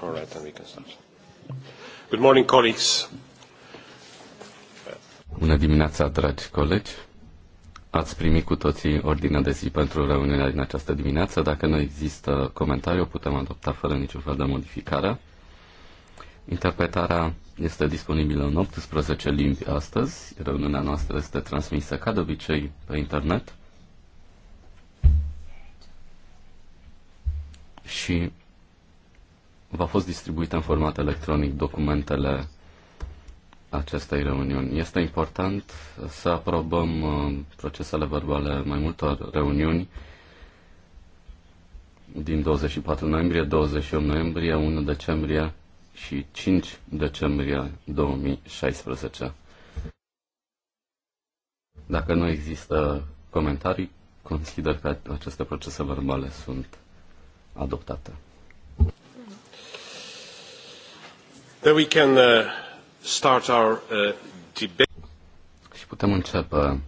All right, then we can start. Good morning, colleagues. Bună dimineața, dragi colegi. Ați primit cu toții ordinea de zi pentru reuniunea din această dimineață. Dacă nu există comentarii, o putem adopta fără niciun fel de modificare. Interpretarea este disponibilă în 18 limbi astăzi. Reuniunea noastră este transmisă ca de obicei pe internet. Și V-a fost distribuit în format electronic documentele acestei reuniuni. Este important să aprobăm uh, procesele verbale mai multor reuniuni din 24 noiembrie, 28 noiembrie, 1 decembrie și 5 decembrie 2016. Dacă nu există comentarii, consider că aceste procese verbale sunt adoptate. we can uh, start our uh, debate. Și putem începe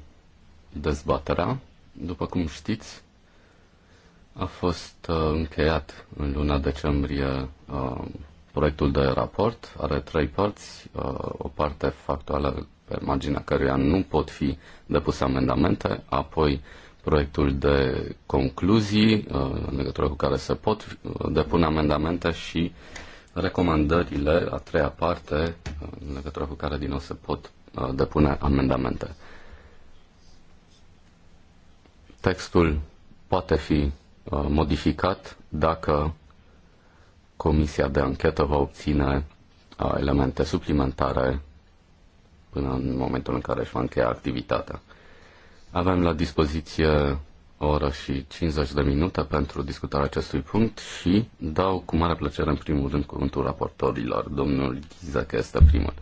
dezbaterea. După cum știți, a fost uh, încheiat în luna decembrie proiectul de raport. Are trei părți. o parte factuală pe marginea căruia nu pot fi depuse amendamente, apoi proiectul de concluzii în legătură cu care se pot depune amendamente și recomandările a treia parte în legătură cu care din nou se pot uh, depune amendamente. Textul poate fi uh, modificat dacă Comisia de anchetă va obține uh, elemente suplimentare până în momentul în care își va încheia activitatea. Avem la dispoziție oră și 50 de minute pentru discutarea acestui punct și dau cu mare plăcere în primul rând cuvântul raportorilor. Domnul Ghizac este primul.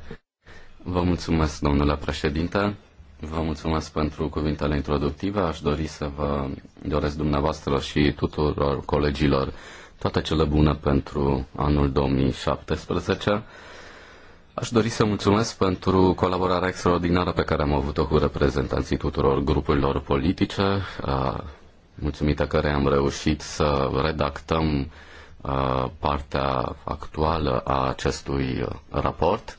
Vă mulțumesc, domnule președinte. Vă mulțumesc pentru cuvintele introductive. Aș dori să vă doresc dumneavoastră și tuturor colegilor toate cele bune pentru anul 2017 Aș dori să mulțumesc pentru colaborarea extraordinară pe care am avut-o cu reprezentanții tuturor grupurilor politice, mulțumită care am reușit să redactăm partea actuală a acestui raport.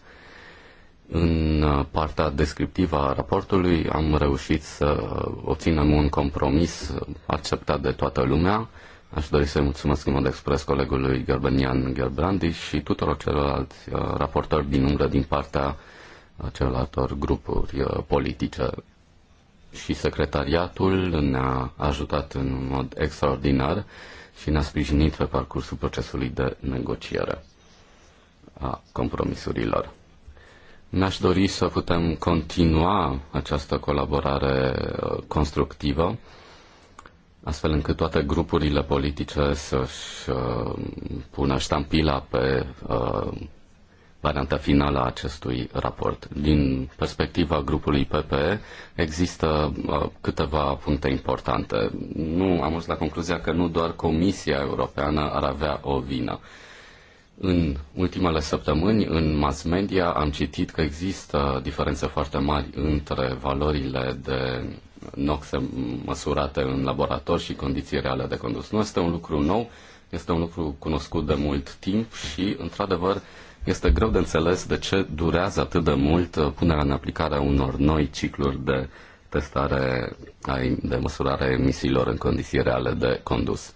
În partea descriptivă a raportului am reușit să obținem un compromis acceptat de toată lumea Aș dori să-i mulțumesc în mod expres colegului Gerbenian Gerbrandi și tuturor celorlalți uh, raportori din umbră din partea uh, celorlaltor grupuri uh, politice. Și secretariatul ne-a ajutat în mod extraordinar și ne-a sprijinit pe parcursul procesului de negociere a compromisurilor. Mi-aș dori să putem continua această colaborare constructivă astfel încât toate grupurile politice să-și uh, pună ștampila pe uh, varianta finală a acestui raport. Din perspectiva grupului PPE, există uh, câteva puncte importante. Nu am ajuns la concluzia că nu doar Comisia Europeană ar avea o vină. În ultimele săptămâni, în mass media, am citit că există diferențe foarte mari între valorile de noxe măsurate în laborator și condiții reale de condus. Nu este un lucru nou, este un lucru cunoscut de mult timp și, într-adevăr, este greu de înțeles de ce durează atât de mult uh, punerea în aplicare a unor noi cicluri de testare, de măsurare a emisiilor în condiții reale de condus.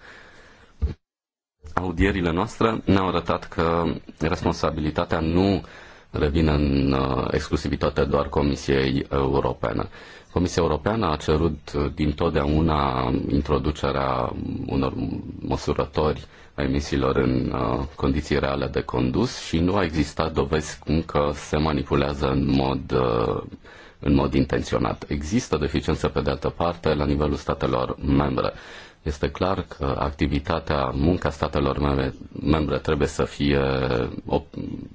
Audierile noastre ne-au arătat că responsabilitatea nu revine în uh, exclusivitate doar Comisiei Europene. Comisia Europeană a cerut uh, din totdeauna introducerea unor măsurători a emisiilor în uh, condiții reale de condus și nu a existat dovezi cum că se manipulează în mod, uh, în mod intenționat. Există deficiențe pe de altă parte la nivelul statelor membre. Este clar că activitatea, munca statelor membre, membre trebuie să fie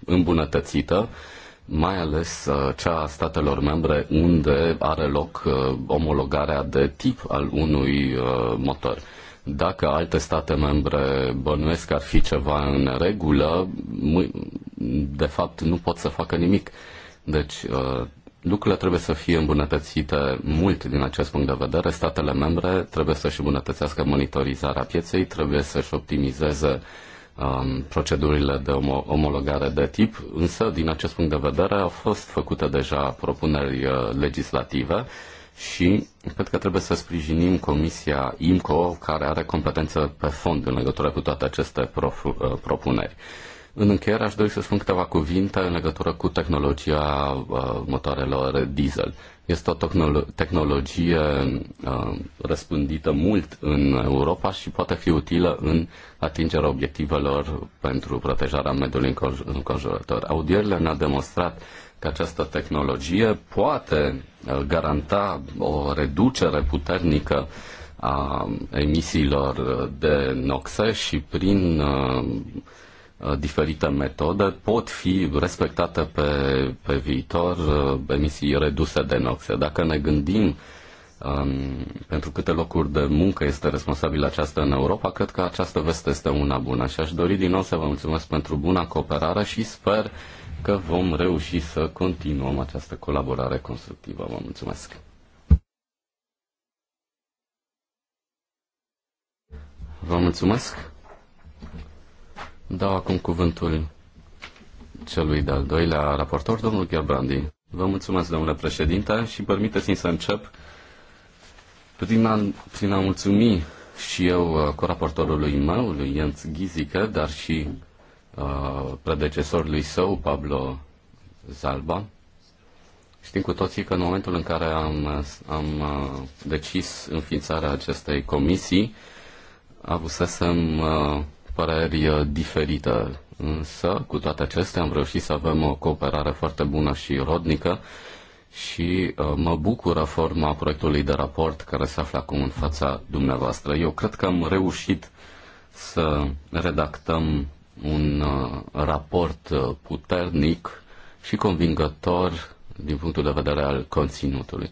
îmbunătățită mai ales uh, cea a statelor membre unde are loc uh, omologarea de tip al unui uh, motor. Dacă alte state membre bănuiesc ar fi ceva în regulă, de fapt nu pot să facă nimic. Deci lucrurile trebuie să fie îmbunătățite mult din acest punct de vedere. Statele membre trebuie să-și îmbunătățească monitorizarea pieței, trebuie să-și optimizeze uh, um, procedurile de om- omologare de tip, însă, din acest punct de vedere, au fost făcute deja propuneri uh, legislative și cred că trebuie să sprijinim Comisia IMCO, care are competență pe fond în legătură cu toate aceste prof- uh, propuneri. În încheiere aș dori să spun câteva cuvinte în legătură cu tehnologia uh, motoarelor diesel. Este o tehnologie uh, răspândită mult în Europa și poate fi utilă în atingerea obiectivelor pentru protejarea mediului înconjurător. Audierile ne-au demonstrat că această tehnologie poate uh, garanta o reducere puternică a emisiilor de noxe și prin uh, Uh, diferite metode pot fi respectate pe, pe viitor uh, emisii reduse de noxe. Dacă ne gândim um, pentru câte locuri de muncă este responsabilă aceasta în Europa, cred că această veste este una bună și aș dori din nou să vă mulțumesc pentru buna cooperare și sper că vom reuși să continuăm această colaborare constructivă. Vă mulțumesc! Vă mulțumesc! Dau acum cuvântul celui de-al doilea raportor, domnul Gherbrandi. Vă mulțumesc, domnule președinte, și permiteți-mi să încep prin a, prin a mulțumi și eu uh, coraportorului meu, lui Jens Ghizică, dar și uh, predecesorului său, Pablo Zalba. Știm cu toții că în momentul în care am, am uh, decis înființarea acestei comisii, avusesem uh, păreri uh, diferite, însă cu toate acestea am reușit să avem o cooperare foarte bună și rodnică și uh, mă bucură forma proiectului de raport care se află acum în fața dumneavoastră. Eu cred că am reușit să redactăm un uh, raport puternic și convingător din punctul de vedere al conținutului.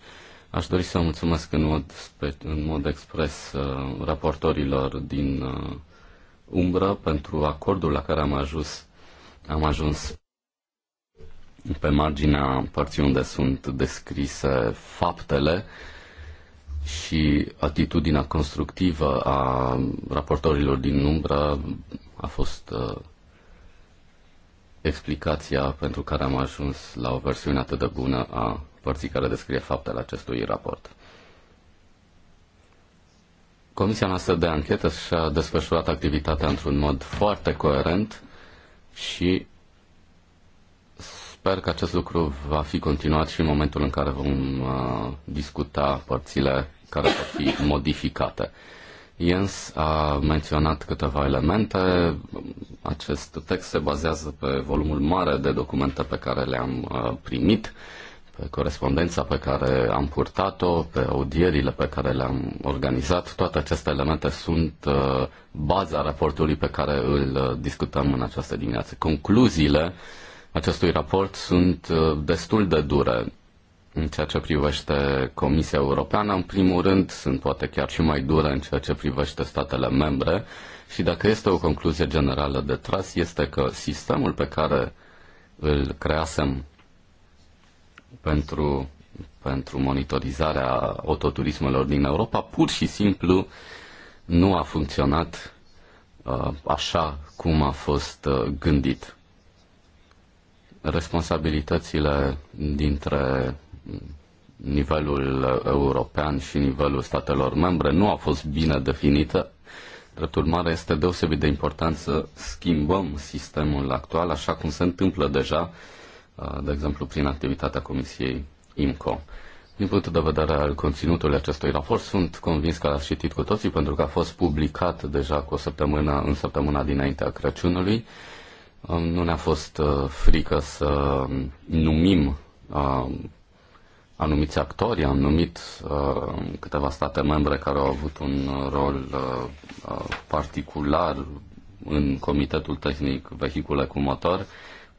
Aș dori să mulțumesc în mod, în mod expres raportorilor din umbră pentru acordul la care am ajuns, am ajuns pe marginea părții unde sunt descrise faptele și atitudinea constructivă a raportorilor din umbră a fost uh, explicația pentru care am ajuns la o versiune atât de bună a părții care descrie faptele acestui raport. Comisia noastră de anchetă și-a desfășurat activitatea într-un mod foarte coerent și sper că acest lucru va fi continuat și în momentul în care vom uh, discuta părțile care vor fi modificate. Jens a menționat câteva elemente. Acest text se bazează pe volumul mare de documente pe care le-am uh, primit. Uh, pe corespondența pe care am purtat-o, pe audierile pe care le-am organizat. Toate aceste elemente sunt uh, baza raportului pe care îl uh, discutăm în această dimineață. Concluziile acestui raport sunt uh, destul de dure în ceea ce privește Comisia Europeană. În primul rând, sunt poate chiar și mai dure în ceea ce privește statele membre. Și dacă este o concluzie generală de tras, este că sistemul pe care îl creasem pentru, pentru monitorizarea autoturismelor din Europa pur și simplu nu a funcționat uh, așa cum a fost uh, gândit. Responsabilitățile dintre nivelul european și nivelul statelor membre nu a fost bine definită. Drept urmare, este deosebit de important să schimbăm sistemul actual, așa cum se întâmplă deja uh, de exemplu, prin activitatea Comisiei IMCO. Din punct de vedere al conținutului acestui raport, sunt convins că l-ați citit cu toții, pentru că a fost publicat deja cu o săptămână, în săptămâna dinaintea Crăciunului. Nu ne-a fost uh, frică să numim uh, anumiți actori, am numit uh, câteva state membre care au avut un rol particular în Comitetul Tehnic Vehicule cu Motor,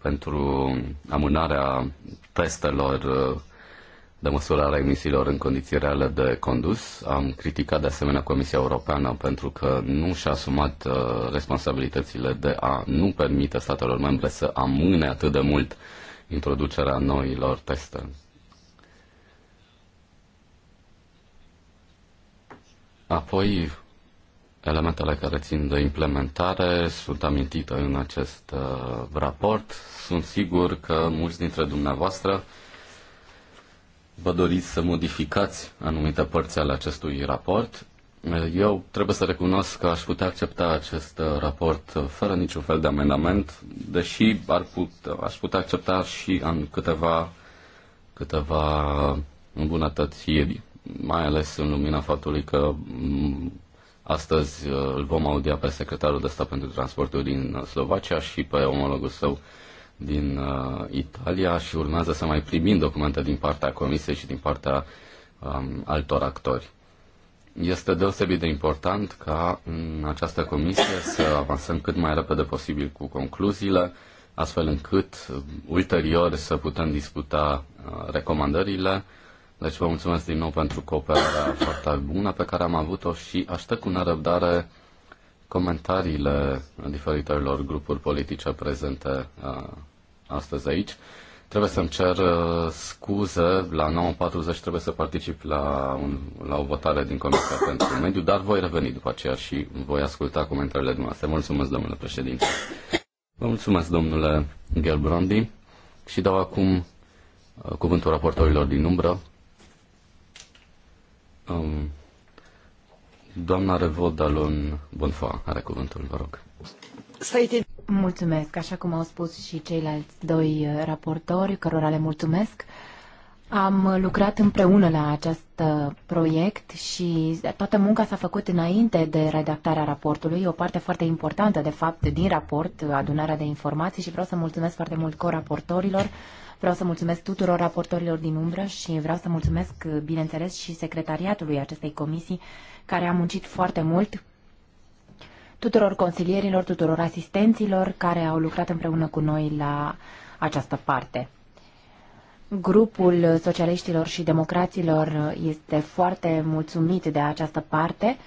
pentru amânarea testelor uh, de măsurare a emisiilor în condiții reale de condus. Am criticat de asemenea Comisia Europeană pentru că nu și-a asumat uh, responsabilitățile de a nu permite statelor membre să amâne atât de mult introducerea noilor teste. Apoi, Elementele care țin de implementare sunt amintite în acest uh, raport. Sunt sigur că mulți dintre dumneavoastră vă doriți să modificați anumite părți ale acestui raport. Eu trebuie să recunosc că aș putea accepta acest uh, raport uh, fără niciun fel de amendament, deși ar put, aș putea accepta și în câteva, câteva îmbunătățiri, mai ales în lumina faptului că Astăzi uh, îl vom audia pe secretarul de stat pentru transportul din Slovacia și pe omologul său din uh, Italia și urmează să mai primim documente din partea Comisiei și din partea um, altor actori. Este deosebit de important ca în această comisie să avansăm cât mai repede posibil cu concluziile, astfel încât uh, ulterior să putem discuta uh, recomandările deci vă mulțumesc din nou pentru cooperarea foarte bună pe care am avut-o și aștept cu nerăbdare comentariile diferitelor grupuri politice prezente uh, astăzi aici. Trebuie să-mi cer uh, scuze, la 9.40 trebuie să particip la, un, la o votare din Comisia pentru Mediu, dar voi reveni după aceea și voi asculta comentariile dumneavoastră. Mulțumesc, domnule președinte. Vă mulțumesc, domnule Gelbrandi, și dau acum uh, cuvântul raportorilor din umbră. Um, doamna Alon Bonfa are cuvântul, vă rog. Mulțumesc, așa cum au spus și ceilalți doi eh, raportori, cărora le mulțumesc. Am lucrat împreună la acest uh, proiect și toată munca s-a făcut înainte de redactarea raportului, o parte foarte importantă, de fapt, din raport, adunarea de informații și vreau să mulțumesc foarte mult coraportorilor, vreau să mulțumesc tuturor raportorilor din umbră și vreau să mulțumesc, uh, bineînțeles, și secretariatului acestei comisii, care a muncit foarte mult tuturor consilierilor, tuturor asistenților care au lucrat împreună cu noi la această parte. Grupul socialiștilor și democraților este foarte mulțumit de această parte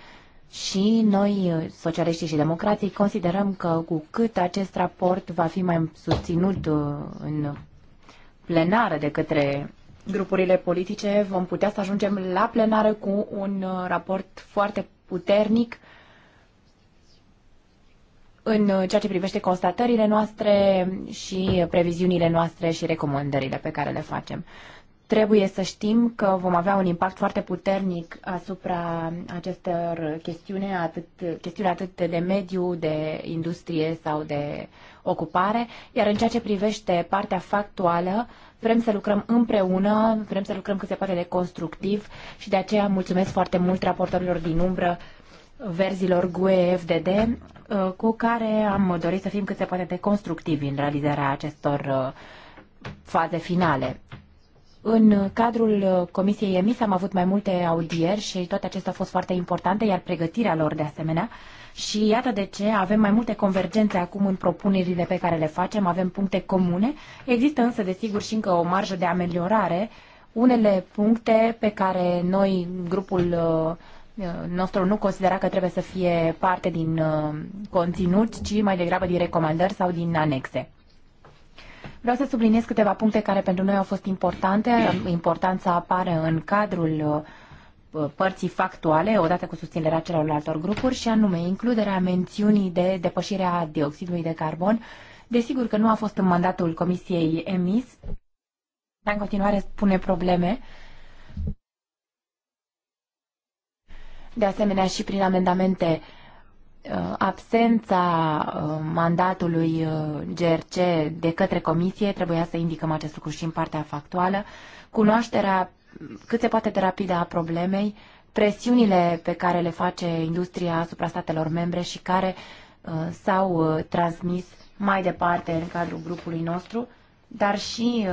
și noi, socialiștii și democrații, considerăm că cu cât acest raport va fi mai susținut uh, în plenară de către grupurile politice, vom putea să ajungem la plenară cu un uh, raport foarte puternic în ceea ce privește constatările noastre și previziunile noastre și recomandările pe care le facem. Trebuie să știm că vom avea un impact foarte puternic asupra acestor chestiune, atât, chestiuni atât de mediu, de industrie sau de ocupare, iar în ceea ce privește partea factuală, vrem să lucrăm împreună, vrem să lucrăm cât se poate de constructiv și de aceea mulțumesc foarte mult raportorilor din umbră verzilor GUE-FDD, uh, cu care am dorit să fim cât se poate de constructivi în realizarea acestor uh, faze finale. În cadrul uh, Comisiei EMIS am avut mai multe audieri și toate acestea au fost foarte importante, iar pregătirea lor de asemenea. Și iată de ce avem mai multe convergențe acum în propunerile pe care le facem, avem puncte comune. Există însă, desigur, și încă o marjă de ameliorare. Unele puncte pe care noi, grupul uh, Uh, nostru nu considera că trebuie să fie parte din uh, conținut, ci mai degrabă din recomandări sau din anexe. Vreau să subliniez câteva puncte care pentru noi au fost importante. Importanța apare în cadrul uh, părții factuale, odată cu susținerea celorlaltor grupuri, și anume includerea mențiunii de depășirea dioxidului de carbon. Desigur că nu a fost în mandatul Comisiei emis, dar în continuare pune probleme de asemenea și prin amendamente uh, absența uh, mandatului uh, GRC de către comisie, trebuia să indicăm acest lucru și în partea factuală, cunoașterea cât se poate de rapidă a problemei, presiunile pe care le face industria asupra statelor membre și care s-au transmis mai departe în cadrul grupului nostru, dar și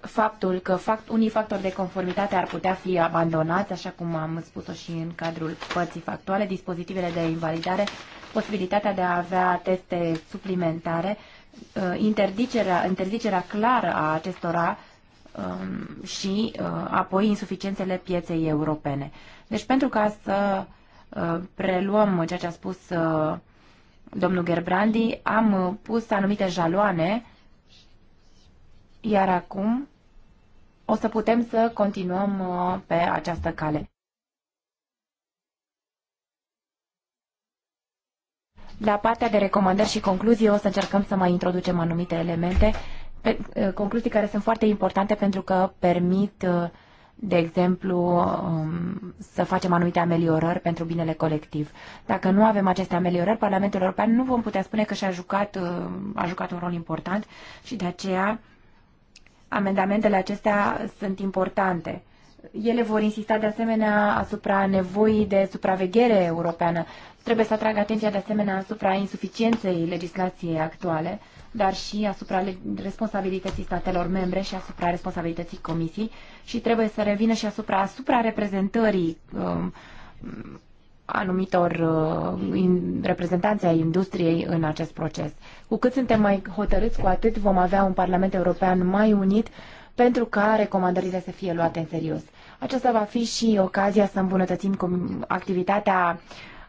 faptul că fact, unii factori de conformitate ar putea fi abandonați, așa cum am spus-o și în cadrul părții factuale, dispozitivele de invalidare, posibilitatea de a avea teste suplimentare, uh, interdicerea, interzicerea clară a acestora um, și uh, apoi insuficiențele pieței europene. Deci pentru ca să uh, preluăm ceea ce a spus domnul Gerbrandi, am pus anumite jaloane iar acum o să putem să continuăm uh, pe această cale. La partea de recomandări și concluzii o să încercăm să mai introducem anumite elemente, uh, concluzii care sunt foarte importante pentru că permit, uh, de exemplu, um, să facem anumite ameliorări pentru binele colectiv. Dacă nu avem aceste ameliorări, Parlamentul European nu vom putea spune că și-a jucat, a jucat un rol important și de aceea Amendamentele acestea sunt importante. Ele vor insista de asemenea asupra nevoii de supraveghere europeană. Trebuie să atrag atenția de asemenea asupra insuficienței legislației actuale, dar și asupra responsabilității statelor membre și asupra responsabilității comisiei și trebuie să revină și asupra asupra reprezentării um, anumitor uh, reprezentanți ai industriei în acest proces. Cu cât suntem mai hotărâți, cu atât vom avea un Parlament European mai unit pentru ca recomandările să fie luate în serios. Aceasta va fi și ocazia să îmbunătățim activitatea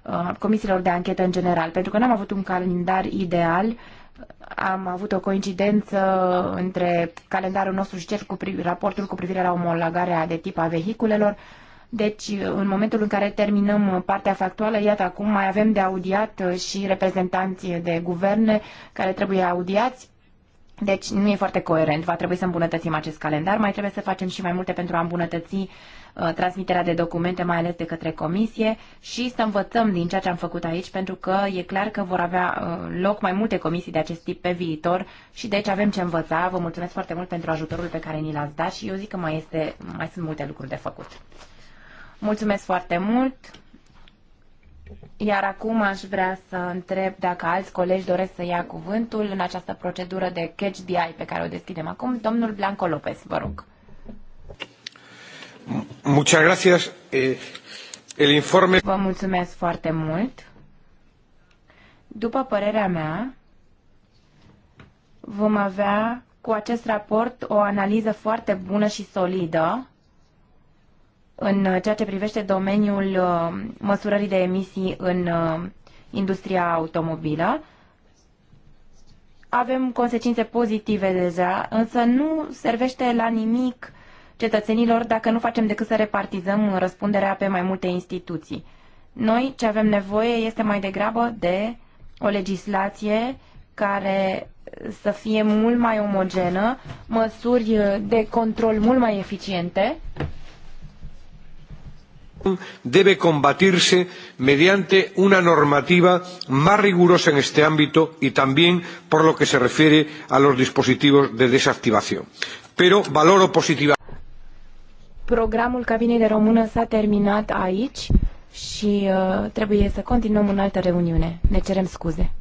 uh, comisiilor de anchetă în general, pentru că n-am avut un calendar ideal, am avut o coincidență între calendarul nostru și cel cu raportul cu privire la omologarea de tip a vehiculelor, deci, în momentul în care terminăm partea factuală, iată, acum mai avem de audiat uh, și reprezentanții de guverne care trebuie audiați. Deci nu e foarte coerent, va trebui să îmbunătățim acest calendar, mai trebuie să facem și mai multe pentru a îmbunătăți uh, transmiterea de documente, mai ales de către comisie și să învățăm din ceea ce am făcut aici, pentru că e clar că vor avea uh, loc mai multe comisii de acest tip pe viitor și deci avem ce învăța. Vă mulțumesc foarte mult pentru ajutorul pe care ni l-ați dat și eu zic că mai, este, mai sunt multe lucruri de făcut. Mulțumesc foarte mult! Iar acum aș vrea să întreb dacă alți colegi doresc să ia cuvântul în această procedură de catch the eye pe care o deschidem acum. Domnul Blanco Lopez, vă rog. Muchas gracias. Eh, el informe... Vă mulțumesc foarte mult. După părerea mea, vom avea cu acest raport o analiză foarte bună și solidă în ceea ce privește domeniul uh, măsurării de emisii în uh, industria automobilă. Avem consecințe pozitive deja, însă nu servește la nimic cetățenilor dacă nu facem decât să repartizăm răspunderea pe mai multe instituții. Noi ce avem nevoie este mai degrabă de o legislație care să fie mult mai omogenă, măsuri de control mult mai eficiente debe combatirse mediante una normativa más rigurosa en este ámbito y también por lo que se refiere a los dispositivos de desactivación. Pero valoro positivamente. Programul cabinei de română s-a terminat aici și uh, trebuie să continuăm în altă reuniune. Ne cerem scuze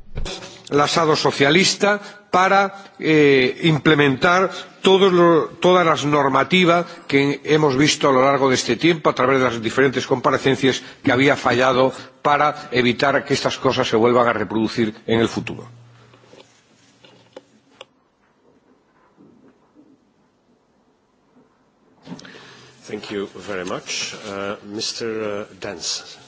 lasado socialista para eh, implementar todas las normativas que hemos visto a lo largo de este tiempo a través de las diferentes comparecencias que había fallado para evitar que estas cosas se vuelvan a reproducir en el futuro. Thank you very much. Uh, Mr. Uh, Dance.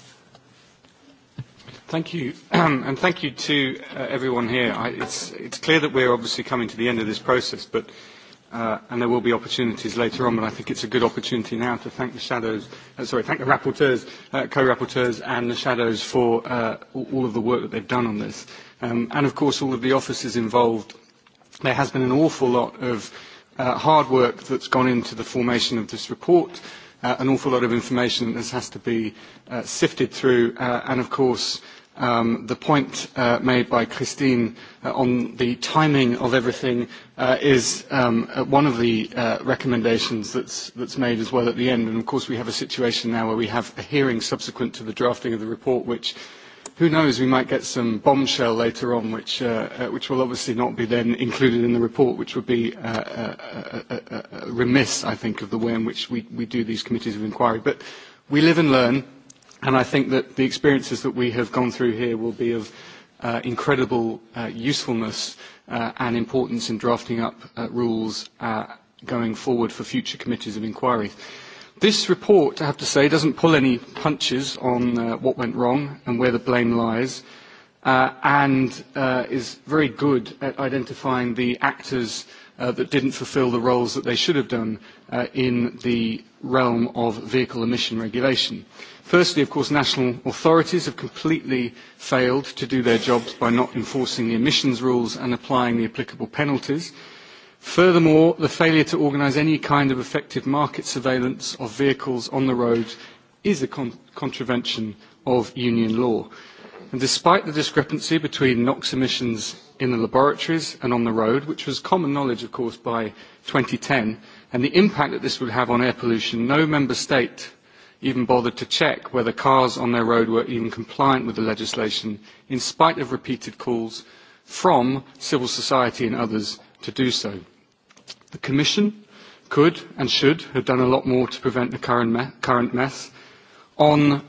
Thank you, and thank you to uh, everyone here. I, it's, it's clear that we're obviously coming to the end of this process, but uh, and there will be opportunities later on. But I think it's a good opportunity now to thank the shadows, uh, sorry, thank the rapporteurs, uh, co-rapporteurs, and the shadows for uh, all of the work that they've done on this, um, and of course all of the offices involved. There has been an awful lot of uh, hard work that's gone into the formation of this report. Uh, an awful lot of information that has to be uh, sifted through, uh, and of course, Um, the point uh, made by Christine uh, on the timing of everything uh, is um, uh, one of the uh, recommendations that's, that's made as well at the end. And of course, we have a situation now where we have a hearing subsequent to the drafting of the report, which who knows, we might get some bombshell later on, which, uh, which will obviously not be then included in the report, which would be remiss, I think, of the way in which we, we do these committees of inquiry. But we live and learn. And I think that the experiences that we have gone through here will be of uh, incredible uh, usefulness uh, and importance in drafting up uh, rules uh, going forward for future committees of inquiry. This report, I have to say, doesn't pull any punches on uh, what went wrong and where the blame lies, uh, and uh, is very good at identifying the actors uh, that didn't fulfil the roles that they should have done uh, in the realm of vehicle emission regulation. Uh, Firstly, of course, national authorities have completely failed to do their jobs by not enforcing the emissions rules and applying the applicable penalties. Furthermore, the failure to organise any kind of effective market surveillance of vehicles on the road is a con contravention of union law. And despite the discrepancy between NOx emissions in the laboratories and on the road, which was common knowledge, of course, by 2010, and the impact that this would have on air pollution, no member state even bothered to check whether cars on their road were even compliant with the legislation, in spite of repeated calls from civil society and others to do so. The Commission could and should have done a lot more to prevent the current, me current mess. On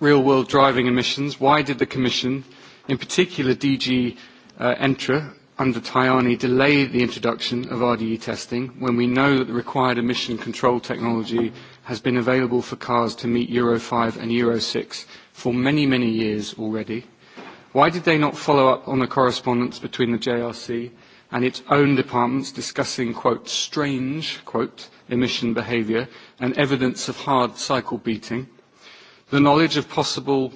real-world driving emissions, why did the Commission, in particular DG uh, Entra, under Tajani, delay the introduction of RDE testing when we know that the required emission control technology has been available for cars to meet Euro 5 and Euro 6 for many, many years already. Why did they not follow up on the correspondence between the JRC and its own departments discussing, quote, strange, quote, emission behaviour and evidence of hard cycle beating? The knowledge of possible,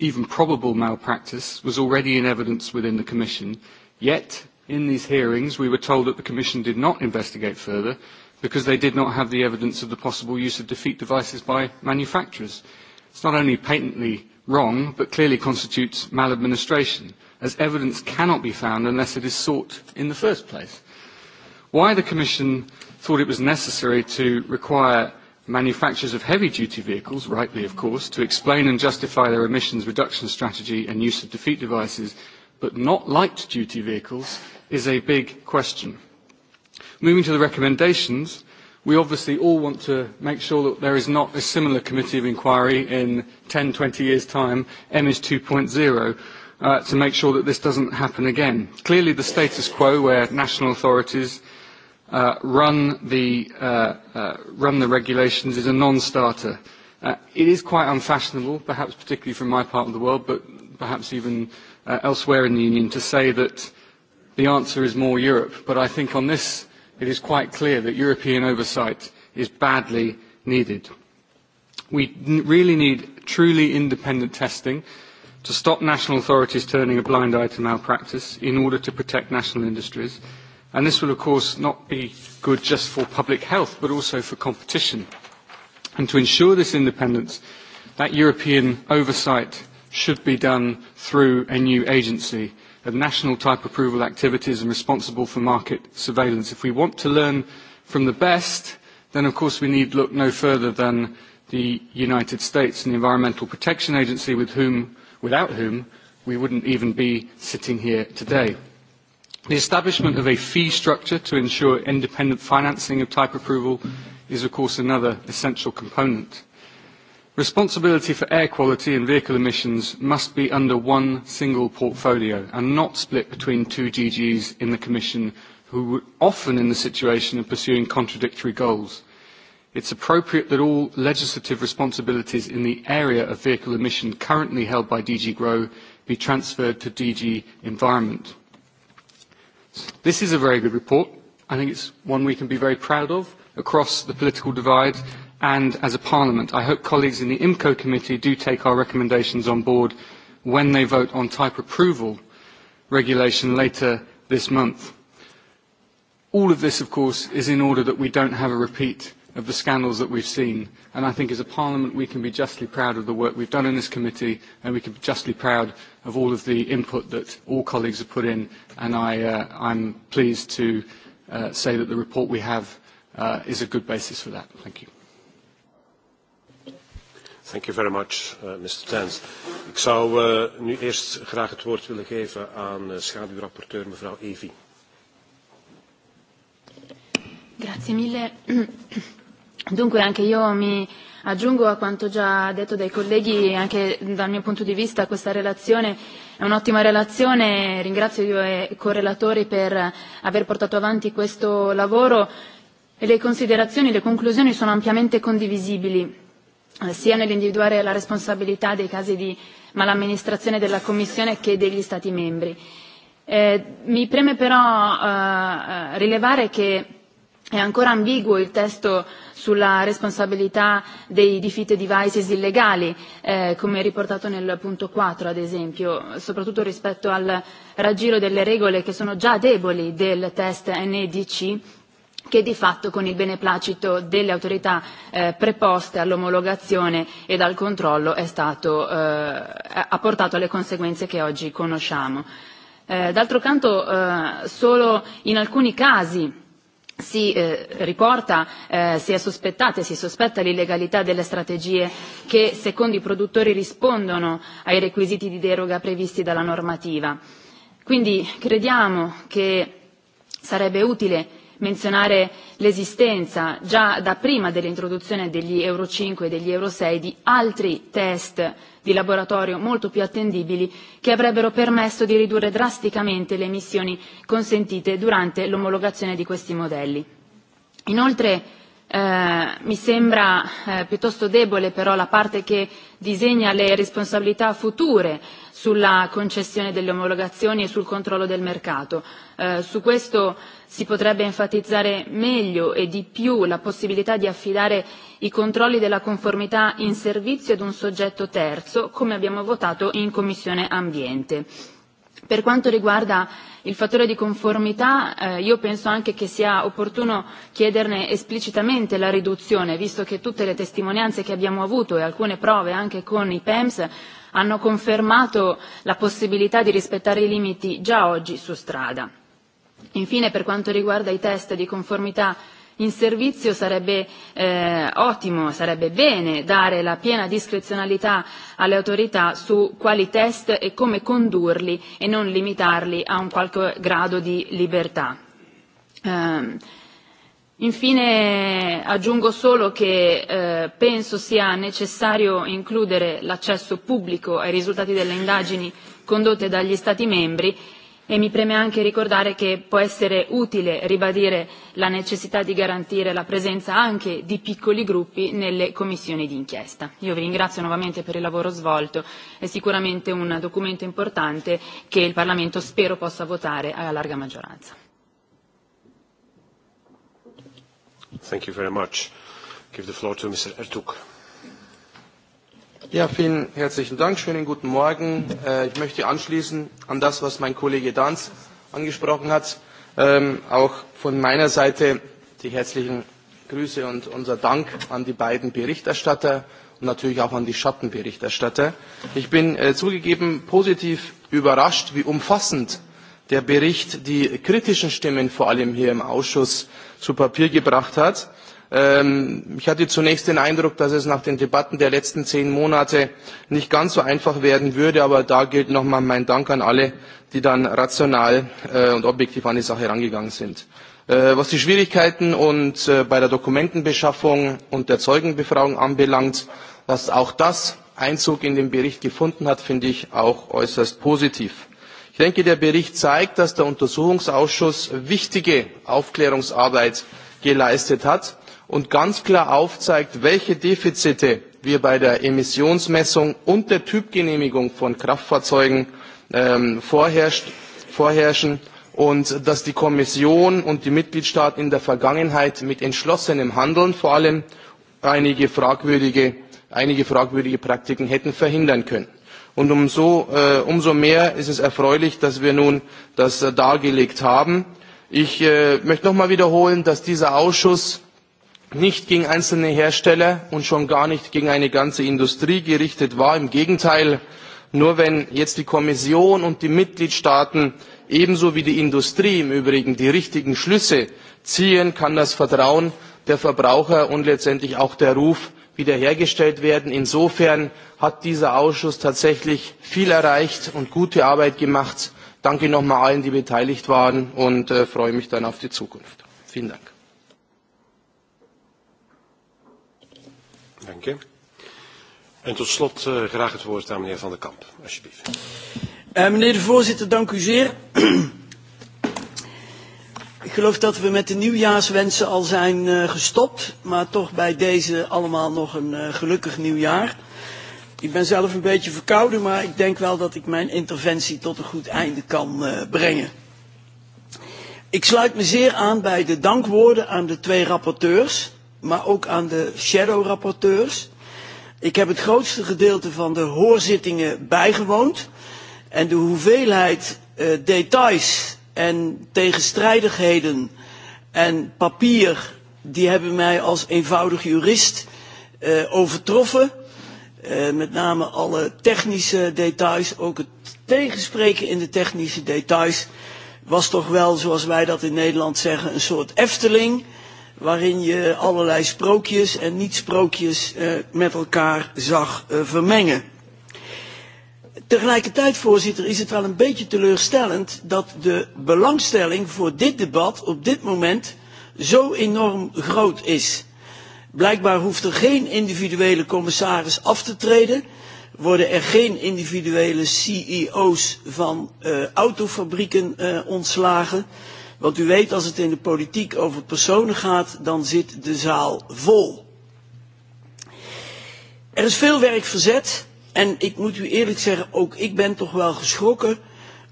even probable malpractice was already in evidence within the Commission, yet in these hearings we were told that the Commission did not investigate further because they did not have the evidence of the possible use of defeat devices by manufacturers. It's not only patently wrong, but clearly constitutes maladministration, as evidence cannot be found unless it is sought in the first place. Why the Commission thought it was necessary to require manufacturers of heavy-duty vehicles, rightly of course, to explain and justify their emissions reduction strategy and use of defeat devices, but not light-duty vehicles, is a big question. Moving to the recommendations, we obviously all want to make sure that there is not a similar committee of inquiry in 10, 20 years' time, MS 2.0, uh, to make sure that this doesn't happen again. Clearly, the status quo where national authorities uh, run, the, uh, uh, run the regulations is a non-starter. Uh, it is quite unfashionable, perhaps particularly from my part of the world, but perhaps even uh, elsewhere in the Union, to say that the answer is more Europe. But I think on this it is quite clear that European oversight is badly needed. We really need truly independent testing to stop national authorities turning a blind eye to malpractice in order to protect national industries. And this will, of course, not be good just for public health, but also for competition. And to ensure this independence, that European oversight should be done through a new agency of national type approval activities and responsible for market surveillance. If we want to learn from the best, then of course we need look no further than the United States and the Environmental Protection Agency with whom, without whom we wouldn't even be sitting here today. The establishment of a fee structure to ensure independent financing of type approval is of course another essential component. Responsibility for air quality and vehicle emissions must be under one single portfolio and not split between two DGs in the Commission who are often in the situation of pursuing contradictory goals. It's appropriate that all legislative responsibilities in the area of vehicle emission currently held by DG GROW be transferred to DG Environment. This is a very good report. I think it's one we can be very proud of across the political divide and as a parliament. I hope colleagues in the IMCO committee do take our recommendations on board when they vote on type approval regulation later this month. All of this, of course, is in order that we don't have a repeat of the scandals that we've seen. And I think as a Parliament, we can be justly proud of the work we've done in this committee, and we can be justly proud of all of the input that all colleagues have put in. And I, uh, I'm pleased to uh, say that the report we have uh, is a good basis for that. Thank you. Thank you very much, uh, Mr. Tens. Ik zou uh, nu eerst graag het woord willen geven aan uh, schaduwrapporteur mevrouw Evi. Grazie mille. Dunque anche io mi aggiungo a quanto già detto dai colleghi, anche dal mio punto di vista questa relazione è un'ottima relazione, ringrazio i due correlatori per aver portato avanti questo lavoro e le considerazioni, le conclusioni sono ampiamente condivisibili sia nell'individuare la responsabilità dei casi di malamministrazione della Commissione che degli Stati membri. Eh, mi preme però eh, rilevare che è ancora ambiguo il testo sulla responsabilità dei defeat devices illegali, eh, come riportato nel punto 4 ad esempio, soprattutto rispetto al raggiro delle regole che sono già deboli del test NEDC che di fatto con il beneplacito delle autorità eh, preposte all'omologazione e al controllo è stato, eh, ha portato alle conseguenze che oggi conosciamo. Eh, d'altro canto eh, solo in alcuni casi si eh, riporta, eh, si è sospettata e si sospetta l'illegalità delle strategie che secondo i produttori rispondono ai requisiti di deroga previsti dalla normativa. Quindi crediamo che sarebbe utile menzionare l'esistenza già da prima dell'introduzione degli Euro 5 e degli Euro 6 di altri test di laboratorio molto più attendibili che avrebbero permesso di ridurre drasticamente le emissioni consentite durante l'omologazione di questi modelli. Inoltre Eh, mi sembra eh, piuttosto debole però la parte che disegna le responsabilità future sulla concessione delle omologazioni e sul controllo del mercato. Eh, su questo si potrebbe enfatizzare meglio e di più la possibilità di affidare i controlli della conformità in servizio ad un soggetto terzo, come abbiamo votato in Commissione Ambiente. Per quanto riguarda il fattore di conformità eh, io penso anche che sia opportuno chiederne esplicitamente la riduzione, visto che tutte le testimonianze che abbiamo avuto e alcune prove anche con i PEMS hanno confermato la possibilità di rispettare i limiti già oggi su strada. Infine, per quanto riguarda i test di conformità in servizio sarebbe eh, ottimo, sarebbe bene dare la piena discrezionalità alle autorità su quali test e come condurli e non limitarli a un qualche grado di libertà. Um, Infine aggiungo solo che eh, penso sia necessario includere l'accesso pubblico ai risultati delle indagini condotte dagli Stati membri e mi preme anche ricordare che può essere utile ribadire la necessità di garantire la presenza anche di piccoli gruppi nelle commissioni d'inchiesta. Io vi ringrazio nuovamente per il lavoro svolto, è sicuramente un documento importante che il Parlamento spero possa votare a larga maggioranza. Thank you very much. Give the floor to Mr. Ertug. Ja, vielen herzlichen Dank. Schönen guten Morgen. Äh, ich möchte anschließen an das, was mein Kollege Danz angesprochen hat. Ähm, auch von meiner Seite die herzlichen Grüße und unser Dank an die beiden Berichterstatter und natürlich auch an die Schattenberichterstatter. Ich bin äh, zugegeben positiv überrascht, wie umfassend der Bericht die kritischen Stimmen vor allem hier im Ausschuss zu Papier gebracht hat. Ähm, ich hatte zunächst den Eindruck, dass es nach den Debatten der letzten zehn Monate nicht ganz so einfach werden würde, aber da gilt nochmal mein Dank an alle, die dann rational äh, und objektiv an die Sache herangegangen sind. Äh, was die Schwierigkeiten und äh, bei der Dokumentenbeschaffung und der Zeugenbefragung anbelangt, dass auch das Einzug in den Bericht gefunden hat, finde ich auch äußerst positiv. Ich denke, der Bericht zeigt, dass der Untersuchungsausschuss wichtige Aufklärungsarbeit geleistet hat und ganz klar aufzeigt, welche Defizite wir bei der Emissionsmessung und der Typgenehmigung von Kraftfahrzeugen ähm, vorherrscht, vorherrschen und dass die Kommission und die Mitgliedstaaten in der Vergangenheit mit entschlossenem Handeln vor allem einige fragwürdige, einige fragwürdige Praktiken hätten verhindern können. Und umso, äh, umso mehr ist es erfreulich, dass wir nun das äh, dargelegt haben. Ich äh, möchte nochmal wiederholen, dass dieser Ausschuss nicht gegen einzelne Hersteller und schon gar nicht gegen eine ganze Industrie gerichtet war. Im Gegenteil, nur wenn jetzt die Kommission und die Mitgliedstaaten ebenso wie die Industrie im Übrigen die richtigen Schlüsse ziehen, kann das Vertrauen der Verbraucher und letztendlich auch der Ruf wiederhergestellt werden. Insofern hat dieser Ausschuss tatsächlich viel erreicht und gute Arbeit gemacht. Danke nochmal allen, die beteiligt waren und äh, freue mich dann auf die Zukunft. Vielen Dank. Dank je. En tot slot uh, graag het woord aan meneer Van der Kamp, alsjeblieft. Uh, meneer de voorzitter, dank u zeer. Ik geloof dat we met de nieuwjaarswensen al zijn uh, gestopt, maar toch bij deze allemaal nog een uh, gelukkig nieuwjaar. Ik ben zelf een beetje verkouden, maar ik denk wel dat ik mijn interventie tot een goed einde kan uh, brengen. Ik sluit me zeer aan bij de dankwoorden aan de twee rapporteurs maar ook aan de schaduwrapporteurs. Ik heb het grootste gedeelte van de hoorzittingen bijgewoond. En de hoeveelheid uh, details en tegenstrijdigheden en papier, die hebben mij als eenvoudig jurist uh, overtroffen. Uh, met name alle technische details, ook het tegenspreken in de technische details, was toch wel, zoals wij dat in Nederland zeggen, een soort Efteling. Uh, waarin je allerlei sprookjes en niet-sprookjes uh, met elkaar zag uh, vermengen. Tegelijkertijd, voorzitter, is het wel een beetje teleurstellend dat de belangstelling voor dit debat op dit moment zo enorm groot is. Blijkbaar hoeft er geen individuele commissaris af te treden, worden er geen individuele CEO's van uh, autofabrieken uh, ontslagen. Want u weet, als het in de politiek over personen gaat, dan zit de zaal vol. Er is veel werk verzet en ik moet u eerlijk zeggen, ook ik ben toch wel geschrokken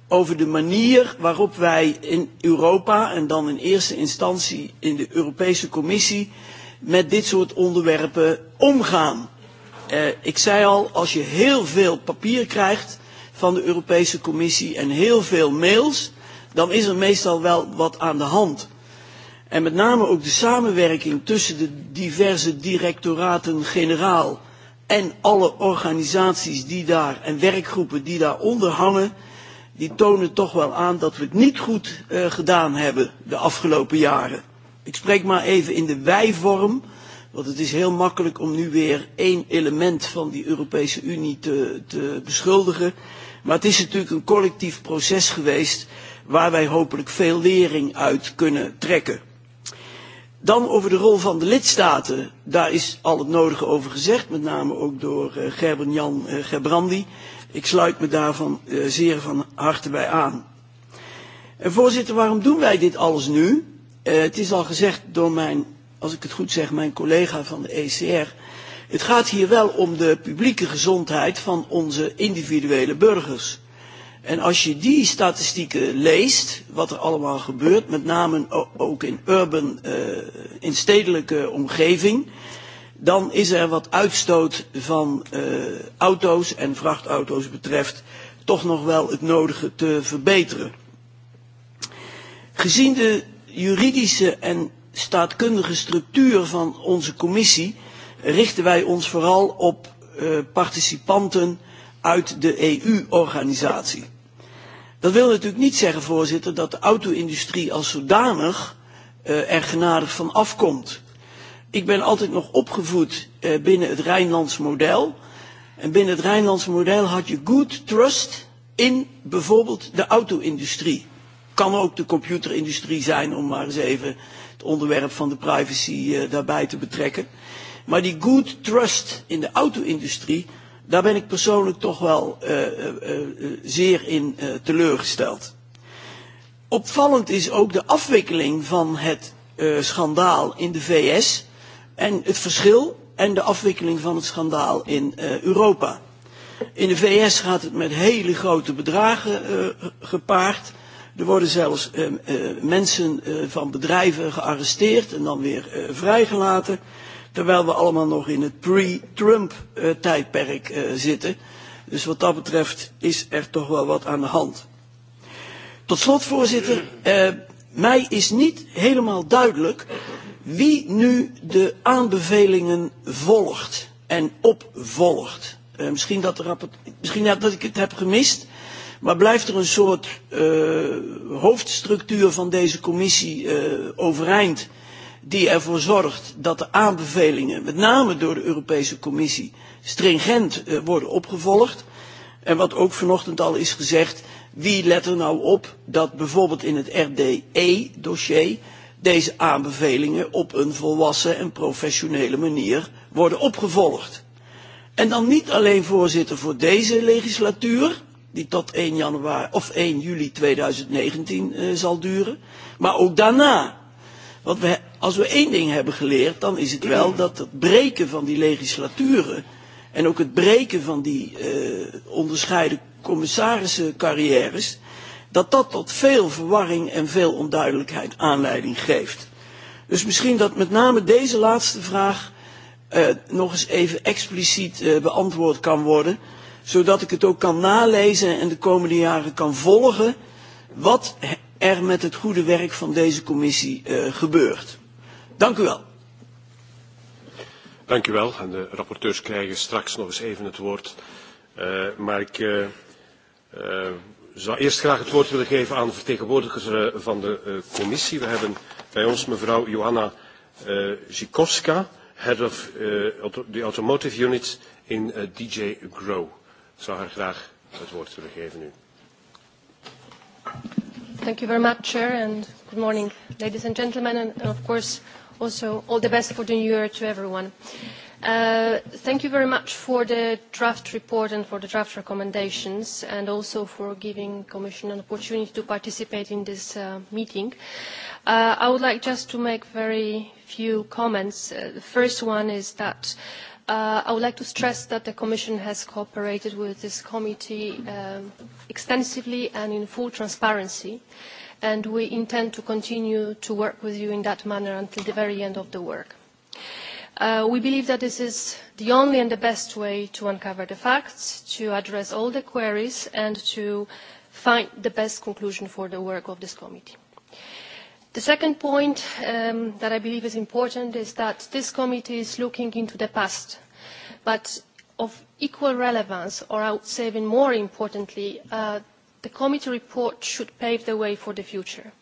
over de manier waarop wij in Europa en dan in eerste instantie in de Europese Commissie met dit soort onderwerpen omgaan. Eh, ik zei al, als je heel veel papier krijgt van de Europese Commissie en heel veel mails, dan is er meestal wel wat aan de hand. En met name ook de samenwerking tussen de diverse directoraten-generaal en alle organisaties die daar en werkgroepen die daar onder hangen, die tonen toch wel aan dat we het niet goed uh, gedaan hebben de afgelopen jaren. Ik spreek maar even in de wij-vorm, want het is heel makkelijk om nu weer één element van die Europese Unie te, te beschuldigen. Maar het is natuurlijk een collectief proces geweest waar wij hopelijk veel lering uit kunnen trekken. Dan over de rol van de lidstaten. Daar is al het nodige over gezegd, met name ook door uh, eh, Gerben-Jan uh, eh, Gerbrandi. Ik sluit me daarvan uh, zeer van harte bij aan. En voorzitter, waarom doen wij dit alles nu? Uh, het is al gezegd door mijn, als ik het goed zeg, mijn collega van de ECR. Het gaat hier wel om de publieke gezondheid van onze individuele burgers. En als je die statistieken leest, wat er allemaal gebeurt, met name ook in urban, uh, in stedelijke omgeving, dan is er wat uitstoot van uh, auto's en vrachtauto's betreft toch nog wel het nodige te verbeteren. Gezien de juridische en staatkundige structuur van onze commissie richten wij ons vooral op uh, participanten uit de EU-organisatie. Dat wil natuurlijk niet zeggen, voorzitter, dat de auto-industrie als zodanig uh, er genadig van afkomt. Ik ben altijd nog opgevoed uh, binnen het Rijnlands model. En binnen het Rijnlands model had je good trust in bijvoorbeeld de auto-industrie. Kan ook de computerindustrie zijn, om maar eens even het onderwerp van de privacy uh, daarbij te betrekken. Maar die good trust in de auto-industrie Daar ben ik persoonlijk toch wel uh, uh, uh, zeer in uh, teleurgesteld. Opvallend is ook de afwikkeling van het uh, schandaal in de VS en het verschil en de afwikkeling van het schandaal in uh, Europa. In de VS gaat het met hele grote bedragen uh, gepaard. Er worden zelfs uh, uh, mensen uh, van bedrijven gearresteerd en dan weer uh, vrijgelaten. Uh, terwijl we allemaal nog in het pre-Trump uh, tijdperk uh, zitten. Dus wat dat betreft is er toch wel wat aan de hand. Tot slot, voorzitter, uh, mij is niet helemaal duidelijk wie nu de aanbevelingen volgt en opvolgt. Uh, misschien, dat de rapport, misschien dat ik het heb gemist, maar blijft er een soort uh, hoofdstructuur van deze commissie uh, overeind die ervoor zorgt dat de aanbevelingen, met name door de Europese Commissie, stringent eh, worden opgevolgd. En wat ook vanochtend al is gezegd, wie let er nou op dat bijvoorbeeld in het RDE-dossier deze aanbevelingen op een volwassen en professionele manier worden opgevolgd. En dan niet alleen voorzitter voor deze legislatuur, die tot 1, januari, of 1 juli 2019 uh, eh, zal duren, maar ook daarna. Want we Als we één ding hebben geleerd, dan is het wel dat het breken van die legislaturen en ook het breken van die uh, onderscheiden carrières, dat dat tot veel verwarring en veel onduidelijkheid aanleiding geeft. Dus misschien dat met name deze laatste vraag uh, nog eens even expliciet uh, beantwoord kan worden, zodat ik het ook kan nalezen en de komende jaren kan volgen wat er met het goede werk van deze commissie uh, gebeurt. Dank u wel. Dank u wel. En de rapporteurs krijgen straks nog eens even het woord. Uh, maar ik uh, uh, zou eerst graag het woord willen geven aan de vertegenwoordigers uh, van de uh, commissie. We hebben bij ons mevrouw Joanna uh, Zikowska, head of uh, the automotive unit in uh, DJ Grow. Ik zou haar graag het woord willen geven nu. Thank you very much, Chair, and good morning, ladies and gentlemen, and of course also all the best for the new year to everyone. Uh, thank you very much for the draft report and for the draft recommendations and also for giving Commission an opportunity to participate in this uh, meeting. Uh, I would like just to make very few comments. Uh, the first one is that Uh, I would like to stress that the Commission has cooperated with this committee um, extensively and in full transparency. Uh, and we intend to continue to work with you in that manner until the very end of the work. Uh, we believe that this is the only and the best way to uncover the facts, to address all the queries, and to find the best conclusion for the work of this committee. The second point um, that I believe is important is that this committee is looking into the past, but of equal relevance, or I would say even more importantly, uh, the committee report should pave the way for the future.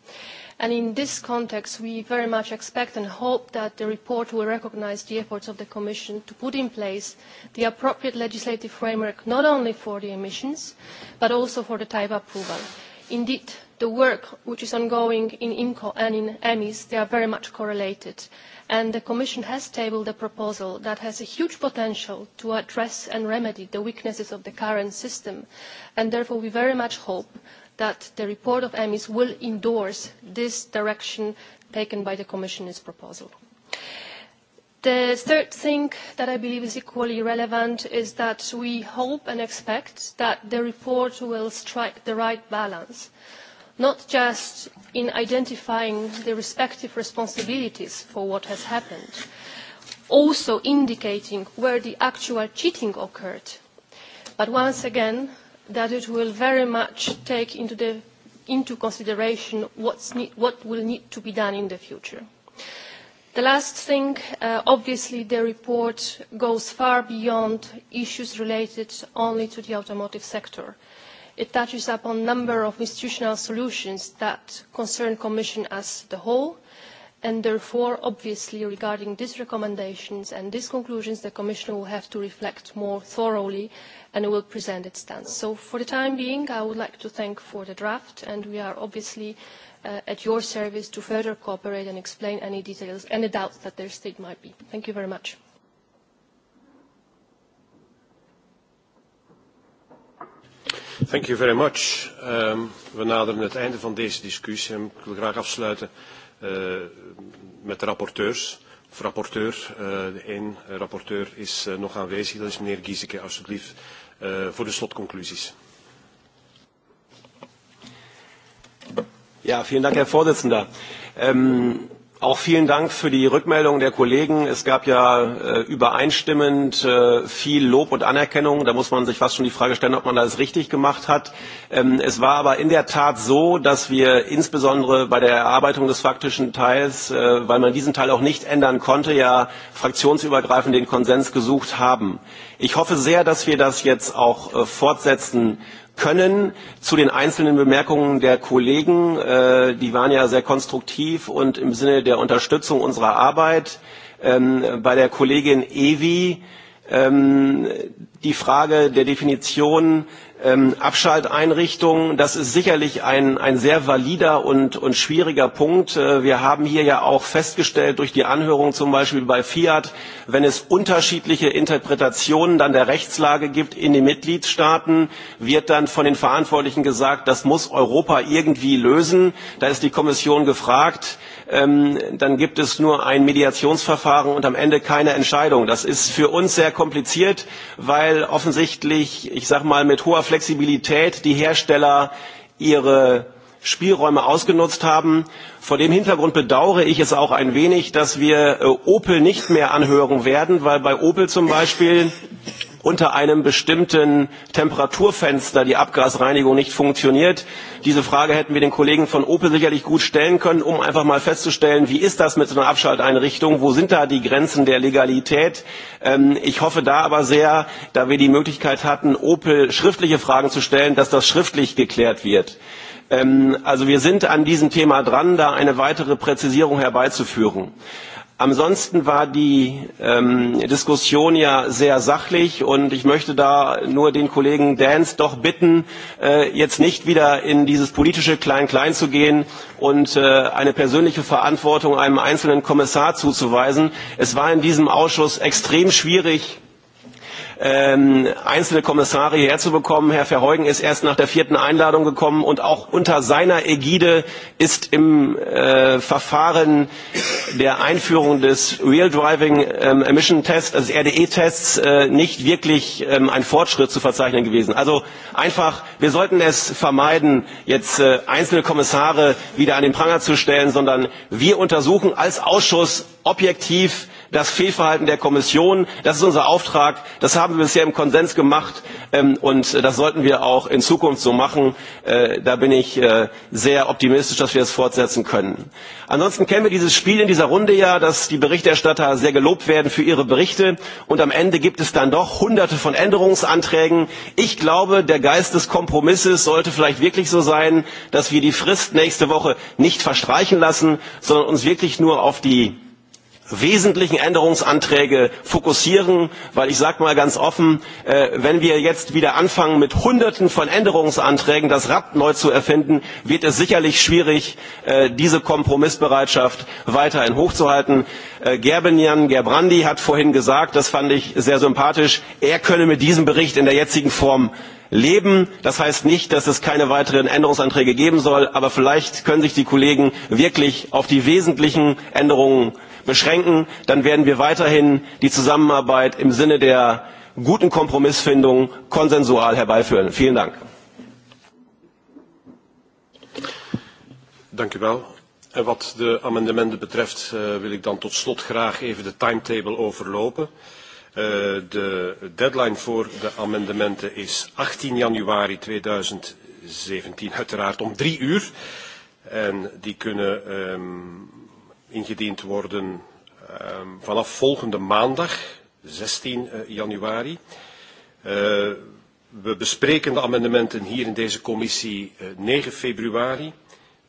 And in this context, we very much expect and hope that the report will recognise the efforts of the Commission to put in place the appropriate legislative framework not only for the emissions, but also for the type approval indeed, the work which is ongoing in IMCO and in EMIS, they are very much correlated. And the Commission has tabled a proposal that has a huge potential to address and remedy the weaknesses of the current system. And therefore, we very much hope that the report of EMIS will endorse this direction taken by the Commission in its proposal. The third thing that I believe is equally relevant is that we hope and expect that the report will strike the right balance, not just in identifying the respective responsibilities for what has happened, also indicating where the actual cheating occurred, but once again, that it will very much take into, the, into consideration what will need to be done in the future. The last thing, uh, obviously the report goes far beyond issues related only to the automotive sector. It touches upon a number of institutional solutions that concern Commission as the whole, and therefore, obviously, regarding these recommendations and these conclusions, the Commission will have to reflect more thoroughly and will present its stance. So for the time being, I would like to thank for the draft, and we are obviously uh, uh, at your service to further cooperate and explain any details, any doubts that there still might be. Thank you very much. Thank you very much. Um, we naderen het einde van deze discussie en ik wil graag afsluiten uh, met de rapporteurs. Of rapporteur, uh, de één rapporteur is uh, nog aanwezig, dat is meneer Gieseke, alsjeblieft, uh, voor de slotconclusies. Ja, vielen Dank, Herr Vorsitzender. Ähm, auch vielen Dank für die Rückmeldung der Kollegen. Es gab ja äh, übereinstimmend äh, viel Lob und Anerkennung. Da muss man sich fast schon die Frage stellen, ob man das richtig gemacht hat. Ähm, es war aber in der Tat so, dass wir insbesondere bei der Erarbeitung des faktischen Teils, äh, weil man diesen Teil auch nicht ändern konnte, ja fraktionsübergreifend den Konsens gesucht haben. Ich hoffe sehr, dass wir das jetzt auch äh, fortsetzen können. Zu den einzelnen Bemerkungen der Kollegen, äh, die waren ja sehr konstruktiv und im Sinne der Unterstützung unserer Arbeit. Ähm, bei der Kollegin Evi ähm, die Frage der Definition ähm, Abschalteinrichtungen. Das ist sicherlich ein, ein sehr valider und, und schwieriger Punkt. Äh, wir haben hier ja auch festgestellt durch die Anhörung zum Beispiel bei Fiat, wenn es unterschiedliche Interpretationen dann der Rechtslage gibt in den Mitgliedstaaten, wird dann von den Verantwortlichen gesagt, das muss Europa irgendwie lösen. Da ist die Kommission gefragt, ähm, dann gibt es nur ein Mediationsverfahren und am Ende keine Entscheidung. Das ist für uns sehr kompliziert, weil offensichtlich, ich sage mal, mit hoher Flexibilität die Hersteller ihre Spielräume ausgenutzt haben. Vor dem Hintergrund bedauere ich es auch ein wenig, dass wir äh, Opel nicht mehr anhören werden, weil bei Opel zum Beispiel unter einem bestimmten Temperaturfenster die Abgasreinigung nicht funktioniert. Diese Frage hätten wir den Kollegen von Opel sicherlich gut stellen können, um einfach mal festzustellen, wie ist das mit so einer Abschalteinrichtung, wo sind da die Grenzen der Legalität. Ähm, ich hoffe da aber sehr, da wir die Möglichkeit hatten, Opel schriftliche Fragen zu stellen, dass das schriftlich geklärt wird. Ähm, also wir sind an diesem Thema dran, da eine weitere Präzisierung herbeizuführen. Ansonsten war die ähm, Diskussion ja sehr sachlich und ich möchte da nur den Kollegen Dance doch bitten, äh, jetzt nicht wieder in dieses politische Klein-Klein zu gehen und äh, eine persönliche Verantwortung einem einzelnen Kommissar zuzuweisen. Es war in diesem Ausschuss extrem schwierig, ähm, einzelne Kommissare hierher zu bekommen. Herr Verheugen ist erst nach der vierten Einladung gekommen und auch unter seiner Ägide ist im äh, Verfahren der Einführung des Real Driving ähm, Emission Test, also RDE-Tests, äh, nicht wirklich ähm, ein Fortschritt zu verzeichnen gewesen. Also einfach, wir sollten es vermeiden, jetzt äh, einzelne Kommissare wieder an den Pranger zu stellen, sondern wir untersuchen als Ausschuss objektiv, das Fehlverhalten der Kommission. Das ist unser Auftrag. Das haben wir bisher im Konsens gemacht ähm, und äh, das sollten wir auch in Zukunft so machen. Äh, da bin ich äh, sehr optimistisch, dass wir es das fortsetzen können. Ansonsten kennen wir dieses Spiel in dieser Runde ja, dass die Berichterstatter sehr gelobt werden für ihre Berichte und am Ende gibt es dann doch hunderte von Änderungsanträgen. Ich glaube, der Geist des Kompromisses sollte vielleicht wirklich so sein, dass wir die Frist nächste Woche nicht verstreichen lassen, sondern uns wirklich nur auf die wesentlichen Änderungsanträge fokussieren, weil ich sage mal ganz offen, äh, wenn wir jetzt wieder anfangen, mit Hunderten von Änderungsanträgen das Rad neu zu erfinden, wird es sicherlich schwierig, äh, diese Kompromissbereitschaft weiterhin hochzuhalten. Äh, Gerbenian Gerbrandi hat vorhin gesagt, das fand ich sehr sympathisch, er könne mit diesem Bericht in der jetzigen Form leben. Das heißt nicht, dass es keine weiteren Änderungsanträge geben soll, aber vielleicht können sich die Kollegen wirklich auf die wesentlichen Änderungen beschränken dann werden wir weiterhin die zusammenarbeit im sinne der guten kompromissfindung konsensual herbeiführen. vielen dank! Dank u wel. En wat de amendementen betreft uh, wil ik dan tot slot graag even de timetable overlopen. Uh, de deadline voor de amendementen is 18 januari 2017, uiteraard om drie uur. En die kunnen um, ingediend worden um, vanaf volgende maandag, 16 eh, januari. Uh, we bespreken de amendementen hier in deze commissie 9 eh, februari.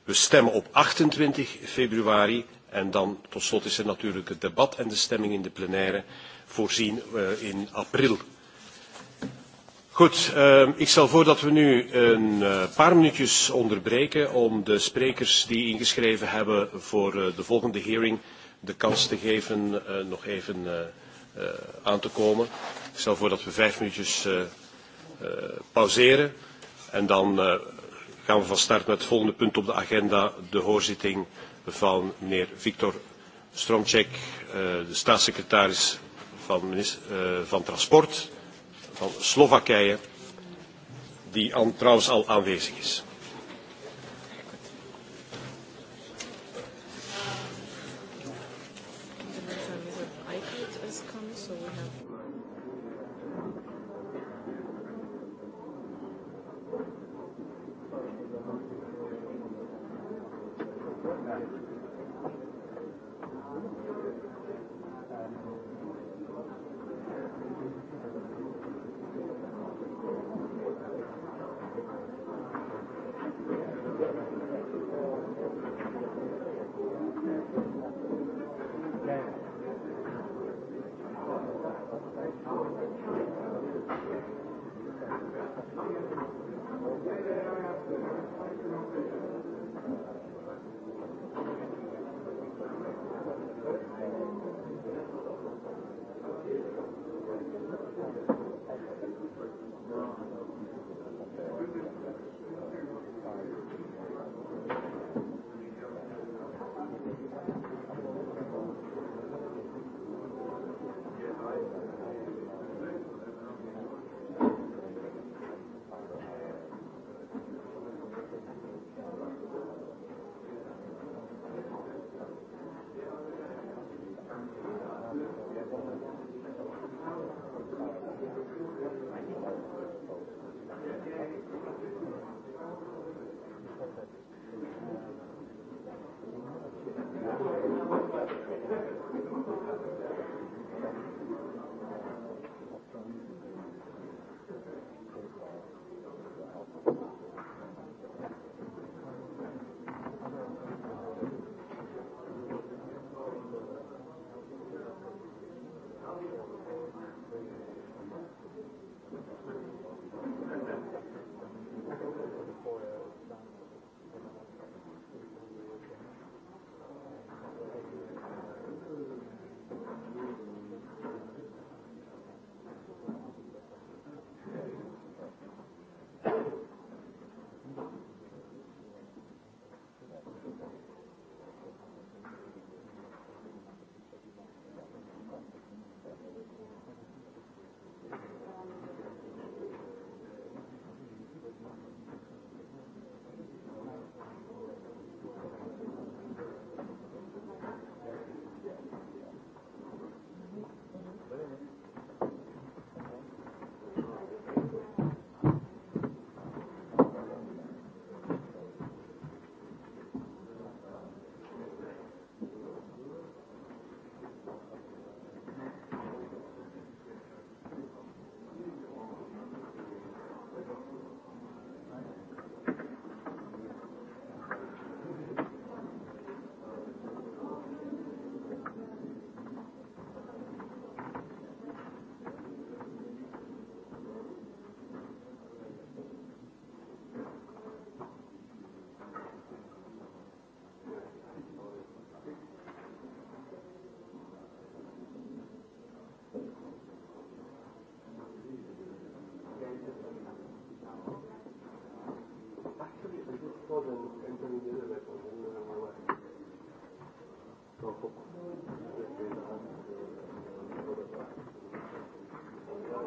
We stemmen op 28 februari en dan tot slot is er natuurlijk het debat en de stemming in de plenaire voorzien uh, in april. Goed, uh, ik stel voor dat we nu een eh, paar minuutjes onderbreken om de sprekers die ingeschreven hebben voor uh, de volgende hearing de kans te geven uh, nog even uh, uh, aan te komen. Ik stel voor dat we vijf minuutjes uh, uh, pauzeren en dan uh, gaan we van start met het volgende punt op de agenda, de hoorzitting van meneer Victor Stromcek, uh, de staatssecretaris van, uh, van Transport van Slowakije, die trouwens al aanwezig is.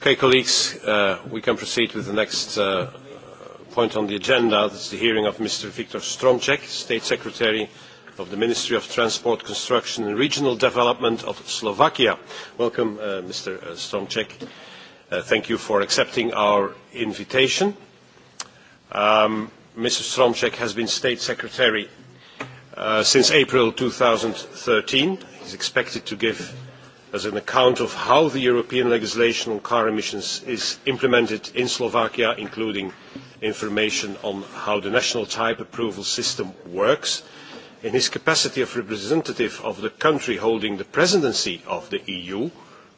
Okay, colleagues, uh, we can proceed with the next uh, point on the agenda. That's the hearing of Mr. Viktor Stromczek, State Secretary of the Ministry of Transport, Construction and Regional Development of Slovakia. Welcome, uh, Mr. Uh, Stromczek. Uh, thank you for accepting our invitation. Um, Mr. Stromczek has been State Secretary uh, since April 2013. He's expected to give as an account of how the European legislation on car emissions is implemented in Slovakia, including information on how the national type approval system works. In his capacity of representative of the country holding the presidency of the EU,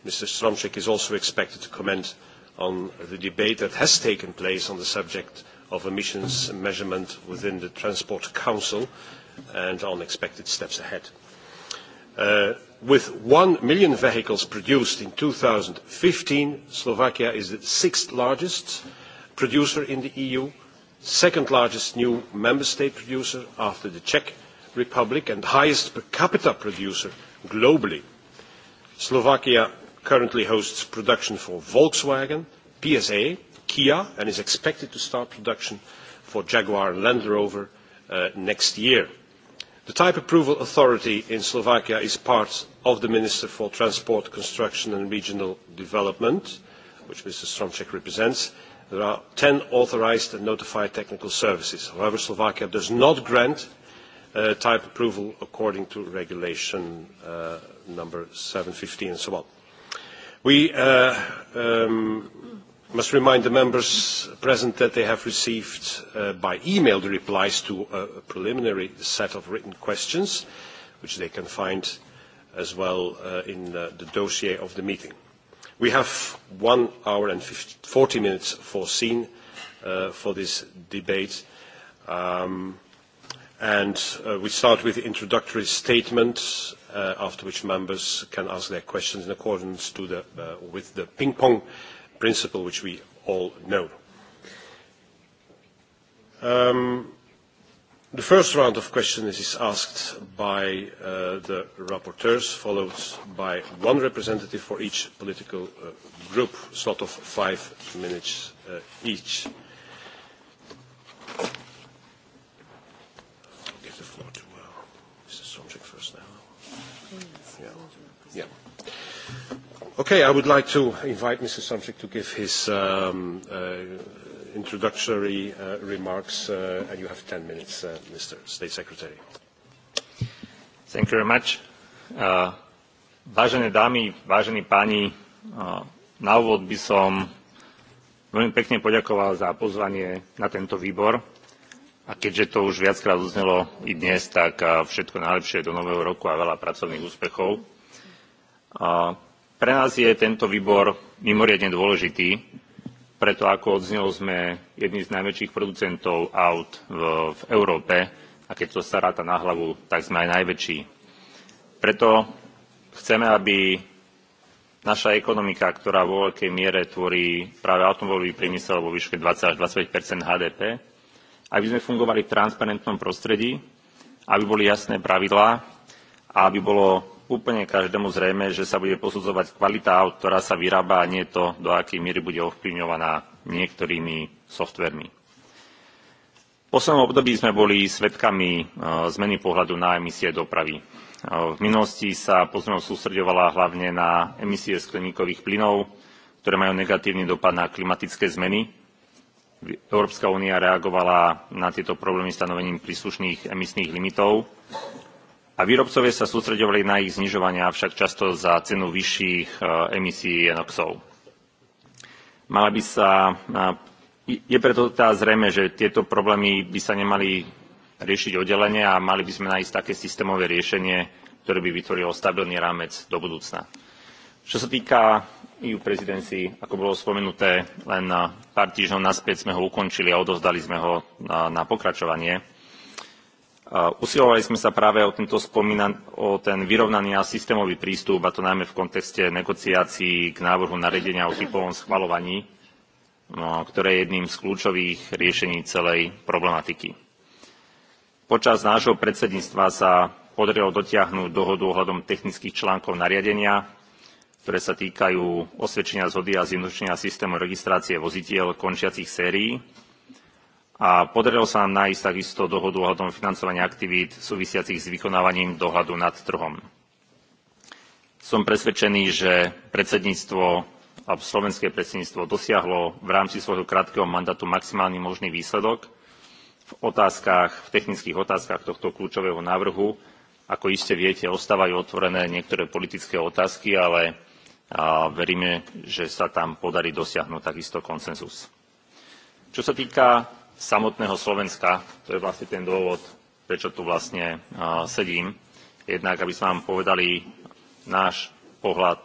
Mr. Stromczyk is also expected to comment on the debate that has taken place on the subject of emissions measurement within the Transport Council and on expected steps ahead. Uh, With 1 million vehicles produced in 2015, Slovakia is the sixth largest producer in the EU, second largest new member state producer after the Czech Republic and highest per capita producer globally. Slovakia currently hosts production for Volkswagen, PSA, Kia and is expected to start production for Jaguar and Land Rover uh, next year. The type approval authority in Slovakia is part of the Minister for Transport, Construction and Regional Development, which Mr. Stromczek represents. There are 10 authorized and notified technical services. However, Slovakia does not grant uh, type approval according to regulation uh, number 715 and so on. We uh, um, must remind the members present that they have received uh, by email the replies to a preliminary set of written questions, which they can find as well uh, in uh, the dossier of the meeting. We have one hour and 50, 40 minutes foreseen uh, for this debate. Um, and uh, we start with the introductory statement, uh, after which members can ask their questions in accordance the, with the ping-pong principle which we all know. Um, the first round of questions is asked by uh, the rapporteurs, followed by one representative for each political uh, group, slot of five minutes uh, each. Okay, I would like to invite Mr. Samczyk to give his um, uh, introductory uh, remarks, uh, and you have 10 minutes, uh, Mr. State Secretary. Thank you very much. Uh, vážené dámy, vážení páni, uh, na úvod by som veľmi pekne poďakoval za pozvanie na tento výbor. A keďže to už viackrát uznelo i dnes, tak uh, všetko najlepšie do nového roku a veľa pracovných úspechov. Uh, pre nás je tento výbor mimoriadne dôležitý preto ako odznelo sme jedni z najväčších producentov aut v, v európe a keď to sa ráta na hlavu tak sme aj najväčší. preto chceme aby naša ekonomika ktorá vo veľkej miere tvorí práve automobilový priemysel vo výške 20 až 25 hdp aby sme fungovali v transparentnom prostredí aby boli jasné pravidlá a aby bolo úplne každému zrejme, že sa bude posudzovať kvalita aut, ktorá sa vyrába a nie to, do akej miery bude ovplyvňovaná niektorými softvermi. V poslednom období sme boli svedkami zmeny pohľadu na emisie dopravy. V minulosti sa pozornosť sústreďovala hlavne na emisie skleníkových plynov, ktoré majú negatívny dopad na klimatické zmeny. Európska únia reagovala na tieto problémy stanovením príslušných emisných limitov a výrobcovia sa sústreďovali na ich znižovanie, avšak často za cenu vyšších emisí NOxov. Mala by sa, je preto teda zrejme, že tieto problémy by sa nemali riešiť oddelenie a mali by sme nájsť také systémové riešenie, ktoré by vytvorilo stabilný rámec do budúcna. Čo sa týka EU prezidenci, ako bolo spomenuté, len pár týždňov naspäť sme ho ukončili a odozdali sme ho na, na pokračovanie Usilovali sme sa práve o, tento spomínan- o ten vyrovnaný a systémový prístup, a to najmä v kontexte negociácií k návrhu nariadenia o typovom schvalovaní, ktoré je jedným z kľúčových riešení celej problematiky. Počas nášho predsedníctva sa podarilo dotiahnuť dohodu ohľadom technických článkov nariadenia, ktoré sa týkajú osvedčenia zhody a zjednodušenia systému registrácie vozidiel končiacich sérií a podarilo sa nám nájsť takisto dohodu ohľadom financovania aktivít súvisiacich s vykonávaním dohľadu nad trhom. Som presvedčený, že predsedníctvo a slovenské predsedníctvo dosiahlo v rámci svojho krátkeho mandátu maximálny možný výsledok v otázkach, v technických otázkach tohto kľúčového návrhu. Ako iste viete, ostávajú otvorené niektoré politické otázky, ale a veríme, že sa tam podarí dosiahnuť takisto konsenzus. Čo sa týka samotného Slovenska, to je vlastne ten dôvod, prečo tu vlastne sedím. Jednak, aby sme vám povedali náš pohľad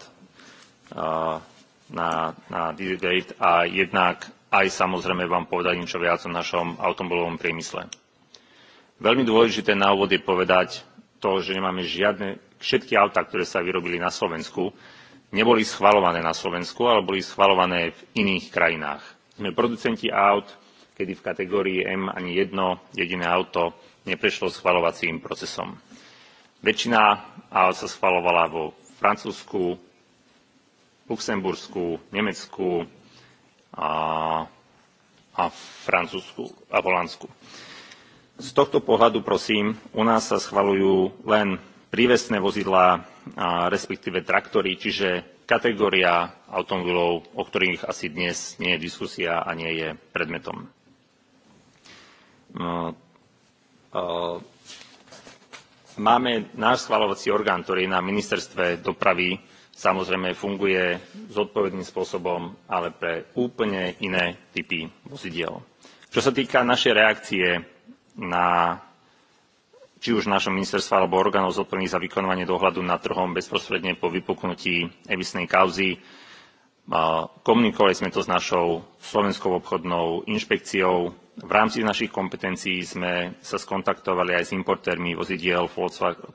na, na debate a jednak aj samozrejme vám povedať niečo viac o našom automobilovom priemysle. Veľmi dôležité na úvod je povedať to, že nemáme žiadne, všetky autá, ktoré sa vyrobili na Slovensku, neboli schvalované na Slovensku, ale boli schvalované v iných krajinách. Sme producenti aut, kedy v kategórii M ani jedno jediné auto neprešlo schvalovacím procesom. Väčšina sa schvalovala vo Francúzsku, Luxembursku, Nemecku a, a Francúzsku a Holandsku. Z tohto pohľadu, prosím, u nás sa schvalujú len prívesné vozidlá, respektíve traktory, čiže kategória automobilov, o ktorých asi dnes nie je diskusia a nie je predmetom. Hm, máme náš schvaľovací orgán, ktorý na ministerstve dopravy samozrejme funguje zodpovedným spôsobom, ale pre úplne iné typy vozidiel. Čo sa týka našej reakcie na či už nášho ministerstva alebo orgánov zodpovedných za vykonávanie dohľadu nad trhom bezprostredne po vypuknutí emisnej kauzy, komunikovali sme to s našou slovenskou obchodnou inšpekciou. V rámci našich kompetencií sme sa skontaktovali aj s importérmi vozidiel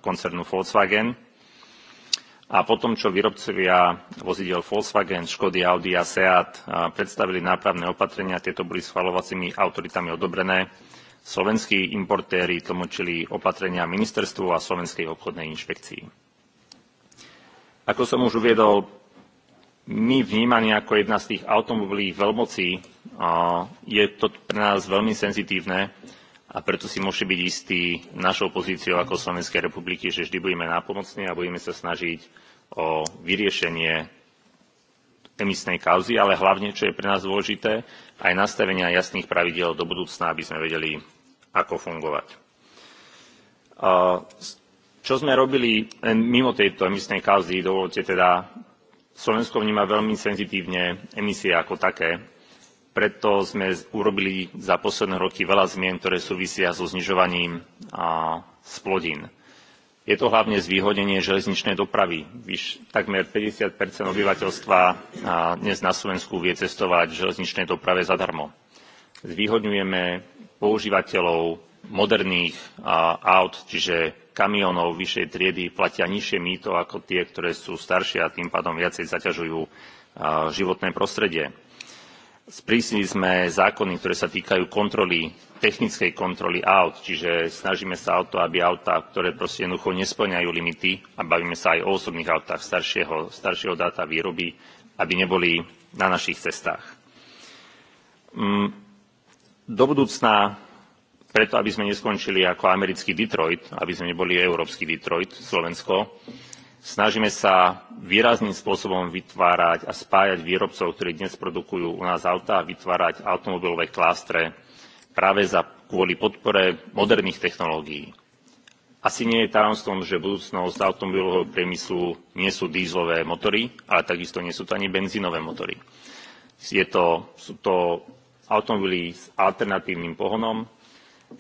koncernu Volkswagen. A potom, čo výrobcovia vozidiel Volkswagen, Škody, Audi a Seat predstavili nápravné opatrenia, tieto boli schvalovacími autoritami odobrené. Slovenskí importéri tlmočili opatrenia ministerstvu a Slovenskej obchodnej inšpekcii. Ako som už uviedol, my vnímaní ako jedna z tých automobilových veľmocí je to pre nás veľmi senzitívne a preto si môžete byť istí našou pozíciou ako Slovenskej republiky, že vždy budeme nápomocní a budeme sa snažiť o vyriešenie emisnej kauzy, ale hlavne, čo je pre nás dôležité, aj nastavenia jasných pravidel do budúcna, aby sme vedeli, ako fungovať. Čo sme robili eh, mimo tejto emisnej kauzy, dovolte teda Slovensko vníma veľmi senzitívne emisie ako také, preto sme urobili za posledné roky veľa zmien, ktoré súvisia so znižovaním splodín. Je to hlavne zvýhodnenie železničnej dopravy. takmer 50 obyvateľstva dnes na Slovensku vie cestovať v železničnej doprave zadarmo. Zvýhodňujeme používateľov moderných aut, čiže kamionov vyššej triedy platia nižšie mýto ako tie, ktoré sú staršie a tým pádom viacej zaťažujú životné prostredie. Sprísnili sme zákony, ktoré sa týkajú kontroly, technickej kontroly aut, čiže snažíme sa o to, aby auta, ktoré proste jednoducho nesplňajú limity, a bavíme sa aj o osobných autách staršieho, staršieho dáta výroby, aby neboli na našich cestách. Mm, do budúcna preto aby sme neskončili ako americký detroit aby sme neboli európsky detroit slovensko snažíme sa výrazným spôsobom vytvárať a spájať výrobcov ktorí dnes produkujú u nás autá vytvárať automobilové klástre práve za, kvôli podpore moderných technológií. Asi nie je tajomstvom, že budúcnosť automobilového priemyslu nie sú dízlové motory, ale takisto nie sú to ani benzínové motory. Je to, sú to automobily s alternatívnym pohonom,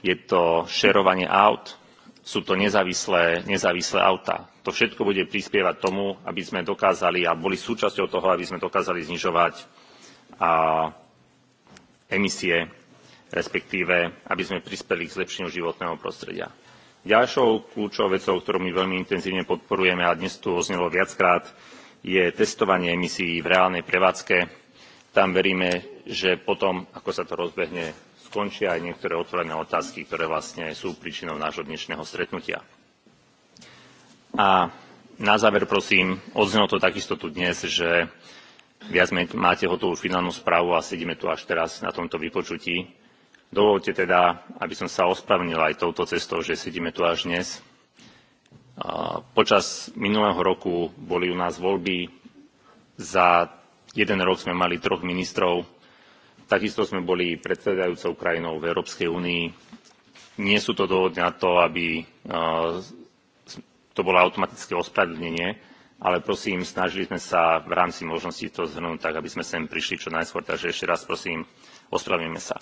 je to šerovanie aut, sú to nezávislé, nezávislé autá. To všetko bude prispievať tomu, aby sme dokázali a boli súčasťou toho, aby sme dokázali znižovať a, emisie, respektíve aby sme prispeli k zlepšeniu životného prostredia. Ďalšou kľúčovou vecou, ktorú my veľmi intenzívne podporujeme a dnes tu oznelo viackrát, je testovanie emisí v reálnej prevádzke. Tam veríme, že potom, ako sa to rozbehne skončia aj niektoré otvorené otázky, ktoré vlastne sú príčinou nášho dnešného stretnutia. A na záver, prosím, odznelo to takisto tu dnes, že viac menej máte hotovú finálnu správu a sedíme tu až teraz na tomto vypočutí. Dovolte teda, aby som sa ospravnil aj touto cestou, že sedíme tu až dnes. Počas minulého roku boli u nás voľby. Za jeden rok sme mali troch ministrov Takisto sme boli predsedajúcou krajinou v Európskej únii. Nie sú to dôvody na to, aby to bolo automatické ospravedlnenie, ale prosím, snažili sme sa v rámci možností to zhrnúť tak, aby sme sem prišli čo najskôr. Takže ešte raz prosím, ospravedlňujeme sa.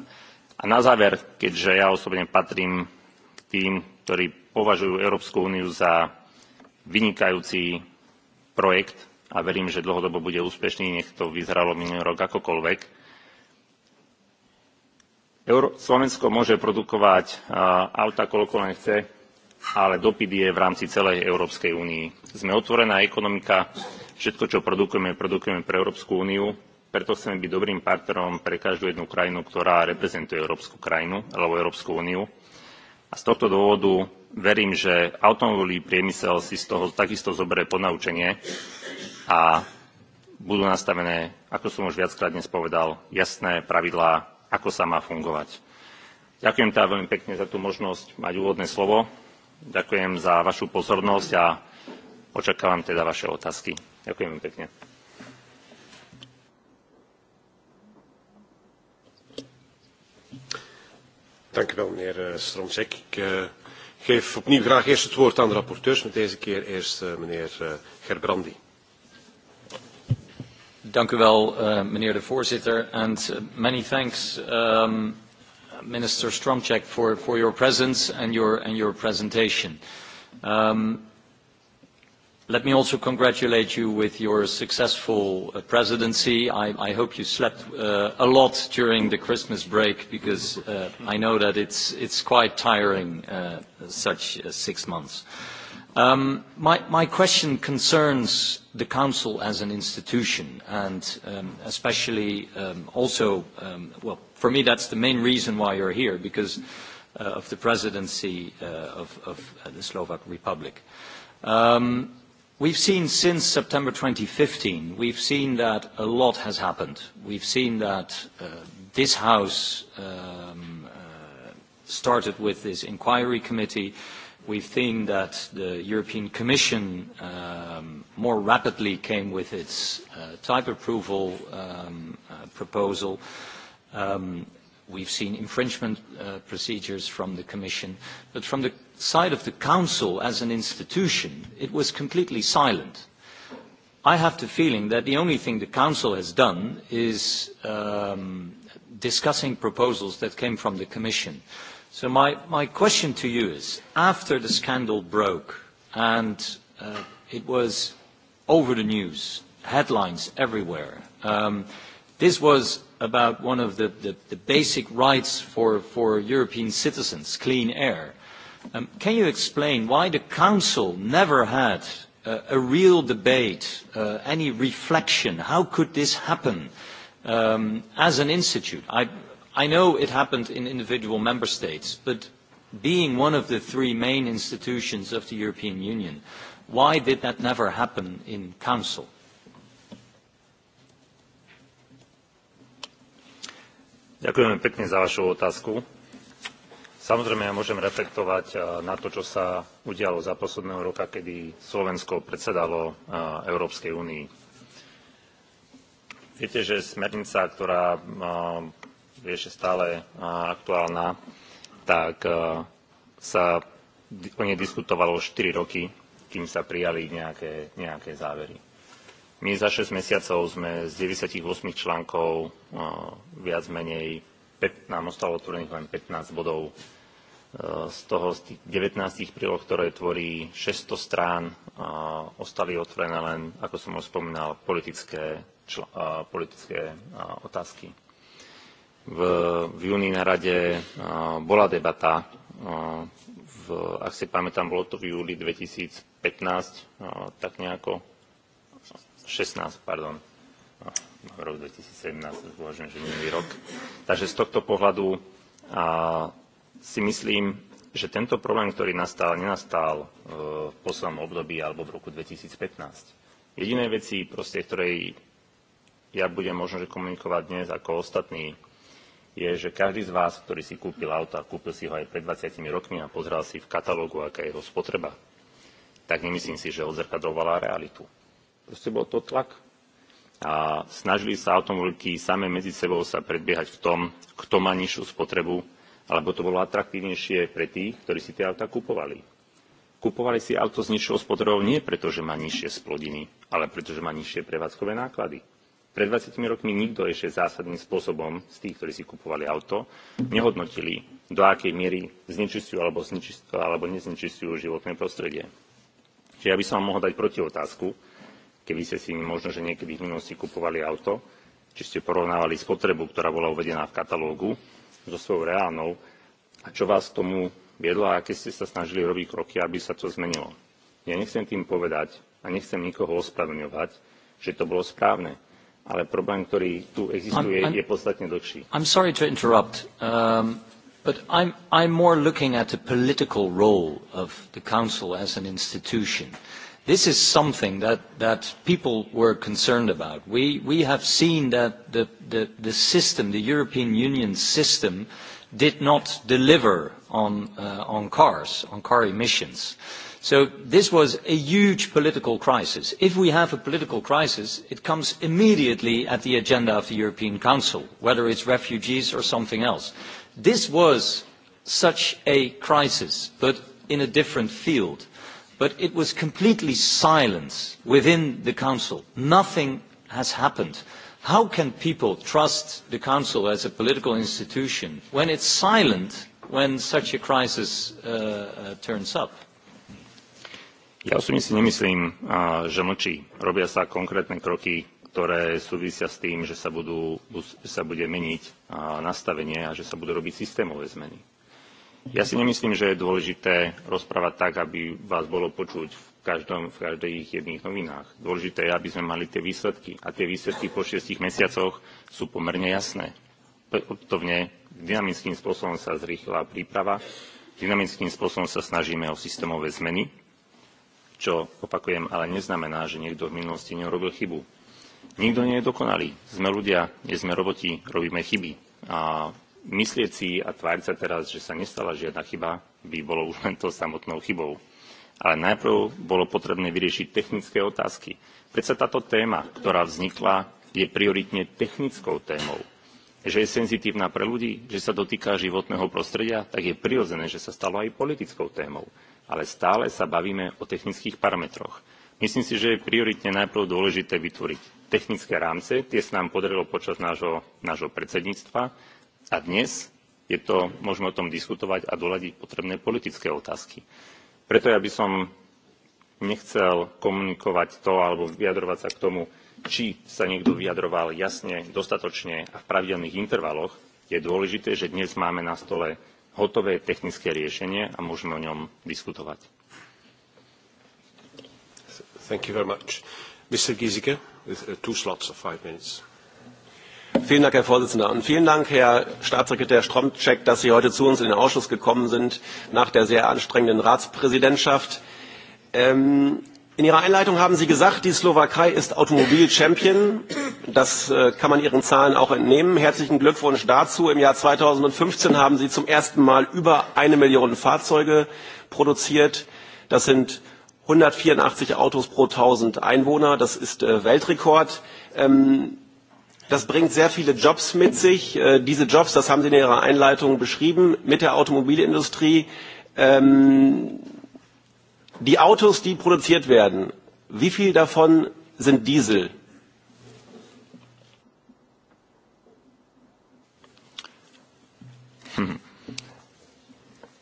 A na záver, keďže ja osobne patrím k tým, ktorí považujú Európsku úniu za vynikajúci projekt a verím, že dlhodobo bude úspešný, nech to vyzeralo minulý rok akokoľvek, Slovensko môže produkovať autá koľko len chce, ale dopyt je v rámci celej Európskej únii. Sme otvorená ekonomika, všetko, čo produkujeme, produkujeme pre Európsku úniu, preto chceme byť dobrým partnerom pre každú jednu krajinu, ktorá reprezentuje Európsku krajinu alebo Európsku úniu. A z tohto dôvodu verím, že automobilový priemysel si z toho takisto zoberie ponaučenie a budú nastavené, ako som už viackrát dnes povedal, jasné pravidlá ako sa má fungovať. Ďakujem teda veľmi pekne za tú možnosť mať úvodné slovo. Ďakujem za vašu pozornosť a očakávam teda vaše otázky. Ďakujem veľmi pekne. Dank u wel, meneer eh, Stromsek. Ik uh, geef opnieuw graag eerst het woord aan de rapporteurs, maar deze keer eerst uh, meneer uh, Gerbrandi. Dank u wel, uh, meneer de voorzitter, and uh, eh, many thanks, um, Minister Stromczek, for, for your presence and your, and your presentation. Um, let me also congratulate you with your successful uh, presidency. I, I hope you slept uh, a lot during the Christmas break because uh, I know that it's, it's quite tiring, uh, such uh, six months. Uh, Um, my, my, question concerns the Council as an institution and um, especially um, also, um, well, for me that's the main reason why you're here because uh, of the presidency uh, of, of uh, the Slovak Republic. Um, we've seen since September 2015, we've seen that a lot has happened. We've seen that uh, this House um, uh, started with this inquiry committee. Uh, We've seen that the European Commission um, more rapidly came with its uh, type approval um, uh, proposal. Um, we've seen infringement uh, procedures from the Commission. But from the side of the Council as an institution, it was completely silent. I have the feeling that the only thing the Council has done is um, discussing proposals that came from the Commission. So my, my question to you is, after the scandal broke and uh, it was over the news, headlines everywhere, um, this was about one of the, the, the basic rights for, for European citizens, clean air. Um, can you explain why the Council never had uh, a real debate, uh, any reflection? How could this happen um, as an institute? I, I know it happened in individual member states, but being one of the three main institutions of the European Union, why did that never happen in Council? Ďakujeme pekne za vašu otázku. Samozrejme, ja môžem reflektovať eh, na to, čo sa udialo za posledného roka, kedy Slovensko predsedalo eh, Európskej únii. Viete, že smernica, ktorá eh, je ešte stále aktuálna, tak sa o nej diskutovalo 4 roky, kým sa prijali nejaké, nejaké závery. My za 6 mesiacov sme z 98 článkov viac menej, nám ostalo otvorených len 15 bodov. Z toho z tých 19 príloh, ktoré tvorí 600 strán, ostali otvorené len, ako som už spomínal, politické, čl- politické otázky. V, v júni na rade uh, bola debata, uh, v, ak si pamätám, bolo to v júli 2015, uh, eh, tak nejako 16, pardon, eh, rok 2017, uvažujem, že minulý rok. Takže z tohto pohľadu uh, si myslím, že tento problém, ktorý nastal, nenastal v poslednom období alebo v roku 2015. Jediné veci, proste, ktorej ja budem možno že komunikovať dnes ako ostatní je, že každý z vás, ktorý si kúpil auto a kúpil si ho aj pred 20 rokmi a pozrel si v katalógu, aká je jeho spotreba, tak nemyslím si, že odzrkadlovala realitu. Proste bol to tlak. A snažili sa automobilky same medzi sebou sa predbiehať v tom, kto má nižšiu spotrebu, alebo to bolo atraktívnejšie pre tých, ktorí si tie auta kupovali. Kupovali si auto s nižšou spotrebou nie preto, že má nižšie splodiny, ale preto, že má nižšie prevádzkové náklady. Pred 20 rokmi nikto ešte zásadným spôsobom z tých, ktorí si kupovali auto, nehodnotili, do akej miery znečistujú alebo, znečistujú, alebo neznečistujú životné prostredie. Čiže ja by som vám mohol dať protiotázku, keby ste si možno, že niekedy v minulosti kupovali auto, či ste porovnávali spotrebu, ktorá bola uvedená v katalógu, so svojou reálnou a čo vás k tomu viedlo a aké ste sa snažili robiť kroky, aby sa to zmenilo. Ja nechcem tým povedať a nechcem nikoho ospravedlňovať, že to bolo správne ale problém, ktorý tu existuje, I'm, I'm, je podstatne dlhší. I'm sorry to interrupt, um, but I'm, I'm more looking at the political role of the Council as an institution. This is something that, that people were concerned about. We, we have seen that the, the, the system, the European Union system, did not deliver on, uh, on cars, on car emissions. Uh, So this was a huge political crisis. If we have a political crisis, it comes immediately at the agenda of the European Council, whether it's refugees or something else. This was such a crisis, but in a different field. But it was completely silence within the Council. Nothing has happened. How can people trust the Council as a political institution when it's silent when such a crisis uh, uh, turns up? Ja osobne si nemyslím, že mlčí. Robia sa konkrétne kroky, ktoré súvisia s tým, že sa, budú, sa bude meniť nastavenie a že sa budú robiť systémové zmeny. Ja si nemyslím, že je dôležité rozprávať tak, aby vás bolo počuť v, každom, v každej ich jedných novinách. Dôležité je, aby sme mali tie výsledky. A tie výsledky po šiestich mesiacoch sú pomerne jasné. Otovne dynamickým spôsobom sa zrýchla príprava, dynamickým spôsobom sa snažíme o systémové zmeny čo, opakujem, ale neznamená, že niekto v minulosti neurobil chybu. Nikto nie je dokonalý. Sme ľudia, nie sme roboti, robíme chyby. A myslieť si a tváriť sa teraz, že sa nestala žiadna chyba, by bolo už len to samotnou chybou. Ale najprv bolo potrebné vyriešiť technické otázky. Predsa táto téma, ktorá vznikla, je prioritne technickou témou že je senzitívna pre ľudí, že sa dotýka životného prostredia, tak je prirodzené, že sa stalo aj politickou témou ale stále sa bavíme o technických parametroch. Myslím si, že je prioritne najprv dôležité vytvoriť technické rámce, tie sa nám podarilo počas nášho, nášho predsedníctva a dnes je to, môžeme o tom diskutovať a doľadiť potrebné politické otázky. Preto ja by som nechcel komunikovať to alebo vyjadrovať sa k tomu, či sa niekto vyjadroval jasne, dostatočne a v pravidelných intervaloch. Je dôležité, že dnes máme na stole hotové technické riešenie a môžeme o ňom diskutovať. Thank you very much. Mr. Giesecke, with uh, two slots of five minutes. Vielen Dank, Herr Vorsitzender. Und vielen Dank, Herr Staatssekretär Stromczek, dass Sie heute zu uns in den Ausschuss gekommen sind nach der sehr anstrengenden Ratspräsidentschaft. Ähm, In Ihrer Einleitung haben Sie gesagt, die Slowakei ist Automobil-Champion. Das äh, kann man Ihren Zahlen auch entnehmen. Herzlichen Glückwunsch dazu. Im Jahr 2015 haben Sie zum ersten Mal über eine Million Fahrzeuge produziert. Das sind 184 Autos pro 1000 Einwohner. Das ist äh, Weltrekord. Ähm, das bringt sehr viele Jobs mit sich. Äh, diese Jobs, das haben Sie in Ihrer Einleitung beschrieben, mit der Automobilindustrie. Ähm, Die Autos, die produziert werden, wie viel davon sind Diesel? Hm.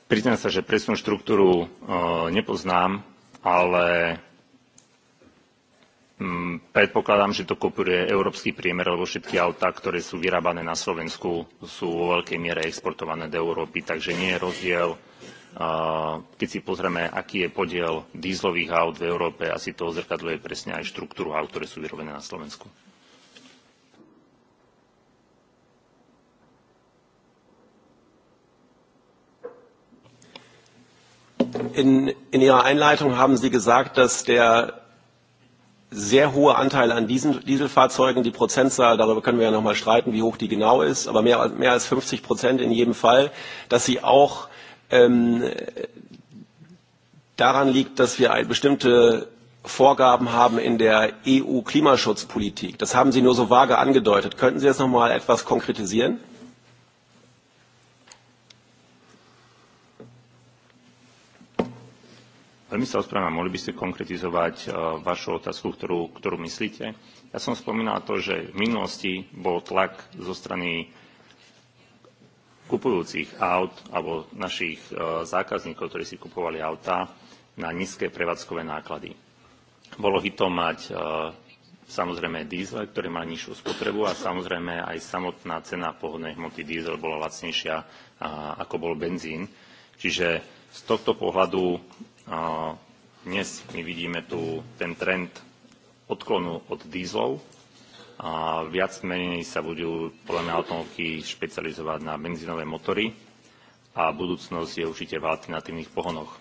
Priznám sa, že presnú štruktúru e, nepoznám, ale m, hm, predpokladám, že to kopíruje európsky priemer, lebo všetky autá, ktoré sú vyrábané na Slovensku, sú vo veľkej miere exportované do Európy, takže nie je rozdiel Keď si pozrieme, aký je podiel dízlových aut v Európe, asi to ozrkadľuje presne aj štruktúru aut, ktoré sú vyrobené na Slovensku. In, in Ihrer Einleitung haben Sie gesagt, dass der sehr hohe Anteil an diesen Dieselfahrzeugen, die Prozentzahl, darüber können wir ja nochmal streiten, wie hoch die genau ist, aber mehr, mehr als 50 Prozent in jedem Fall, dass sie auch ähm, daran liegt, dass wir bestimmte Vorgaben haben in der EU-Klimaschutzpolitik. Das haben Sie nur so vage angedeutet. Könnten Sie das noch mal etwas konkretisieren? Veľmi sa ospravedlňujem, mohli by ste konkretizovať uh, vašu otázku, ktorú, ktorú myslíte. Ja som spomínal to, že v minulosti bol tlak zo strany uh, kupujúcich aut alebo našich zákazníkov, ktorí si kupovali autá na nízke prevádzkové náklady. Bolo hitom mať samozrejme diesel, ktorý má nižšiu spotrebu a samozrejme aj samotná cena pohodnej hmoty diesel bola lacnejšia ako bol benzín. Čiže z tohto pohľadu dnes my vidíme tu ten trend odklonu od dízlov a viac menej sa budú podľa mňa automobilky špecializovať na benzínové motory a budúcnosť je určite v alternatívnych pohonoch.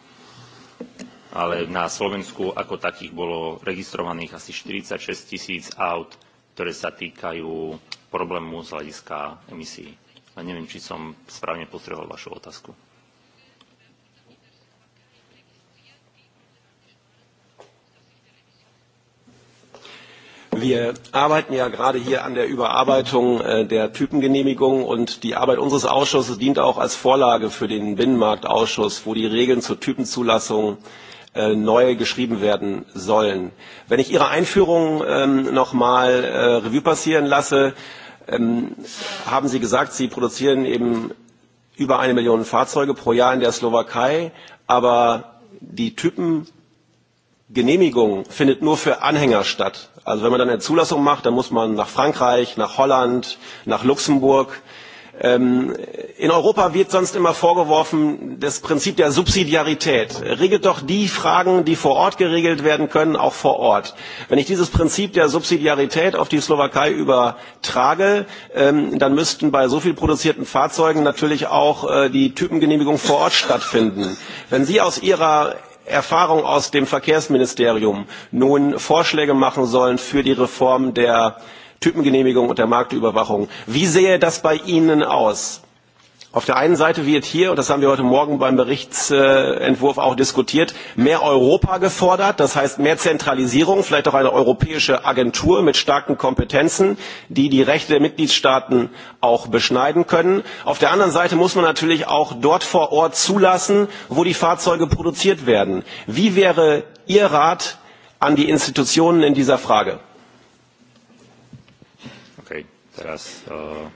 Ale na Slovensku ako takých bolo registrovaných asi 46 tisíc aut, ktoré sa týkajú problému z hľadiska emisí. A neviem, či som správne postrehol vašu otázku. Wir arbeiten ja gerade hier an der Überarbeitung äh, der Typengenehmigung und die Arbeit unseres Ausschusses dient auch als Vorlage für den Binnenmarktausschuss, wo die Regeln zur Typenzulassung äh, neu geschrieben werden sollen. Wenn ich Ihre Einführung ähm, noch nochmal äh, Revue passieren lasse, ähm, haben Sie gesagt, Sie produzieren eben über eine Million Fahrzeuge pro Jahr in der Slowakei, aber die Typen Genehmigung findet nur für Anhänger statt. Also wenn man dann eine Zulassung macht, dann muss man nach Frankreich, nach Holland, nach Luxemburg. Ähm, in Europa wird sonst immer vorgeworfen, das Prinzip der Subsidiarität regelt doch die Fragen, die vor Ort geregelt werden können, auch vor Ort. Wenn ich dieses Prinzip der Subsidiarität auf die Slowakei übertrage, ähm, dann müssten bei so viel produzierten Fahrzeugen natürlich auch äh, die Typengenehmigung vor Ort stattfinden. Wenn Sie aus Ihrer Erfahrung aus dem Verkehrsministerium nun Vorschläge machen sollen für die Reform der Typengenehmigung und der Marktüberwachung. Wie sähe das bei Ihnen aus? Auf der einen Seite wird hier, und das haben wir heute Morgen beim Berichtsentwurf auch diskutiert, mehr Europa gefordert, das heißt mehr Zentralisierung, vielleicht auch eine europäische Agentur mit starken Kompetenzen, die die Rechte der Mitgliedstaaten auch beschneiden können. Auf der anderen Seite muss man natürlich auch dort vor Ort zulassen, wo die Fahrzeuge produziert werden. Wie wäre Ihr Rat an die Institutionen in dieser Frage? Okay, teraz, uh,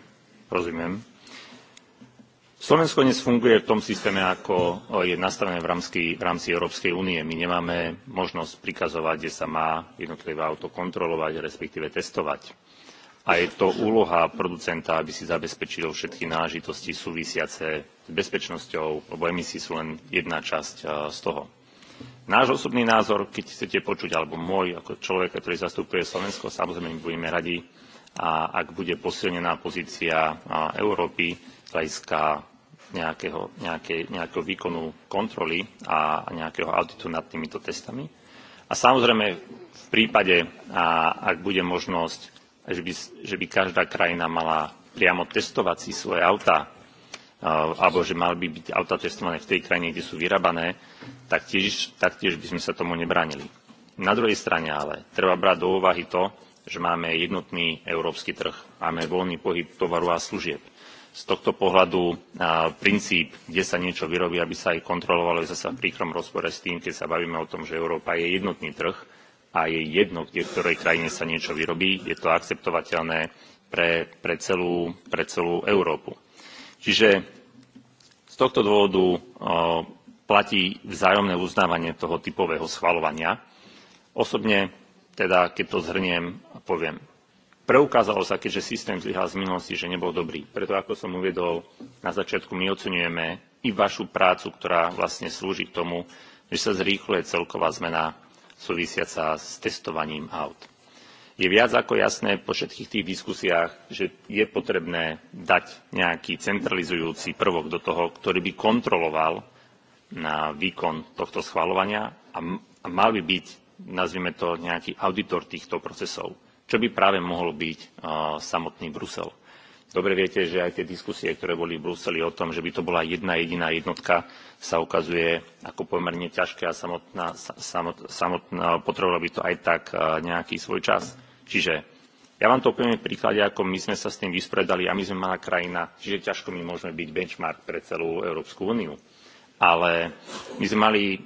Slovensko dnes funguje v tom systéme, ako je nastavené v rámci, v rámci Európskej únie. My nemáme možnosť prikazovať, kde sa má jednotlivé auto kontrolovať, respektíve testovať. A je to úloha producenta, aby si zabezpečil všetky nážitosti súvisiace s bezpečnosťou, lebo emisí sú len jedna časť z toho. Náš osobný názor, keď chcete počuť, alebo môj ako človek, ktorý zastupuje Slovensko, samozrejme my budeme radi, a ak bude posilnená pozícia Európy z hľadiska nejakého, nejaké, nejakého výkonu kontroly a nejakého auditu nad týmito testami. A samozrejme v prípade, a ak bude možnosť, že by, že by každá krajina mala priamo testovať si svoje auta, alebo že mali by byť auta testované v tej krajine, kde sú vyrábané, tak tiež, tak tiež by sme sa tomu nebránili. Na druhej strane ale treba brať do úvahy to, že máme jednotný európsky trh, máme voľný pohyb tovaru a služieb z tohto pohľadu princíp, kde sa niečo vyrobí, aby sa aj kontrolovalo, je zase v príkrom rozpore s tým, keď sa bavíme o tom, že Európa je jednotný trh a je jedno, kde v ktorej krajine sa niečo vyrobí, je to akceptovateľné pre, pre, celú, pre celú Európu. Čiže z tohto dôvodu o, platí vzájomné uznávanie toho typového schvalovania. Osobne, teda keď to zhrniem, poviem, preukázalo sa, keďže systém zlyhal z minulosti, že nebol dobrý. Preto, ako som uvedol na začiatku, my ocenujeme i vašu prácu, ktorá vlastne slúži k tomu, že sa zrýchluje celková zmena súvisiaca s testovaním aut. Je viac ako jasné po všetkých tých diskusiách, že je potrebné dať nejaký centralizujúci prvok do toho, ktorý by kontroloval na výkon tohto schvaľovania a mal by byť, nazvime to, nejaký auditor týchto procesov čo by práve mohol byť uh, samotný Brusel. Dobre viete, že aj tie diskusie, ktoré boli v Bruseli o tom, že by to bola jedna jediná jednotka, sa ukazuje ako pomerne ťažké a samotná, samot, samotná potrebovalo by to aj tak uh, nejaký svoj čas. Čiže ja vám to poviem v príklade, ako my sme sa s tým vyspredali a my sme malá krajina, čiže ťažko my môžeme byť benchmark pre celú Európsku úniu ale my sme mali eh,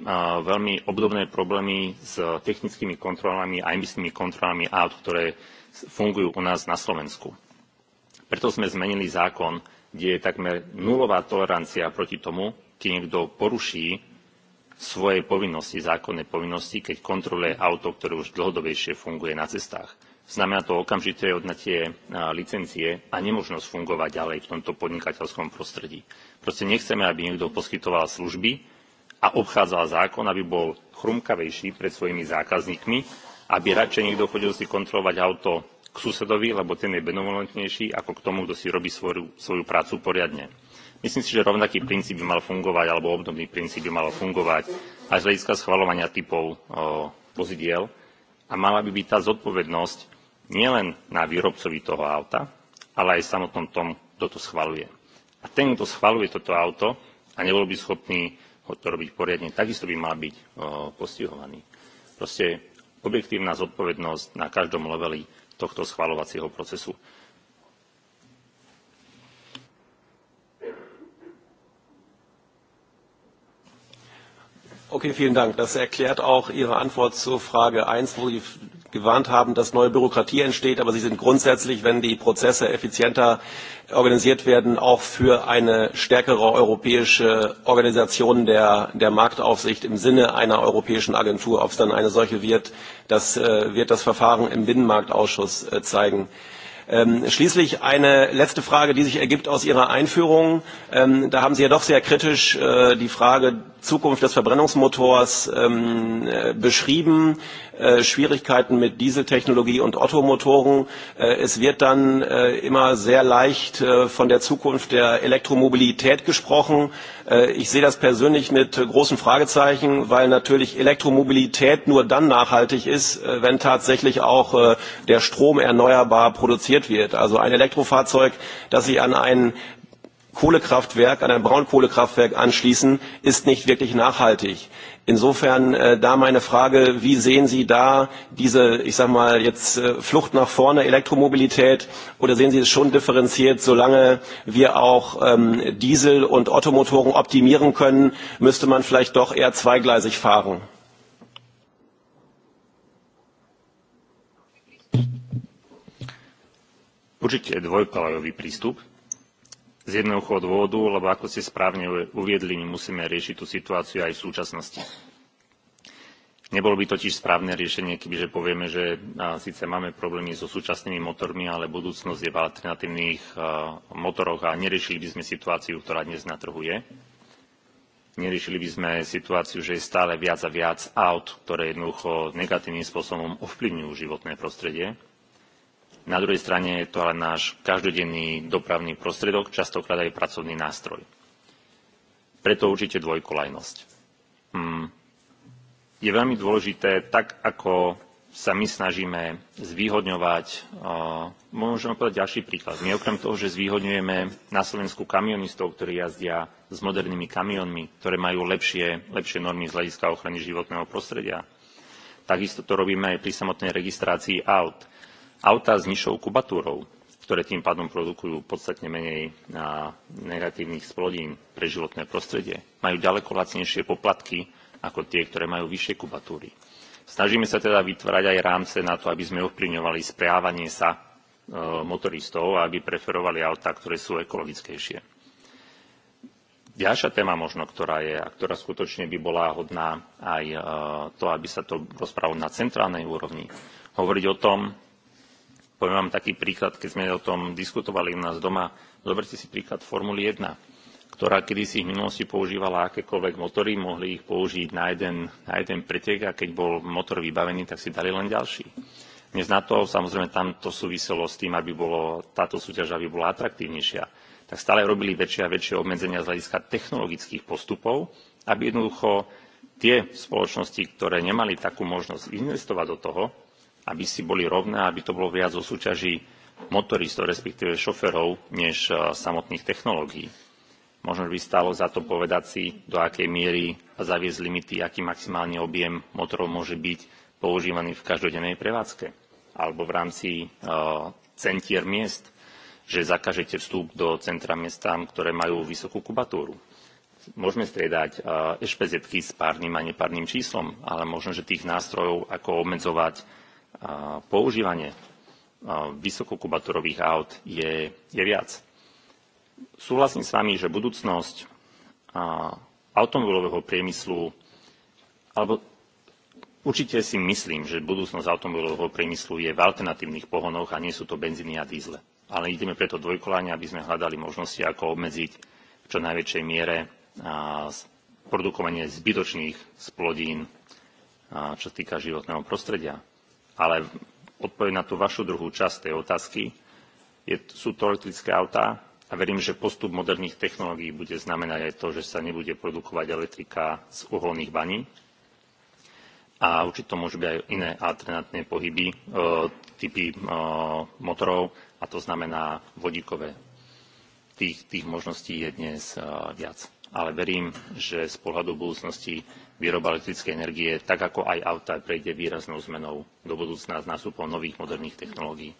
veľmi obdobné problémy s technickými kontrolami a emisnými kontrolami aut, ktoré fungujú u nás na Slovensku. Preto sme zmenili zákon, kde je takmer nulová tolerancia proti tomu, keď niekto poruší svoje povinnosti, zákonné povinnosti, keď kontroluje auto, ktoré už dlhodobejšie funguje na cestách znamená to okamžité odňatie licencie a nemožnosť fungovať ďalej v tomto podnikateľskom prostredí. Proste nechceme, aby niekto poskytoval služby a obchádzal zákon, aby bol chrumkavejší pred svojimi zákazníkmi, aby radšej niekto chodil si kontrolovať auto k susedovi, lebo ten je benevolentnejší ako k tomu, kto si robí svoju, svoju prácu poriadne. Myslím si, že rovnaký princíp by mal fungovať, alebo obdobný princíp by mal fungovať aj z hľadiska schvaľovania typov vozidiel a mala by byť tá zodpovednosť nielen na výrobcovi toho auta, ale aj samotnom tom, kto to schvaľuje. A ten, kto schvaľuje toto auto a nebol by schopný ho to robiť poriadne, takisto by mal byť postihovaný. Proste objektívna zodpovednosť na každom leveli tohto schvaľovacieho procesu. Okay, vielen Dank. Das erklärt auch Ihre Antwort zur Frage 1, wo die gewarnt haben, dass neue Bürokratie entsteht, aber sie sind grundsätzlich, wenn die Prozesse effizienter organisiert werden, auch für eine stärkere europäische Organisation der, der Marktaufsicht im Sinne einer europäischen Agentur. Ob es dann eine solche wird, das äh, wird das Verfahren im Binnenmarktausschuss äh, zeigen. Ähm, schließlich eine letzte Frage, die sich ergibt aus Ihrer Einführung. Ähm, da haben Sie ja doch sehr kritisch äh, die Frage Zukunft des Verbrennungsmotors ähm, äh, beschrieben. Äh, Schwierigkeiten mit Dieseltechnologie und Ottomotoren. Äh, es wird dann äh, immer sehr leicht von der Zukunft der Elektromobilität gesprochen. ich sehe das persönlich mit großen Fragezeichen, weil natürlich Elektromobilität nur dann nachhaltig ist, wenn tatsächlich auch der Strom erneuerbar produziert wird. Also ein Elektrofahrzeug, das sich an einen Kohlekraftwerk, an ein Braunkohlekraftwerk anschließen, ist nicht wirklich nachhaltig. Insofern äh, da meine Frage, wie sehen Sie da diese, ich sag mal, jetzt äh, Flucht nach vorne, Elektromobilität oder sehen Sie es schon differenziert, solange wir auch ähm, Diesel- und Ottomotoren optimieren können, müsste man vielleicht doch eher zweigleisig fahren? Určite dvojkolajový prístup z jednoduchého dôvodu, lebo ako ste správne uviedli, my musíme riešiť tú situáciu aj v súčasnosti. Nebolo by totiž správne riešenie, kebyže povieme, že síce máme problémy so súčasnými motormi, ale budúcnosť je v alternatívnych motoroch a neriešili by sme situáciu, ktorá dnes na trhu je. Neriešili by sme situáciu, že je stále viac a viac aut, ktoré jednoducho negatívnym spôsobom ovplyvňujú životné prostredie Na druhej strane je to ale náš každodenný dopravný prostriedok, častokrát aj pracovný nástroj. Preto určite dvojkolajnosť. Hmm. Je veľmi dôležité, tak ako sa my snažíme zvýhodňovať, môžeme povedať ďalší príklad. My okrem toho, že zvýhodňujeme na Slovensku kamionistov, ktorí jazdia s modernými kamionmi, ktoré majú lepšie, lepšie normy z hľadiska ochrany životného prostredia, takisto to robíme aj pri samotnej registrácii aut auta s nižšou kubatúrou, ktoré tým pádom produkujú podstatne menej negatívnych splodín pre životné prostredie, majú ďaleko lacnejšie poplatky ako tie, ktoré majú vyššie kubatúry. Snažíme sa teda vytvárať aj rámce na to, aby sme ovplyvňovali správanie sa motoristov a aby preferovali autá, ktoré sú ekologickejšie. Ďalšia téma možno, ktorá je a ktorá skutočne by bola hodná aj to, aby sa to rozprávalo na centrálnej úrovni. Hovoriť o tom, Poviem vám taký príklad, keď sme o tom diskutovali u nás doma. Zoberte si príklad Formuly 1, ktorá kedysi v minulosti používala akékoľvek motory, mohli ich použiť na jeden, na jeden pretek a keď bol motor vybavený, tak si dali len ďalší. Dnes na to, samozrejme, tam to súviselo s tým, aby bolo, táto súťaž aby bola atraktívnejšia tak stále robili väčšie a väčšie obmedzenia z hľadiska technologických postupov, aby jednoducho tie spoločnosti, ktoré nemali takú možnosť investovať do toho, aby si boli rovné, aby to bolo viac o súťaži motoristov, respektíve šoferov, než eh, samotných technológií. Možno by stálo za to povedať si, do akej miery zaviesť limity, aký maximálny objem motorov môže byť používaný v každodennej prevádzke alebo v rámci eh, centier miest, že zakažete vstup do centra miestam, ktoré majú vysokú kubatúru môžeme striedať eh, ešpezetky s párnym a nepárnym číslom, ale možno, že tých nástrojov, ako obmedzovať používanie vysokokubaturových aut je, je viac. Súhlasím s vami, že budúcnosť automobilového priemyslu, alebo určite si myslím, že budúcnosť automobilového priemyslu je v alternatívnych pohonoch a nie sú to benzíny a dízle. Ale ideme preto dvojkolania, aby sme hľadali možnosti, ako obmedziť v čo najväčšej miere produkovanie zbytočných splodín, čo sa týka životného prostredia ale odpoveď na tú vašu druhú časť tej otázky. Je, sú to elektrické autá a verím, že postup moderných technológií bude znamenať aj to, že sa nebude produkovať elektrika z uholných baní. A určite to môžu byť aj iné alternatívne pohyby, e, typy e, motorov, a to znamená vodíkové. Tých, tých možností je dnes e, viac. Ale verím, že z pohľadu budúcnosti výroba elektrickej energie, tak ako aj auta, prejde výraznou zmenou do budúcna s nástupom nových moderných technológií.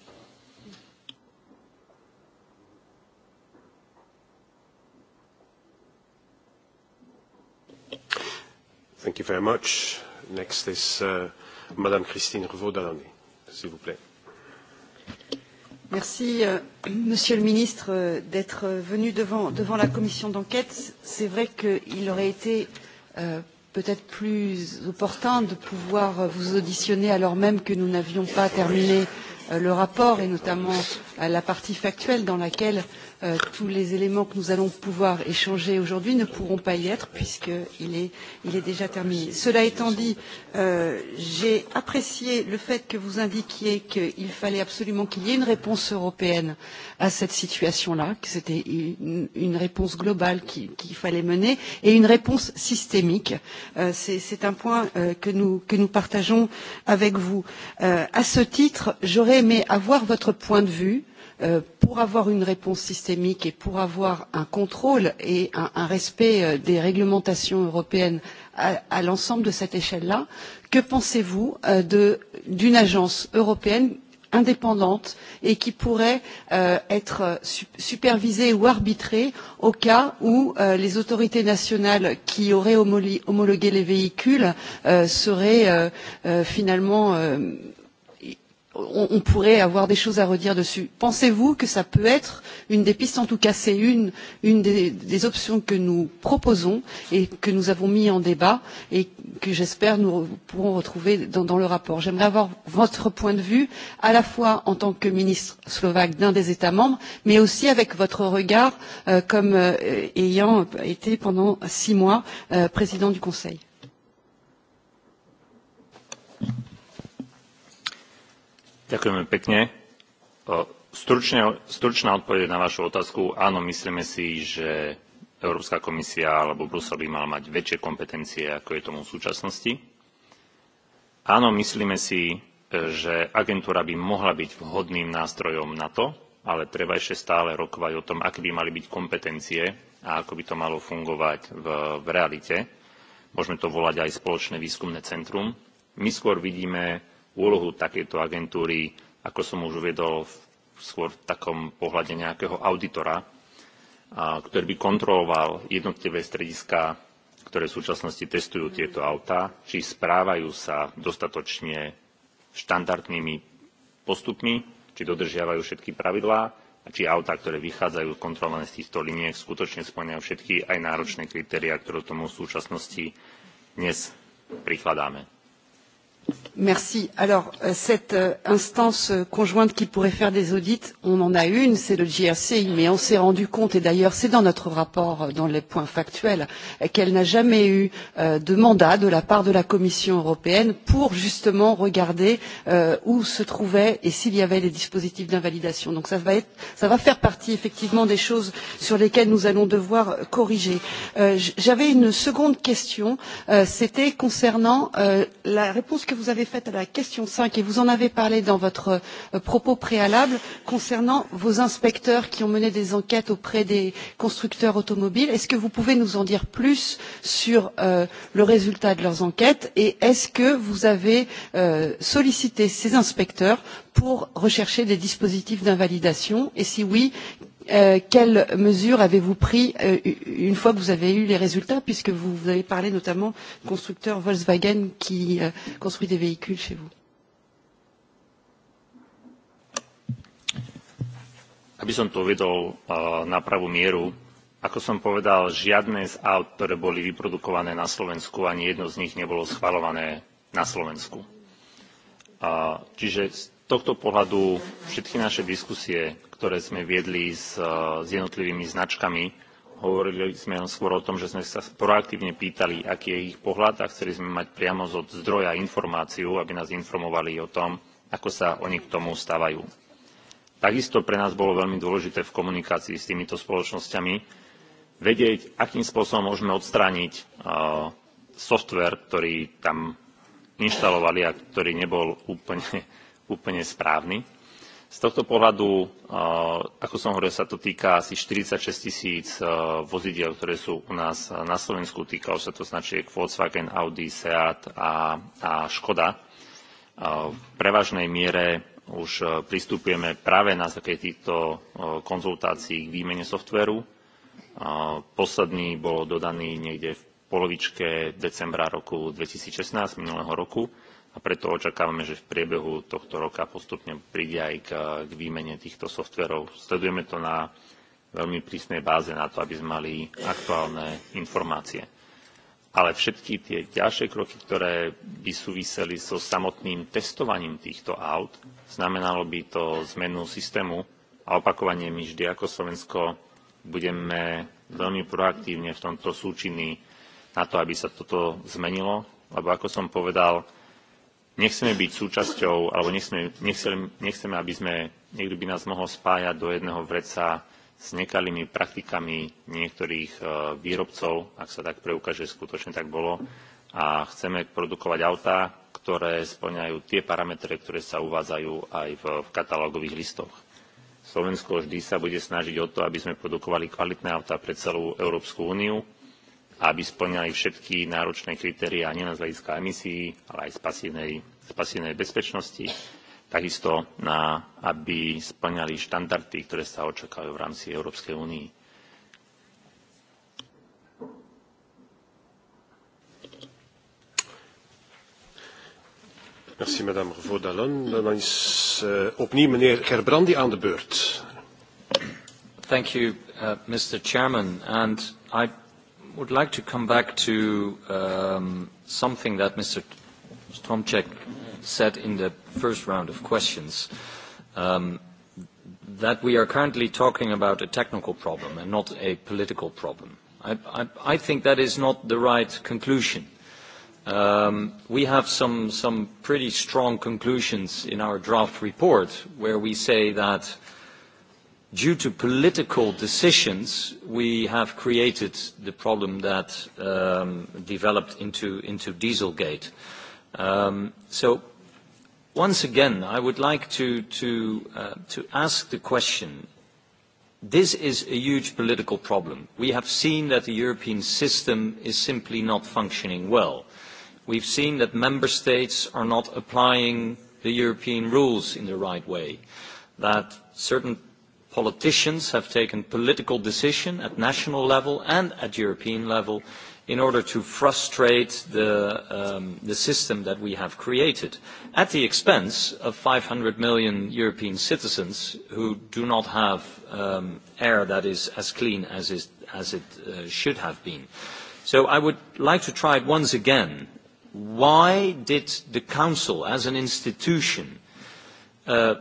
Thank you very much. Next is uh, Madame Christine Revaud-Dallonnet, s'il vous plaît. Merci, euh, Monsieur le Ministre, euh, d'être venu devant, devant la commission d'enquête. C'est vrai qu'il aurait été euh, peut-être plus opportun de pouvoir euh, vous auditionner alors même que nous n'avions pas terminé euh, le rapport et notamment euh, la partie factuelle dans laquelle euh, Euh, tous les éléments que nous allons pouvoir échanger aujourd'hui ne pourront pas y être puisqu'il est, il est déjà terminé. Cela étant dit, euh, j'ai apprécié le fait que vous indiquiez qu'il fallait absolument qu'il y ait une réponse européenne à cette situation-là, que c'était une, une réponse globale qu'il qu fallait mener et une réponse systémique. Euh, C'est un point euh, que, nous, que nous partageons avec vous. Euh, à ce titre, j'aurais aimé avoir votre point de vue Euh, pour avoir une réponse systémique et pour avoir un contrôle et un, un respect euh, des réglementations européennes à, à l'ensemble de cette échelle là que pensez vous euh, d'une agence européenne indépendante et qui pourrait euh, être su supervisée ou arbitrée au cas où euh, les autorités nationales qui auraient homologué les véhicules euh, seraient finalement on, on pourrait avoir des choses à redire dessus. Pensez-vous que ça peut être une des pistes, en tout cas c'est une, une des, des options que nous proposons et que nous avons mis en débat et que j'espère nous pourrons retrouver dans, dans le rapport. J'aimerais avoir votre point de vue à la fois en tant que ministre slovaque d'un des États membres, mais aussi avec votre regard euh, comme euh, ayant été pendant six mois euh, président du Conseil. Ďakujeme pekne. Stručne, stručná odpoveď na vašu otázku. Áno, myslíme si, že Európska komisia alebo Brusel by mal mať väčšie kompetencie, ako je tomu v súčasnosti. Áno, myslíme si, že agentúra by mohla byť vhodným nástrojom na to, ale treba ešte stále rokovať o tom, aké by mali byť kompetencie a ako by to malo fungovať v, v realite. Môžeme to volať aj spoločné výskumné centrum. My skôr vidíme úlohu takejto agentúry, ako som už uvedol, skôr v takom pohľade nejakého auditora, ktorý by kontroloval jednotlivé strediska, ktoré v súčasnosti testujú tieto autá, či správajú sa dostatočne štandardnými postupmi, či dodržiavajú všetky pravidlá a či autá, ktoré vychádzajú kontrolované z týchto liniek, skutočne splňajú všetky aj náročné kritériá, ktoré tomu v súčasnosti dnes prikladáme. Alors, euh, cette euh, instance euh, conjointe qui pourrait faire des audits, on en a une, c'est le JRCI, mais on s'est rendu compte, et d'ailleurs c'est dans notre rapport, dans les points factuels, qu'elle n'a jamais eu de mandat de la part de la Commission européenne pour justement regarder où se trouvaient et s'il y avait des dispositifs d'invalidation. Donc ça va, être, ça va faire partie effectivement des choses sur lesquelles nous allons devoir corriger. J'avais une seconde question, c'était concernant la réponse que vous avez faite à la question cinq et vous en avez parlé dans votre euh, propos préalable concernant vos inspecteurs qui ont mené des enquêtes auprès des constructeurs automobiles est ce que vous pouvez nous en dire plus sur euh, le résultat de leurs enquêtes et est ce que vous avez euh, sollicité ces inspecteurs pour rechercher des dispositifs d'invalidation et si oui Euh, quelles mesures avez-vous prises euh, une fois que vous avez eu les résultats, puisque vous, vous avez parlé notamment du constructeur Volkswagen qui euh, construit des véhicules chez vous Aby som to uvedol eh, na pravú mieru, ako som povedal, žiadne z aut, ktoré boli vyprodukované na Slovensku, ani jedno z nich nebolo schvalované na Slovensku. čiže z tohto pohľadu všetky naše diskusie ktoré sme viedli s, s jednotlivými značkami. Hovorili sme skôr o tom, že sme sa proaktívne pýtali, aký je ich pohľad a chceli sme mať priamo od zdroja informáciu, aby nás informovali o tom, ako sa oni k tomu stávajú. Takisto pre nás bolo veľmi dôležité v komunikácii s týmito spoločnosťami vedieť, akým spôsobom môžeme odstrániť software, ktorý tam inštalovali a ktorý nebol úplne, úplne správny Z tohto pohľadu, ako som hovoril, sa to týka asi 46 tisíc vozidiel, ktoré sú u nás na Slovensku. Týkalo sa to značiek Volkswagen, Audi, Seat a, a Škoda. V prevažnej miere už pristupujeme práve na základe týchto konzultácií k výmene softveru. Posledný bol dodaný niekde v polovičke decembra roku 2016, minulého roku a preto očakávame, že v priebehu tohto roka postupne príde aj k, k výmene týchto softverov. Sledujeme to na veľmi prísnej báze na to, aby sme mali aktuálne informácie. Ale všetky tie ďalšie kroky, ktoré by súviseli so samotným testovaním týchto aut, znamenalo by to zmenu systému a opakovanie my vždy ako Slovensko budeme veľmi proaktívne v tomto súčinní na to, aby sa toto zmenilo, lebo ako som povedal, nechceme byť súčasťou, alebo nechceme, nechceme, nechceme aby sme, niekto by nás mohol spájať do jedného vreca s nekalými praktikami niektorých výrobcov, ak sa tak preukáže, že skutočne tak bolo. A chceme produkovať autá, ktoré splňajú tie parametre, ktoré sa uvádzajú aj v katalógových listoch. Slovensko vždy sa bude snažiť o to, aby sme produkovali kvalitné autá pre celú Európsku úniu, aby splňali všetky náročné kritériá nielen z hľadiska emisií, ale aj z pasívnej, z pasívnej bezpečnosti. Takisto, na, aby splňali štandardy, ktoré sa očakávajú v rámci Európskej únii. Merci, madame Vaudalon. Dan is uh, opnieuw meneer Gerbrandi aan de beurt. Thank you, uh, eh, Mr. Chairman. And I would like to come back to um, something that Mr. Stromczek said in the first round of questions, um, that we are currently talking about a technical problem and not a political problem. I, I, I think that is not the right conclusion. Um, we have some, some pretty strong conclusions in our draft report where we say that due to political decisions, we have created the problem that um, developed into, into Dieselgate. Um, so once again, I would like to, to, uh, to ask the question, this is a huge political problem. We have seen that the European system is simply not functioning well. We've seen that member states are not applying the European rules in the right way, that certain politicians have taken political decisions at national level and at European level in order to frustrate the, um, the system that we have created at the expense of 500 million European citizens who do not have um, air that is as clean as, as it uh, should have been. So I would like to try it once again. Why did the Council as an institution uh,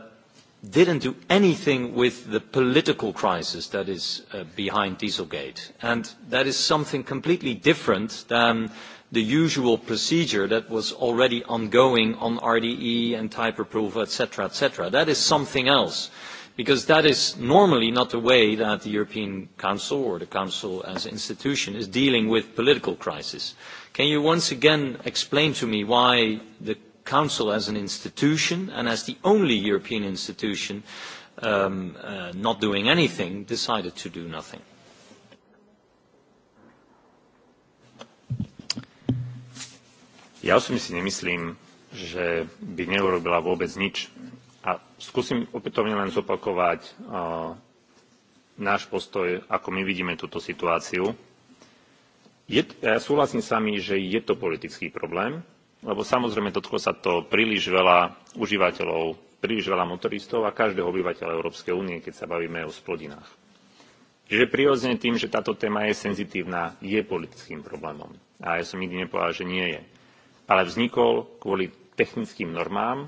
didn't do anything with the political crisis that is uh, behind Dieselgate. And that is something completely different than the usual procedure that was already ongoing on RDE and type approval, etc., etc. That is something else, because that is normally not the way that the European Council or the Council as an institution is dealing with political crisis. Can you once again explain to me why the Council as an institution and as the only European institution um, uh, not doing anything decided to do nothing. Ja osobne si nemyslím, že by neurobila vôbec nič. A skúsim opätovne len zopakovať uh, náš postoj, ako my vidíme túto situáciu. Je, ja súhlasím s vami, že je to politický problém, lebo samozrejme dotklo sa to príliš veľa užívateľov, príliš veľa motoristov a každého obyvateľa Európskej únie, keď sa bavíme o splodinách. Čiže prirodzene tým, že táto téma je senzitívna, je politickým problémom. A ja som nikdy nepovedal, že nie je. Ale vznikol kvôli technickým normám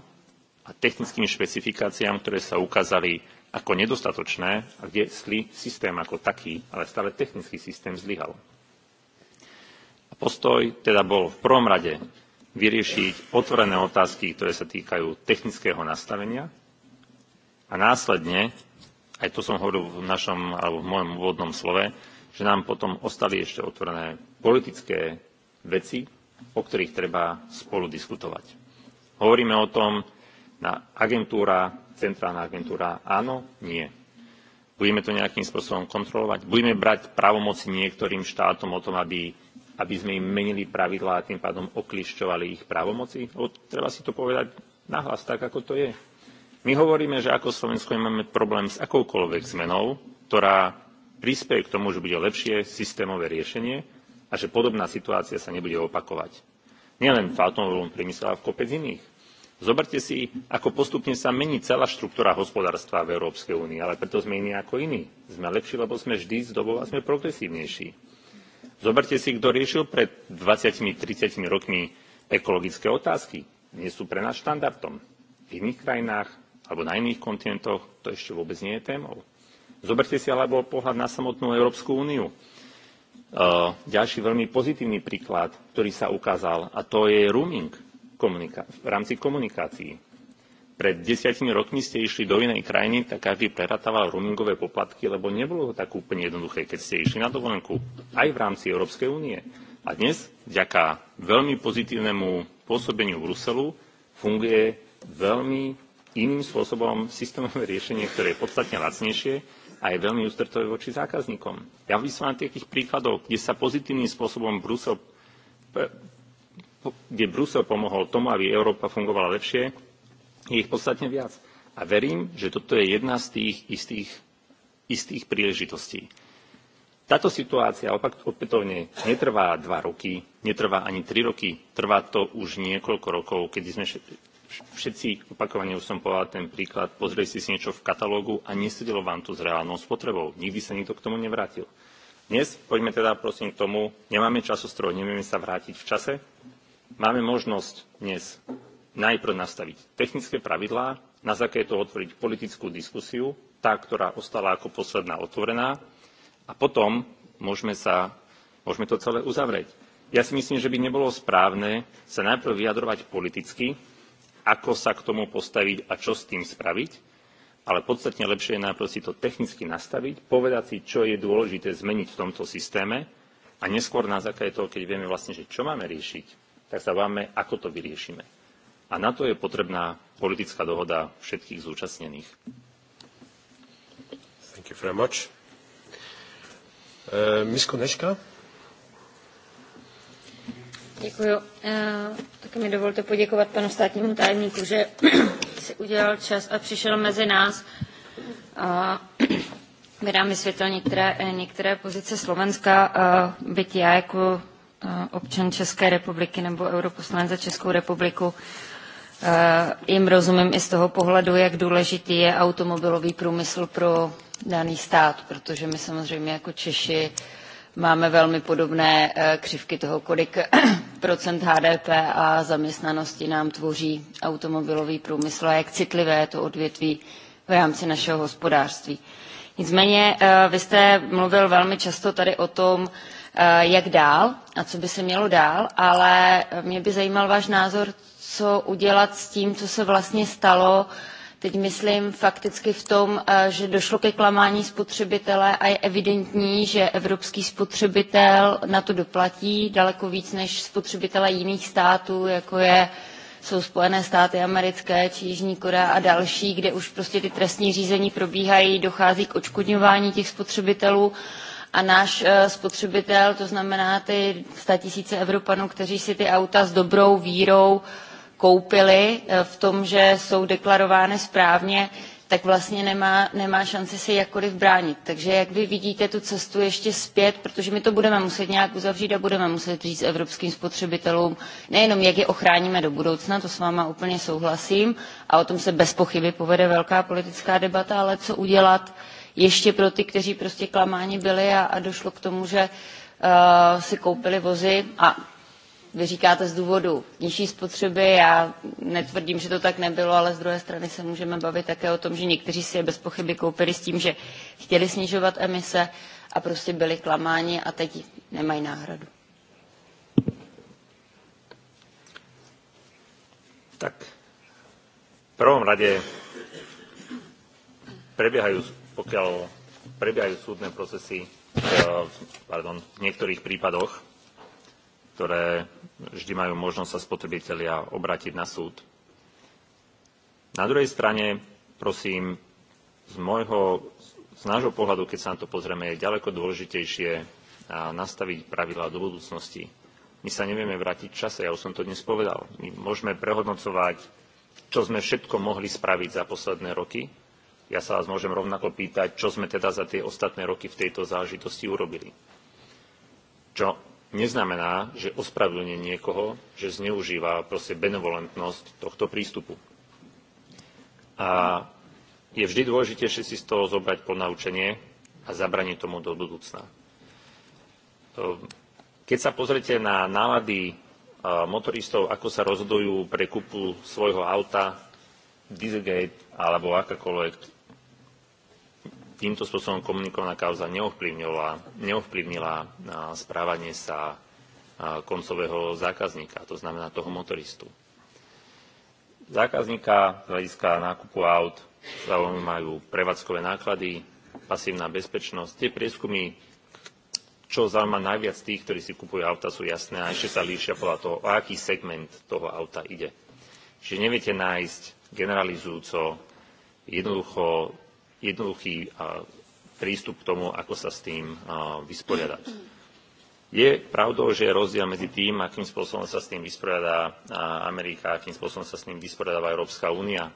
a technickým špecifikáciám, ktoré sa ukázali ako nedostatočné a kde sli systém ako taký, ale stále technický systém zlyhal. Postoj teda bol v prvom rade vyriešiť otvorené otázky, ktoré sa týkajú technického nastavenia a následne, aj to som hovoril v našom alebo v mojom úvodnom slove, že nám potom ostali ešte otvorené politické veci, o ktorých treba spolu diskutovať. Hovoríme o tom na agentúra, centrálna agentúra, áno, nie. Budeme to nejakým spôsobom kontrolovať? Budeme brať právomoci niektorým štátom o tom, aby aby sme im menili pravidlá a tým pádom oklišťovali ich právomoci? Lebo treba si to povedať nahlas tak, ako to je. My hovoríme, že ako Slovensko máme problém s akoukoľvek zmenou, ktorá prispieje k tomu, že bude lepšie systémové riešenie a že podobná situácia sa nebude opakovať. Nielen v automobilovom priemysle, ale v kopec iných. Zoberte si, ako postupne sa mení celá štruktúra hospodárstva v Európskej únii, ale preto sme iní ako iní. Sme lepší, lebo sme vždy z dobova sme progresívnejší Zoberte si, kto riešil pred 20-30 rokmi ekologické otázky. Nie sú pre nás štandardom. V iných krajinách alebo na iných kontinentoch to ešte vôbec nie je témou. Zoberte si alebo pohľad na samotnú Európsku úniu. Ďalší veľmi pozitívny príklad, ktorý sa ukázal, a to je roaming v rámci komunikácií pred desiatimi rokmi ste išli do inej krajiny, tak aby preratával roamingové poplatky, lebo nebolo to tak úplne jednoduché, keď ste išli na dovolenku aj v rámci Európskej únie. A dnes, vďaka veľmi pozitívnemu pôsobeniu Bruselu, funguje veľmi iným spôsobom systémové riešenie, ktoré je podstatne lacnejšie a je veľmi ústretové voči zákazníkom. Ja by som vysvávam takých príkladov, kde sa pozitívnym spôsobom Brusel, kde Brusel pomohol tomu, aby Európa fungovala lepšie, Je ich podstatne viac. A verím, že toto je jedna z tých istých, istých príležitostí. Táto situácia opak opätovne netrvá dva roky, netrvá ani tri roky, trvá to už niekoľko rokov, kedy sme všetci, opakovane už som povedal ten príklad, pozreli ste si niečo v katalógu a nesedelo vám to s reálnou spotrebou. Nikdy sa nikto k tomu nevrátil. Dnes poďme teda prosím k tomu, nemáme časostroj, nevieme sa vrátiť v čase. Máme možnosť dnes najprv nastaviť technické pravidlá, na základe toho otvoriť politickú diskusiu, tá, ktorá ostala ako posledná otvorená, a potom môžeme, sa, môžeme to celé uzavrieť. Ja si myslím, že by nebolo správne sa najprv vyjadrovať politicky, ako sa k tomu postaviť a čo s tým spraviť, ale podstatne lepšie je najprv si to technicky nastaviť, povedať si, čo je dôležité zmeniť v tomto systéme a neskôr na základe toho, keď vieme vlastne, že čo máme riešiť, tak sa váme, ako to vyriešime a na to je potrebná politická dohoda všetkých zúčastnených. Thank you very much. Uh, Děkuji. Uh, taky mi dovolte poděkovat panu státnímu tajemníku, že si udělal čas a přišel mezi nás a by nám vysvětlil některé, eh, některé pozice Slovenska, a eh, byť já jako eh, občan České republiky nebo europoslanec za Českou republiku Eh, jim rozumím i z toho pohledu, jak důležitý je automobilový průmysl pro daný stát, protože my samozřejmě jako Češi máme velmi podobné eh, křivky toho, kolik procent HDP a zaměstnanosti nám tvoří automobilový průmysl a jak citlivé je to odvětví v rámci našeho hospodářství. Nicméně eh, vy jste mluvil velmi často tady o tom, jak dál a co by se mělo dál, ale mě by zajímal váš názor, co udělat s tím, co se vlastně stalo. Teď myslím fakticky v tom, eh, že došlo ke klamání spotřebitele a je evidentní, že evropský spotřebitel na to doplatí daleko víc než spotřebitele jiných států, jako je jsou Spojené státy americké či Jižní Korea a další, kde už prostě ty trestní řízení probíhají, dochází k odškodňování těch spotřebitelů a náš eh, spotřebitel, to znamená ty statisíce Evropanů, kteří si ty auta s dobrou vírou koupili eh, v tom, že jsou deklarovány správně, tak vlastně nemá, nemá šanci se jakkoliv bránit. Takže jak vy vidíte tu cestu ještě zpět, protože my to budeme muset nějak uzavřít a budeme muset říct evropským spotřebitelům nejenom, jak je ochráníme do budoucna, to s váma úplně souhlasím a o tom se bez pochyby povede velká politická debata, ale co udělat ještě pro ty, kteří prostě klamáni byli a, a došlo k tomu, že uh, si koupili vozy a Vy říkáte z důvodu nižší spotřeby, já netvrdím, že to tak nebylo, ale z druhé strany se můžeme bavit také o tom, že někteří si je bez pochyby koupili s tím, že chtěli snižovat emise a prostě byli klamáni a teď nemají náhradu. Tak v prvom rade prebiehajú, pokiaľ prebiehajú súdne procesy eh, pardon, v niektorých prípadoch ktoré vždy majú možnosť sa spotrebitelia obrátiť na súd. Na druhej strane, prosím, z, môjho, z nášho pohľadu, keď sa na to pozrieme, je ďaleko dôležitejšie nastaviť pravidla do budúcnosti. My sa nevieme vrátiť v čase, ja už som to dnes povedal. My môžeme prehodnocovať, čo sme všetko mohli spraviť za posledné roky. Ja sa vás môžem rovnako pýtať, čo sme teda za tie ostatné roky v tejto záležitosti urobili. Čo neznamená, že ospravedlňuje niekoho, že zneužíva proste benevolentnosť tohto prístupu. A je vždy dôležitejšie si z toho zobrať ponaučenie a zabranie tomu do budúcna. Keď sa pozrite na nálady motoristov, ako sa rozhodujú pre kúpu svojho auta, Dieselgate alebo akákoľvek týmto spôsobom komunikovaná kauza neovplyvnila, neovplyvnila správanie sa koncového zákazníka, to znamená toho motoristu. Zákazníka z hľadiska nákupu aut zaujímajú prevádzkové náklady, pasívna bezpečnosť. Tie prieskumy, čo zaujíma najviac tých, ktorí si kupujú auta, sú jasné a ešte sa líšia podľa toho, o aký segment toho auta ide. Čiže neviete nájsť generalizujúco jednoducho jednoduchý prístup k tomu, ako sa s tým vysporiadať. Je pravdou, že je rozdiel medzi tým, akým spôsobom sa s tým vysporiadá Amerika, akým spôsobom sa s tým vysporiadáva Európska únia.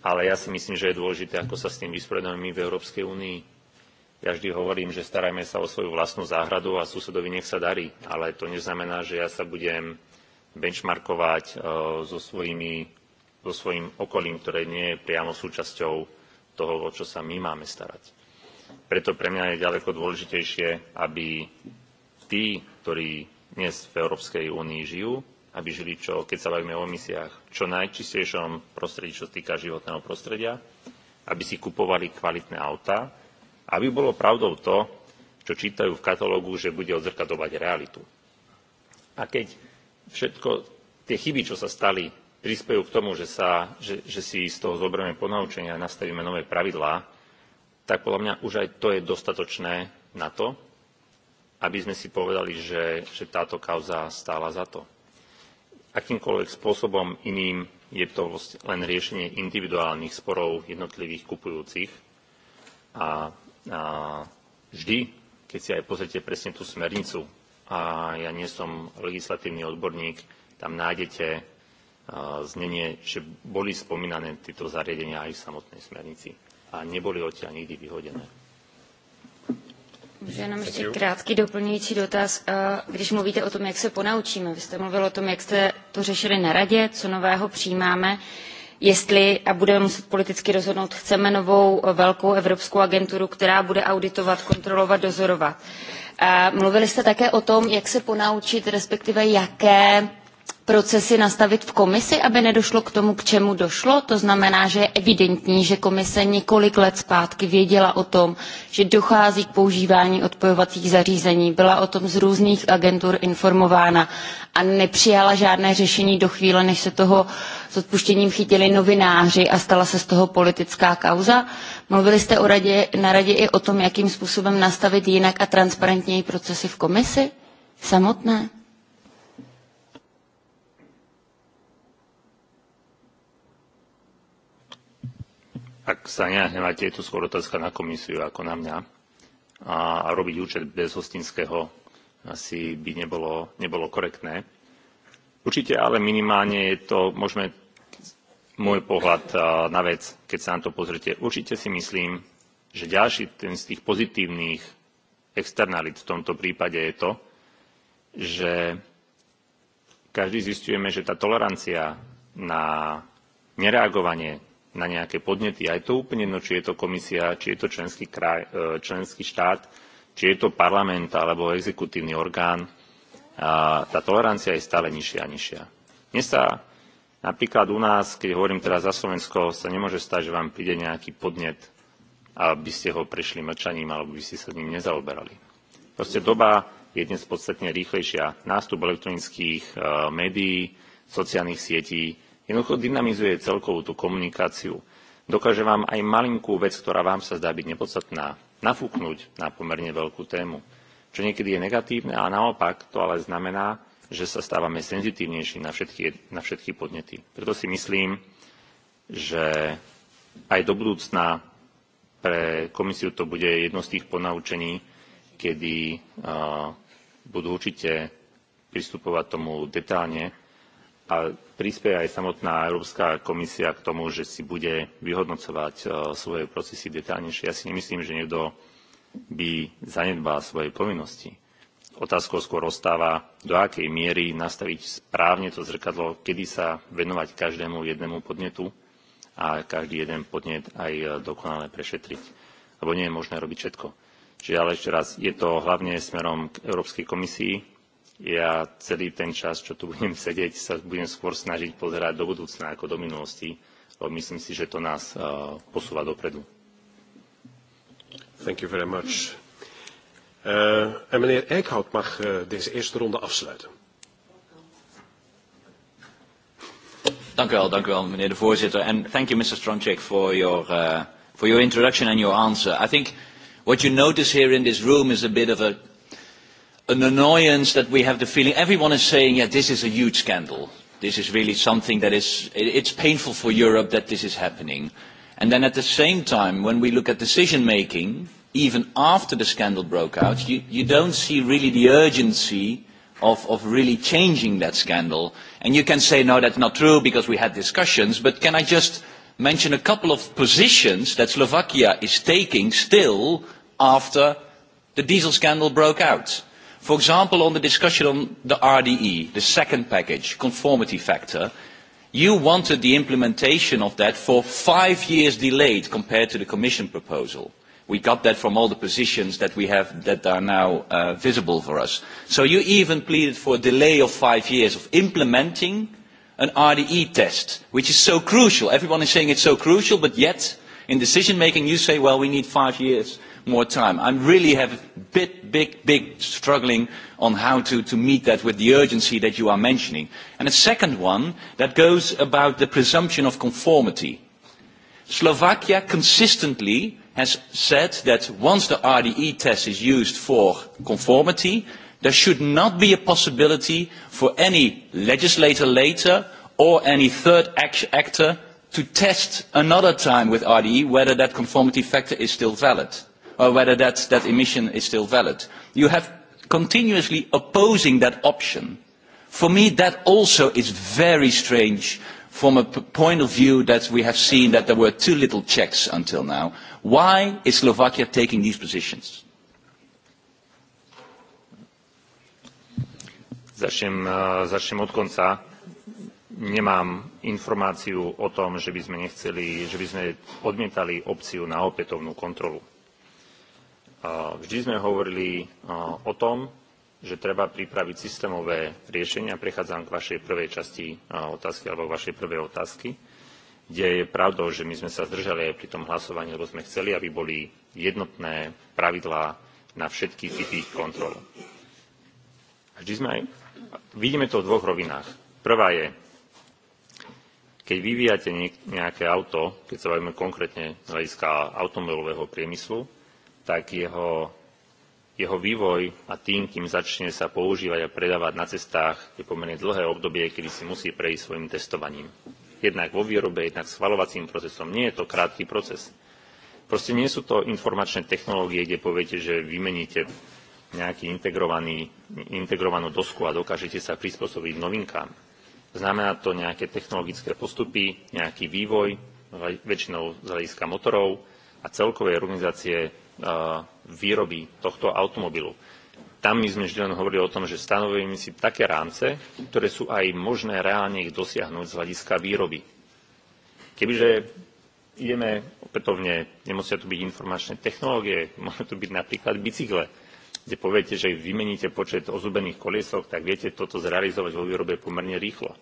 Ale ja si myslím, že je dôležité, ako sa s tým vysporiadame my v Európskej únii. Ja vždy hovorím, že starajme sa o svoju vlastnú záhradu a susedovi nech sa darí, ale to neznamená, že ja sa budem benchmarkovať so, svojimi, so svojim okolím, ktoré nie je priamo súčasťou toho, o čo sa my máme starať. Preto pre mňa je ďaleko dôležitejšie, aby tí, ktorí dnes v Európskej únii žijú, aby žili, čo, keď sa bavíme o emisiách, čo najčistejšom prostredí, čo týka životného prostredia, aby si kupovali kvalitné autá, aby bolo pravdou to, čo čítajú v katalógu, že bude odzrkadovať realitu. A keď všetko tie chyby, čo sa stali prispejú k tomu, že, sa, že, že si z toho zoberieme ponaučenia a nastavíme nové pravidlá, tak podľa mňa už aj to je dostatočné na to, aby sme si povedali, že, že táto kauza stála za to. Akýmkoľvek spôsobom iným je to len riešenie individuálnych sporov jednotlivých kupujúcich. A, a vždy, keď si aj pozrite presne tú smernicu, a ja nie som legislatívny odborník, tam nájdete znenie, že boli spomínané tieto zariadenia aj v samotnej smernici a neboli odtiaľ nikdy vyhodené. Můžu jenom ještě krátký doplňující dotaz. Když mluvíte o tom, jak se ponaučíme, vy jste mluvil o tom, jak jste to řešili na radě, co nového přijímáme, jestli a budeme muset politicky rozhodnout, chceme novou velkou evropskou agenturu, která bude auditovat, kontrolovat, dozorovat. Mluvili jste také o tom, jak se ponaučit, respektive jaké procesy nastavit v komisi, aby nedošlo k tomu, k čemu došlo. To znamená, že je evidentní, že komise několik let zpátky věděla o tom, že dochází k používání odpojovacích zařízení, byla o tom z různých agentur informována a nepřijala žádné řešení do chvíle, než se toho s odpuštěním chytili novináři a stala se z toho politická kauza. Mluvili jste o radě, na radě i o tom, jakým způsobem nastavit jinak a transparentněji procesy v komisi samotné? ak sa nenahnevate, je to skôr otázka na komisiu ako na mňa. A, robiť účet bez hostinského asi by nebolo, nebolo korektné. Určite ale minimálne je to, môžeme môj pohľad na vec, keď sa na to pozrite. Určite si myslím, že ďalší ten z tých pozitívnych externalit v tomto prípade je to, že každý zistujeme, že tá tolerancia na nereagovanie na nejaké podnety. A je to úplne jedno, či je to komisia, či je to členský, kraj, členský štát, či je to parlament alebo exekutívny orgán. A tá tolerancia je stále nižšia a nižšia. Dnes sa napríklad u nás, keď hovorím teraz za Slovensko, sa nemôže stať, že vám príde nejaký podnet aby ste ho prešli mlčaním alebo by ste sa ním nezaoberali. Proste doba je dnes podstatne rýchlejšia. Nástup elektronických médií, sociálnych sietí Jednoducho dynamizuje celkovú tú komunikáciu. Dokáže vám aj malinkú vec, ktorá vám sa zdá byť nepodstatná, nafúknuť na pomerne veľkú tému. Čo niekedy je negatívne a naopak to ale znamená, že sa stávame senzitívnejší na všetky, na všetky podnety. Preto si myslím, že aj do budúcna pre komisiu to bude jedno z tých ponaučení, kedy uh, budú určite pristupovať tomu detálne a prispieje aj samotná Európska komisia k tomu, že si bude vyhodnocovať svoje procesy detálnejšie. Ja si nemyslím, že niekto by zanedbal svoje povinnosti. Otázkou skôr ostáva, do akej miery nastaviť správne to zrkadlo, kedy sa venovať každému jednému podnetu a každý jeden podnet aj dokonale prešetriť. Lebo nie je možné robiť všetko. Čiže ale ešte raz, je to hlavne smerom k Európskej komisii, ja celý ten čas, čo tu budem sedieť, sa budem skôr snažiť pozerať do budúcna ako do minulosti, lebo myslím si, že to nás uh, posúva dopredu. Thank you very much. Uh, eh, en eh, meneer Eickhout mag uh, deze eerste ronde afsluiten. Dank u wel, dank u wel, meneer de voorzitter. And thank you, Mr. Stronchek, for your, uh, for your introduction and your answer. I think what you notice here in this room is a bit of a an annoyance that we have the feeling everyone is saying, yeah, this is a huge scandal. This is really something that is, it, it's painful for Europe that this is happening. And then at the same time, when we look at decision making, even after the scandal broke out, you, you don't see really the urgency of, of really changing that scandal. And you can say, no, that's not true because we had discussions, but can I just mention a couple of positions that Slovakia is taking still after the diesel scandal broke out? For example, on the discussion on the RDE, the second package, conformity factor, you wanted the implementation of that for five years delayed compared to the Commission proposal. We got that from all the positions that we have that are now uh, visible for us. So you even pleaded for a delay of five years of implementing an RDE test, which is so crucial. Everyone is saying it's so crucial, but yet in decision making you say, well, we need five years more time. I really have a bit, big, big struggling on how to, to meet that with the urgency that you are mentioning. And a second one that goes about the presumption of conformity. Slovakia consistently has said that once the RDE test is used for conformity, there should not be a possibility for any legislator later or any third act actor to test another time with RDE whether that conformity factor is still valid. Uh, whether that, emission is still valid. You have continuously opposing that option. For me, that also is very strange from a point of view that we have seen that there were too little checks until now. Why is Slovakia taking these positions? Začnem, uh, začnem od konca. Nemám informáciu o tom, že by sme nechceli, že by sme odmietali opciu na opätovnú kontrolu Vždy sme hovorili o tom, že treba pripraviť systémové riešenia. Prechádzam k vašej prvej časti otázky alebo k vašej prvej otázky, kde je pravdou, že my sme sa zdržali aj pri tom hlasovaní, lebo sme chceli, aby boli jednotné pravidlá na všetky typy kontrol. Vždy sme aj... Vidíme to v dvoch rovinách. Prvá je, keď vyvíjate nejaké auto, keď sa bavíme konkrétne z hľadiska automobilového priemyslu, tak jeho, jeho vývoj a tým, kým začne sa používať a predávať na cestách, je pomerne dlhé obdobie, kedy si musí prejsť svojim testovaním. Jednak vo výrobe, jednak schvalovacím procesom. Nie je to krátky proces. Proste nie sú to informačné technológie, kde poviete, že vymeníte nejaký integrovaný, integrovanú dosku a dokážete sa prispôsobiť novinkám. Znamená to nejaké technologické postupy, nejaký vývoj, väčšinou z hľadiska motorov a celkovej organizácie výroby tohto automobilu. Tam my sme vždy len hovorili o tom, že stanovujeme si také rámce, ktoré sú aj možné reálne ich dosiahnuť z hľadiska výroby. Kebyže ideme opätovne, nemusia tu byť informačné technológie, môžu tu byť napríklad bicykle, kde poviete, že vymeníte počet ozubených koliesok, tak viete toto zrealizovať vo výrobe pomerne rýchlo.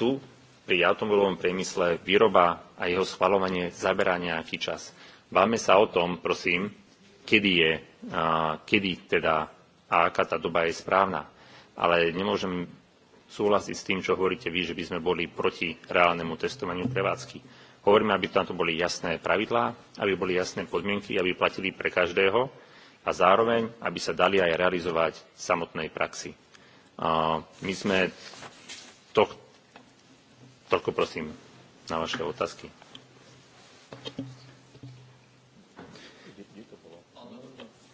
Tu pri automobilovom priemysle výroba a jeho schvalovanie zaberá nejaký čas. Báme sa o tom, prosím, kedy je, kedy teda a aká tá doba je správna. Ale nemôžem súhlasiť s tým, čo hovoríte vy, že by sme boli proti reálnemu testovaniu prevádzky. Hovoríme, aby tam to boli jasné pravidlá, aby boli jasné podmienky, aby platili pre každého a zároveň, aby sa dali aj realizovať v samotnej praxi. My sme to, toľko prosím na vaše otázky.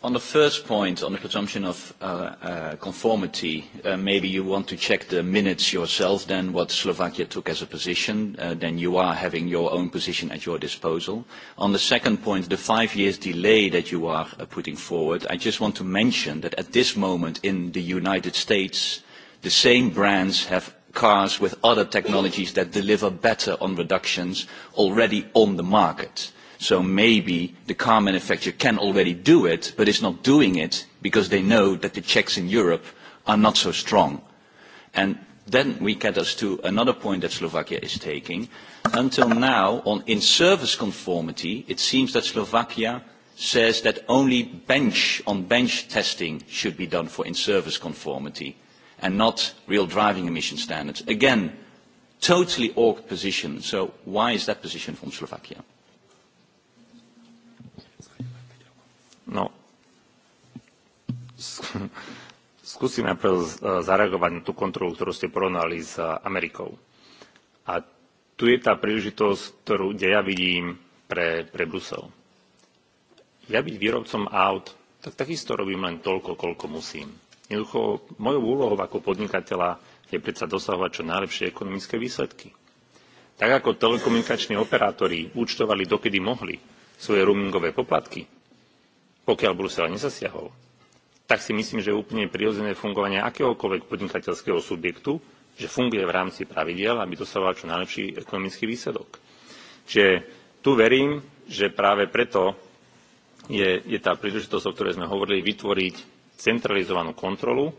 On the first point, on the presumption of uh, uh, conformity, uh, maybe you want to check the minutes yourself then what Slovakia took as a position, uh, then you are having your own position at your disposal. On the second point, the five years delay that you are uh, putting forward, I just want to mention that at this moment in the United States, the same brands have cars with other technologies that deliver better on reductions already on the market. So maybe the car manufacturer can already do it, but is not doing it because they know that the checks in Europe are not so strong. And then we get us to another point that Slovakia is taking. Until now, on in-service conformity, it seems that Slovakia says that only bench on bench testing should be done for in-service conformity and not real driving emission standards. Again, totally awkward position. So why is that position from Slovakia? No. najprv zareagovať na tú kontrolu, ktorú ste porovnali s Amerikou. A tu je tá príležitosť, ktorú, kde ja vidím pre, pre Brusel. Ja byť výrobcom aut, tak takisto robím len toľko, koľko musím. Jednoducho, mojou úlohou ako podnikateľa je predsa dosahovať čo najlepšie ekonomické výsledky. Tak ako telekomunikační operátori účtovali dokedy mohli svoje roamingové poplatky, pokiaľ Brusel nezasiahol, tak si myslím, že je úplne prirodzené fungovanie akéhokoľvek podnikateľského subjektu, že funguje v rámci pravidiel, aby dosahoval čo najlepší ekonomický výsledok. Čiže tu verím, že práve preto je, je tá príležitosť, o ktorej sme hovorili, vytvoriť centralizovanú kontrolu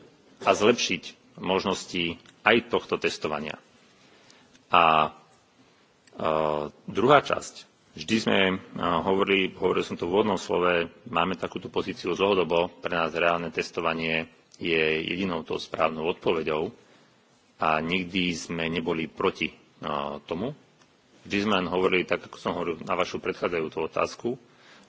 a zlepšiť možnosti aj tohto testovania. A e, druhá časť Vždy sme eh, hovorili, hovoril som to v úvodnom slove, máme takúto pozíciu dlhodobo, pre nás reálne testovanie je jedinou tou správnou odpoveďou a nikdy sme neboli proti eh, tomu. Vždy sme len hovorili, tak ako som hovoril na vašu predchádzajúcu otázku,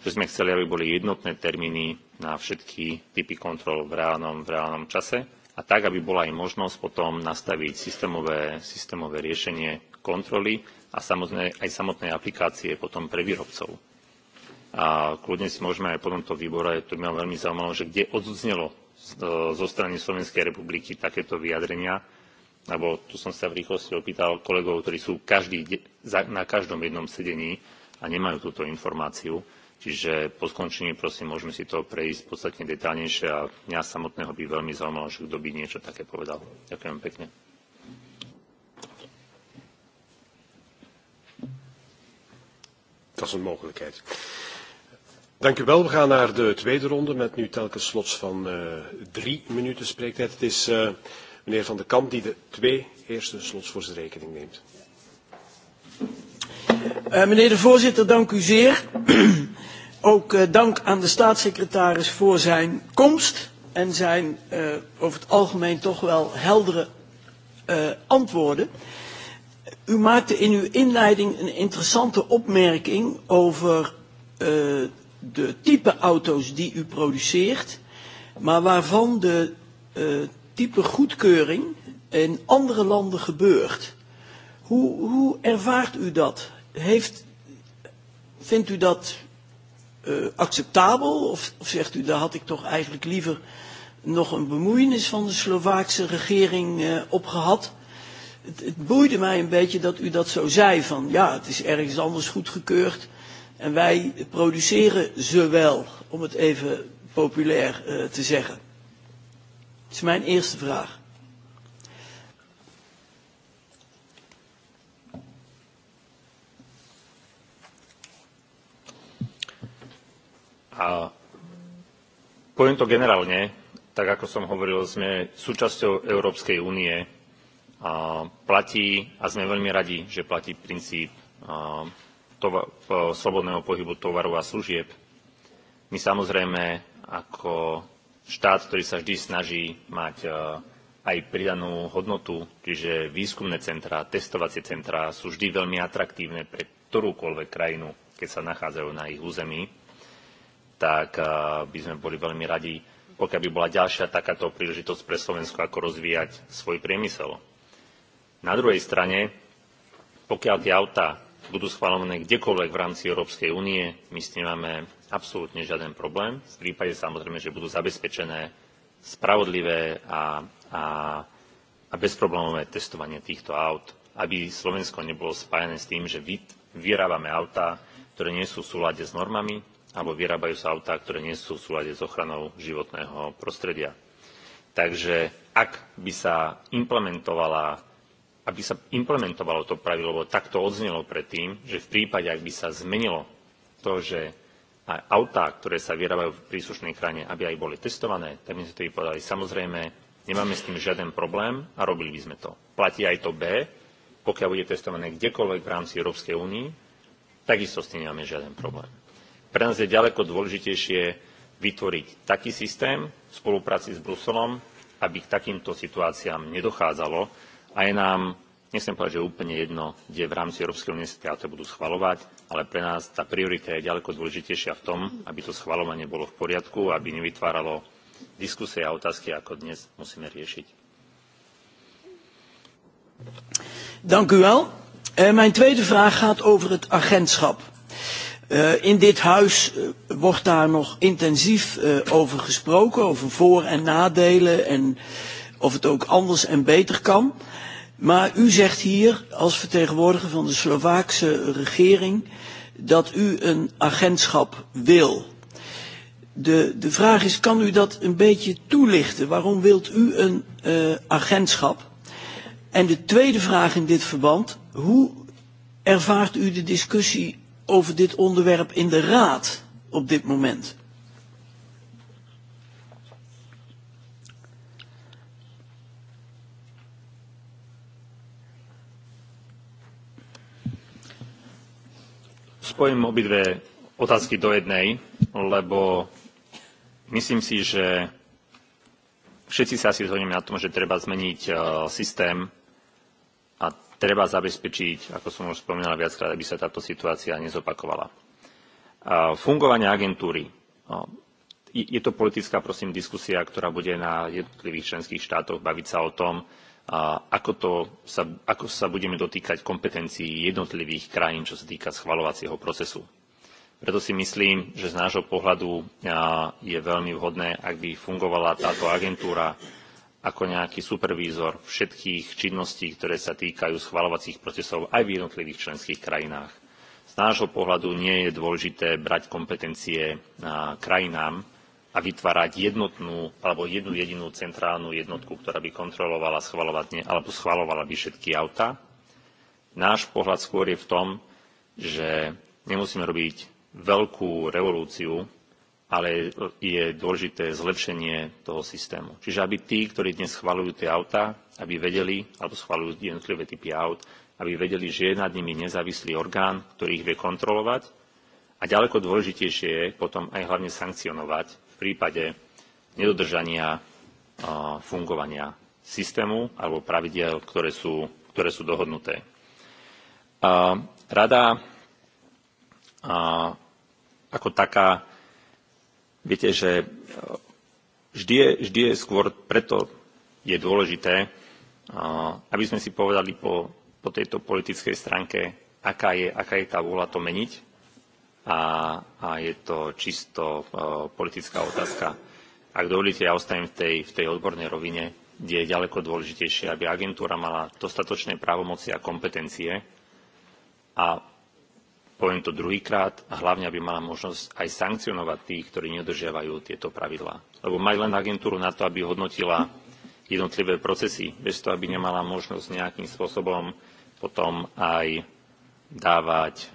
že sme chceli, aby boli jednotné termíny na všetky typy kontrol v reálnom, v reálnom čase a tak, aby bola aj možnosť potom nastaviť systémové, systémové riešenie kontroly a samotné, aj samotnej aplikácie potom pre výrobcov. A kľudne si môžeme aj po tomto výbore, to by ma veľmi zaujímalo, že kde odznelo zo strany Slovenskej republiky takéto vyjadrenia, lebo tu som sa v rýchlosti opýtal kolegov, ktorí sú každý, na každom jednom sedení a nemajú túto informáciu. Čiže po skončení, prosím, môžeme si to prejsť podstatne detálnejšie a mňa samotného by veľmi zaujímalo, že kto by niečo také povedal. Ďakujem pekne. dat is een mogelijkheid. Dank u wel. We gaan naar de tweede ronde met nu telkens slots van uh, drie minuten spreektijd. Het is uh, meneer Van de Kamp die de twee eerste slots voor zijn rekening neemt. Uh, meneer de voorzitter, dank u zeer. Ook uh, dank aan de staatssecretaris voor zijn komst en zijn uh, over het algemeen toch wel heldere uh, antwoorden. Uh, U maakte in uw inleiding een interessante opmerking over uh, de type auto's die u produceert, maar waarvan de uh, type goedkeuring in andere landen gebeurt. Hoe, hoe ervaart u dat? Heeft, vindt u dat uh, acceptabel of, of zegt u daar had ik toch eigenlijk liever nog een bemoeienis van de Slovaakse regering uh, op gehad? het, het boeide mij een beetje dat u dat zo zei van ja, het is ergens anders goedgekeurd en wij produceren ze wel, om het even populair uh, te zeggen. Dat is mijn eerste vraag. A poviem to generálne, tak ako som hovoril, sme súčasťou Európskej únie platí, a sme veľmi radi, že platí princíp slobodného pohybu tovarov a služieb. My samozrejme ako štát, ktorý sa vždy snaží mať aj pridanú hodnotu, čiže výskumné centrá, testovacie centrá sú vždy veľmi atraktívne pre ktorúkoľvek krajinu, keď sa nachádzajú na ich území, tak by sme boli veľmi radi, pokiaľ by bola ďalšia takáto príležitosť pre Slovensko, ako rozvíjať svoj priemysel Na druhej strane, pokiaľ tie autá budú schválené kdekoľvek v rámci Európskej únie, my s tým máme absolútne žiaden problém, v prípade samozrejme, že budú zabezpečené spravodlivé a, a, a bezproblémové testovanie týchto aut, aby Slovensko nebolo spájane s tým, že vyrábame autá, ktoré nie sú v súlade s normami, alebo vyrábajú sa autá, ktoré nie sú v súlade s ochranou životného prostredia. Takže ak by sa implementovala aby sa implementovalo to pravidlo, lebo takto odznelo predtým, že v prípade, ak by sa zmenilo to, že aj autá, ktoré sa vyrábajú v príslušnej krajine, aby aj boli testované, tak my sme to povedali, samozrejme, nemáme s tým žiaden problém a robili by sme to. Platí aj to B, pokiaľ bude testované kdekoľvek v rámci Európskej únii, takisto s tým nemáme žiaden problém. Pre nás je ďaleko dôležitejšie vytvoriť taký systém v spolupráci s Bruselom, aby k takýmto situáciám nedochádzalo, aj nám, nechcem povedať, že úplne jedno, kde v rámci Európskej únie sa tie auta budú schvalovať, ale pre nás tá priorita je ďaleko dôležitejšia v tom, aby to schvalovanie bolo v poriadku, aby nevytváralo diskusie a otázky, ako dnes musíme riešiť. Dank u wel. Uh, mijn tweede vraag gaat over het agentschap. Uh, in dit huis uh, wordt daar nog intensief uh, over gesproken, over voor- en nadelen en uh, of het ook anders en beter kan. Maar u zegt hier, als vertegenwoordiger van de Slovaakse regering, dat u een agentschap wil. De, de vraag is, kan u dat een beetje toelichten? Waarom wilt u een uh, agentschap? En de tweede vraag in dit verband, hoe ervaart u de discussie over dit onderwerp in de Raad op dit moment? spojím obidve otázky do jednej, lebo myslím si, že všetci sa asi zhodneme na tom, že treba zmeniť eh, systém a treba zabezpečiť, ako som už spomínal viackrát, aby sa táto situácia nezopakovala. Fungovanie agentúry. Je to politická, prosím, diskusia, ktorá bude na jednotlivých členských štátoch baviť sa o tom, ako, to sa, ako sa budeme dotýkať kompetencií jednotlivých krajín, čo sa týka schvalovacieho procesu. Preto si myslím, že z nášho pohľadu je veľmi vhodné, ak by fungovala táto agentúra ako nejaký supervízor všetkých činností, ktoré sa týkajú schvalovacích procesov aj v jednotlivých členských krajinách. Z nášho pohľadu nie je dôležité brať kompetencie krajinám, a vytvárať jednotnú alebo jednu jedinú centrálnu jednotku, ktorá by kontrolovala schvalovanie alebo schvalovala by všetky autá. Náš pohľad skôr je v tom, že nemusíme robiť veľkú revolúciu, ale je dôležité zlepšenie toho systému. Čiže aby tí, ktorí dnes schvalujú tie autá, aby vedeli, alebo schvalujú jednotlivé typy aut, aby vedeli, že je nad nimi nezávislý orgán, ktorý ich vie kontrolovať. A ďaleko dôležitejšie je potom aj hlavne sankcionovať prípade nedodržania fungovania systému alebo pravidiel, ktoré sú, ktoré sú dohodnuté. Rada ako taká, viete, že vždy je, vždy je skôr preto je dôležité, aby sme si povedali po, po tejto politickej stránke, aká je, aká je tá vôľa to meniť a, a je to čisto politická otázka. Ak dovolíte, ja ostanem v tej, v tej odbornej rovine, kde je ďaleko dôležitejšie, aby agentúra mala dostatočné právomoci a kompetencie a poviem to druhýkrát, hlavne, aby mala možnosť aj sankcionovať tých, ktorí nedodržiavajú tieto pravidlá. Lebo mať len agentúru na to, aby hodnotila jednotlivé procesy, bez toho, aby nemala možnosť nejakým spôsobom potom aj dávať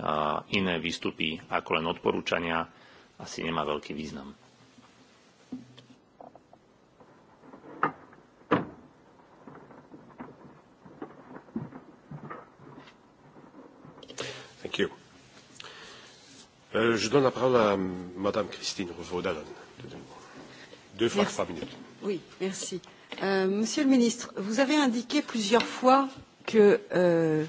iné výstupy ako len odporúčania asi nemá veľký význam. Thank you. Euh, je donne la parole à Madame Christine Revaud-Dallon. Deux fois merci. trois minutes. Oui, merci. Euh, Monsieur le ministre, vous avez indiqué plusieurs fois que euh,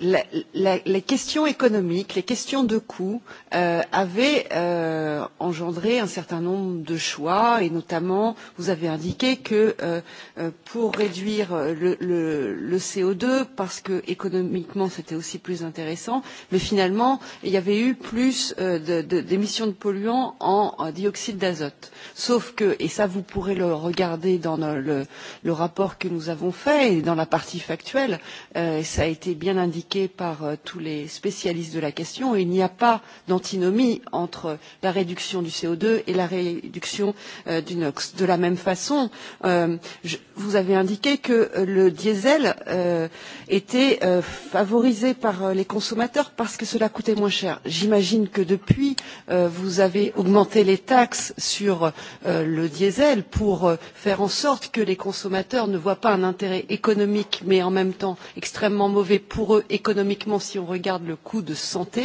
les questions économiques, les questions de coûts euh, avaient euh, engendré un certain nombre de choix et notamment vous avez indiqué que euh, euh pour réduire le, le, le CO2 parce que économiquement c'était aussi plus intéressant, mais finalement il y avait eu plus euh, d'émissions de, de, de polluants en, en dioxyde d'azote. Sauf que, et ça vous pourrez le regarder dans le, le, le rapport que nous avons fait et dans la partie factuelle, euh, ça a été bien indiqué indiqué par euh, tous les spécialistes de la question. Il n'y a pas d'antinomie entre la réduction du CO2 et la réduction euh, du NOx. De la même façon, euh, je, vous avez indiqué que euh, le diesel euh, était euh, favorisé par euh, les consommateurs parce que cela coûtait moins cher. J'imagine que depuis, euh, vous avez augmenté les taxes sur euh, le diesel pour euh, faire en sorte que les consommateurs ne voient pas un intérêt économique mais en même temps extrêmement mauvais pour eux économiquement si on regarde le coût de santé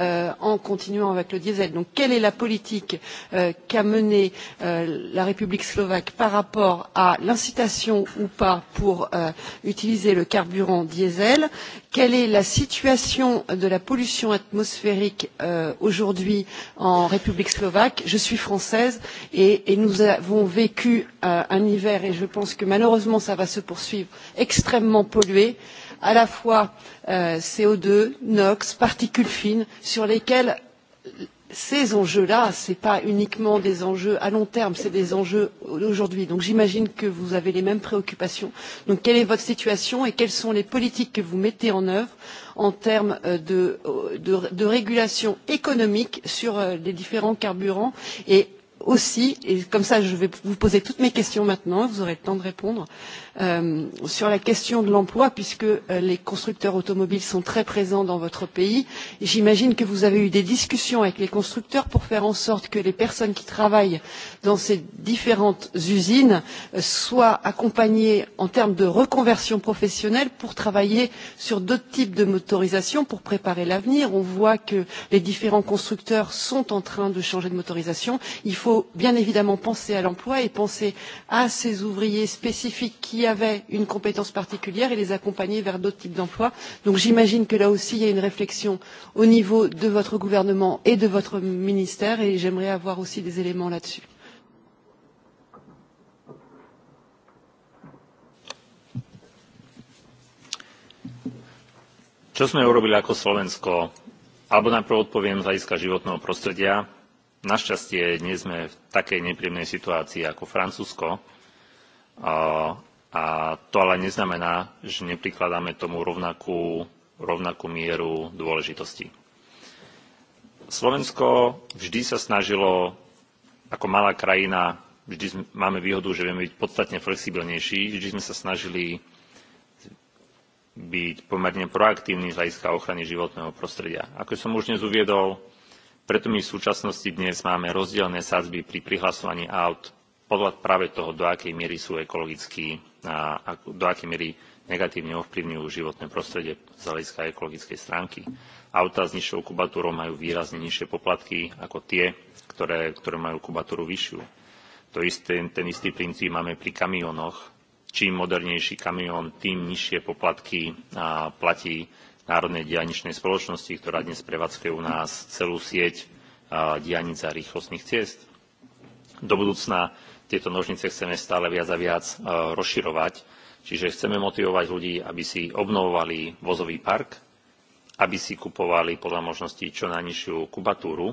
euh, en continuant avec le diesel. Donc quelle est la politique euh, qu'a menée euh, la République slovaque par rapport à l'incitation ou pas pour euh, utiliser le carburant diesel Quelle est la situation de la pollution atmosphérique euh, aujourd'hui en République slovaque Je suis française et, et nous avons vécu euh, un hiver et je pense que malheureusement ça va se poursuivre extrêmement pollué à la fois euh, co deux NOx, particules fines, sur lesquelles ces enjeux là ce ne sont pas uniquement des enjeux à long terme ce sont des enjeux d'aujourd'hui donc j'imagine que vous avez les mêmes préoccupations. donc quelle est votre situation et quelles sont les politiques que vous mettez en œuvre en termes euh, de, euh, de, de régulation économique sur les différents carburants et aussi, et comme ça je vais vous poser toutes mes questions maintenant, vous aurez le temps de répondre, euh, sur la question de l'emploi, puisque euh, les constructeurs automobiles sont très présents dans votre pays. J'imagine que vous avez eu des discussions avec les constructeurs pour faire en sorte que les personnes qui travaillent dans ces différentes usines euh, soient accompagnées en termes de reconversion professionnelle pour travailler sur d'autres types de motorisation pour préparer l'avenir. On voit que les différents constructeurs sont en train de changer de motorisation. Il faut faut bien évidemment penser à l'emploi et penser à ces ouvriers spécifiques qui avaient une compétence particulière et les accompagner vers d'autres types d'emplois. donc j'imagine que là aussi il y a une réflexion au niveau de votre gouvernement et de votre ministère et j'aimerais avoir aussi des éléments là dessus. čo sme urobili ako slovensko alebo najprv odpoviem z hľadiska životného prostredia Našťastie nie sme v takej nepríjemnej situácii ako Francúzsko, a to ale neznamená, že neprikladáme tomu rovnakú, rovnakú mieru dôležitosti. Slovensko vždy sa snažilo, ako malá krajina, vždy máme výhodu, že vieme byť podstatne flexibilnejší, vždy sme sa snažili byť pomerne proaktívni z hľadiska ochrany životného prostredia. Ako som už dnes uviedol, preto my v súčasnosti dnes máme rozdielne sadzby pri prihlasovaní áut podľa práve toho, do akej miery sú ekologicky, a do akej miery negatívne ovplyvňujú životné prostredie z hľadiska ekologickej stránky. Autá s nižšou kubatúrou majú výrazne nižšie poplatky ako tie, ktoré, ktoré majú kubatúru vyššiu. To isté, ten istý princíp máme pri kamionoch. Čím modernejší kamión, tým nižšie poplatky platí národnej diaľničnej spoločnosti, ktorá dnes prevádzkuje u nás celú sieť diaľnic a rýchlostných ciest. Do budúcna tieto nožnice chceme stále viac a viac rozširovať, čiže chceme motivovať ľudí, aby si obnovovali vozový park, aby si kupovali podľa možností čo najnižšiu kubatúru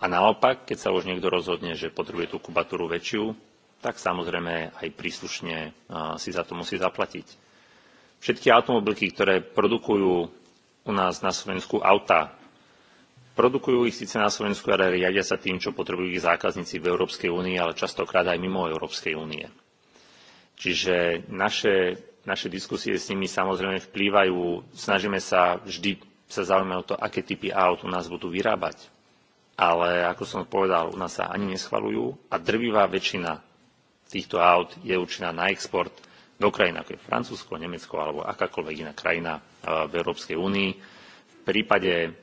a naopak, keď sa už niekto rozhodne, že potrebuje tú kubatúru väčšiu, tak samozrejme aj príslušne si za to musí zaplatiť. Všetky automobilky, ktoré produkujú u nás na Slovensku autá. Produkujú ich síce na Slovensku, ale riadia sa tým, čo potrebujú ich zákazníci v Európskej únii, ale častokrát aj mimo Európskej únie. Čiže naše, naše diskusie s nimi samozrejme vplývajú, snažíme sa vždy sa zaujímať o to, aké typy aut u nás budú vyrábať. Ale ako som povedal, u nás sa ani neschvalujú a drvivá väčšina týchto aut je určená na export do krajín ako je Francúzsko, Nemecko alebo akákoľvek iná krajina v Európskej únii. V prípade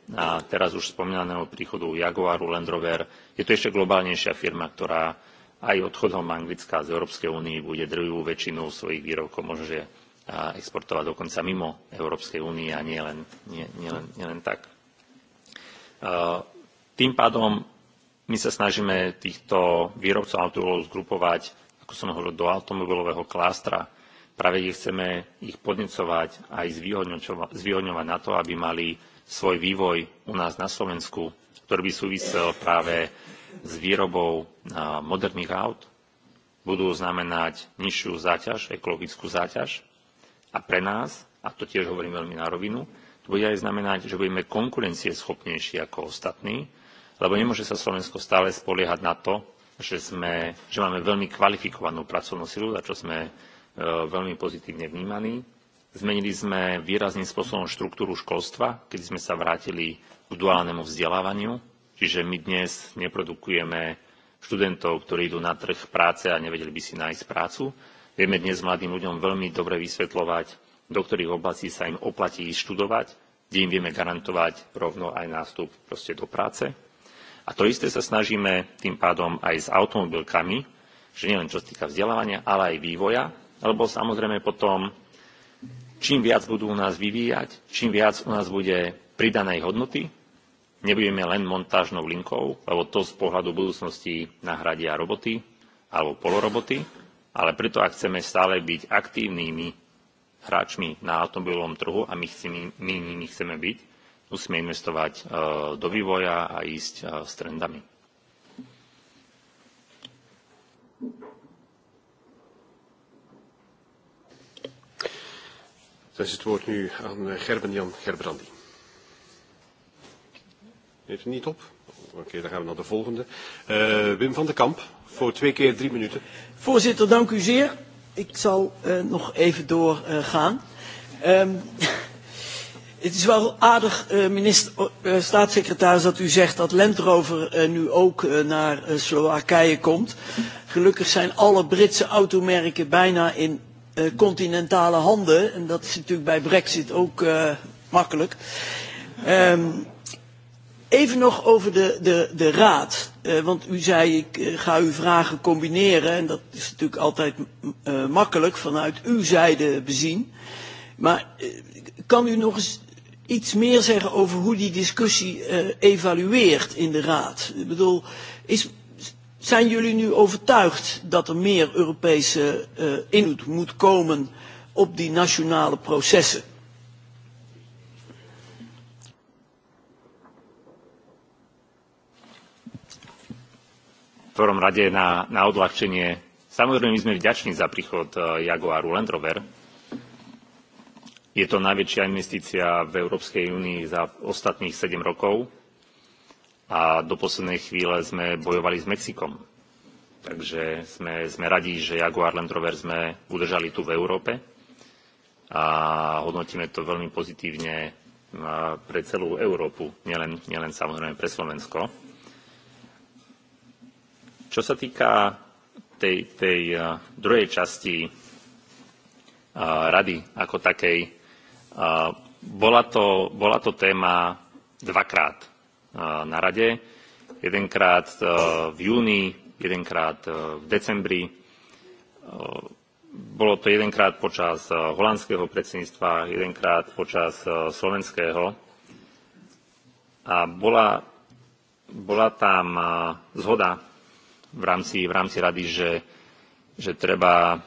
teraz už spomínaného príchodu Jaguaru Land Rover je to ešte globálnejšia firma, ktorá aj odchodom Anglická z Európskej únie bude druhú väčšinu svojich výrobkov môže exportovať dokonca mimo Európskej únie a nielen nie, nie, len, nie len tak. Tým pádom my sa snažíme týchto výrobcov automobilov zgrupovať, ako som hovoril, do automobilového klástra, Práve ich chceme ich podnecovať aj zvýhodňovať na to, aby mali svoj vývoj u nás na Slovensku, ktorý by súvisel práve s výrobou moderných aut, budú znamenať nižšiu záťaž, ekologickú záťaž. A pre nás, a to tiež hovorím veľmi na rovinu, to bude aj znamenať, že budeme konkurencieschopnejší ako ostatní, lebo nemôže sa Slovensko stále spoliehať na to, že, sme, že máme veľmi kvalifikovanú pracovnú silu, za čo sme veľmi pozitívne vnímaní. Zmenili sme výrazným spôsobom štruktúru školstva, keď sme sa vrátili k duálnemu vzdelávaniu. Čiže my dnes neprodukujeme študentov, ktorí idú na trh práce a nevedeli by si nájsť prácu. Vieme dnes mladým ľuďom veľmi dobre vysvetľovať, do ktorých oblastí sa im oplatí študovať, kde im vieme garantovať rovno aj nástup proste do práce. A to isté sa snažíme tým pádom aj s automobilkami, že nielen čo sa týka vzdelávania, ale aj vývoja, lebo samozrejme potom čím viac budú u nás vyvíjať, čím viac u nás bude pridanej hodnoty, nebudeme len montážnou linkou, lebo to z pohľadu budúcnosti nahradia roboty alebo poloroboty, ale preto ak chceme stále byť aktívnymi hráčmi na automobilovom trhu a my, chceme, my nimi chceme byť, musíme investovať do vývoja a ísť s trendami. Dan is het woord nu aan eh, Gerben-Jan Gerbrandi. Heeft het niet op? Oh, oké, okay, dan gaan we naar de volgende. Uh, Wim van den Kamp, voor twee keer drie minuten. Voorzitter, dank u zeer. Ik zal uh, nog even doorgaan. Uh, um, het is wel aardig, uh, minister, uh, staatssecretaris, dat u zegt dat Land Rover uh, nu ook uh, naar uh, Slowakije komt. Gelukkig zijn alle Britse automerken bijna in Eh, continentale handen. En dat is natuurlijk bij brexit ook uh, makkelijk. Um, even nog over de, de, de raad. Uh, want u zei ik uh, ga uw vragen combineren. En dat is natuurlijk altijd uh, makkelijk vanuit uw zijde bezien. Maar uh, kan u nog eens iets meer zeggen over hoe die discussie uh, evalueert in de raad? Ik bedoel, is, Zijn jullie nu overtuigd dat er meer Europese uh, invloed moet komen op die nationale processen? V prvom rade na, na odľahčenie. Samozrejme, my sme vďační za príchod eh, Jaguaru Land Rover. Je to najväčšia investícia v Európskej únii za ostatných 7 rokov a do poslednej chvíle sme bojovali s Mexikom. Takže sme, sme radi, že Jaguar Land Rover sme udržali tu v Európe a hodnotíme to veľmi pozitívne pre celú Európu, nielen, nielen samozrejme pre Slovensko. Čo sa týka tej, tej druhej časti rady ako takej, bola to, bola to téma dvakrát na Rade, jedenkrát v júni, jedenkrát v decembri. Bolo to jedenkrát počas holandského predsedníctva, jedenkrát počas slovenského. A bola, bola tam zhoda v rámci, v rámci rady, že, že treba,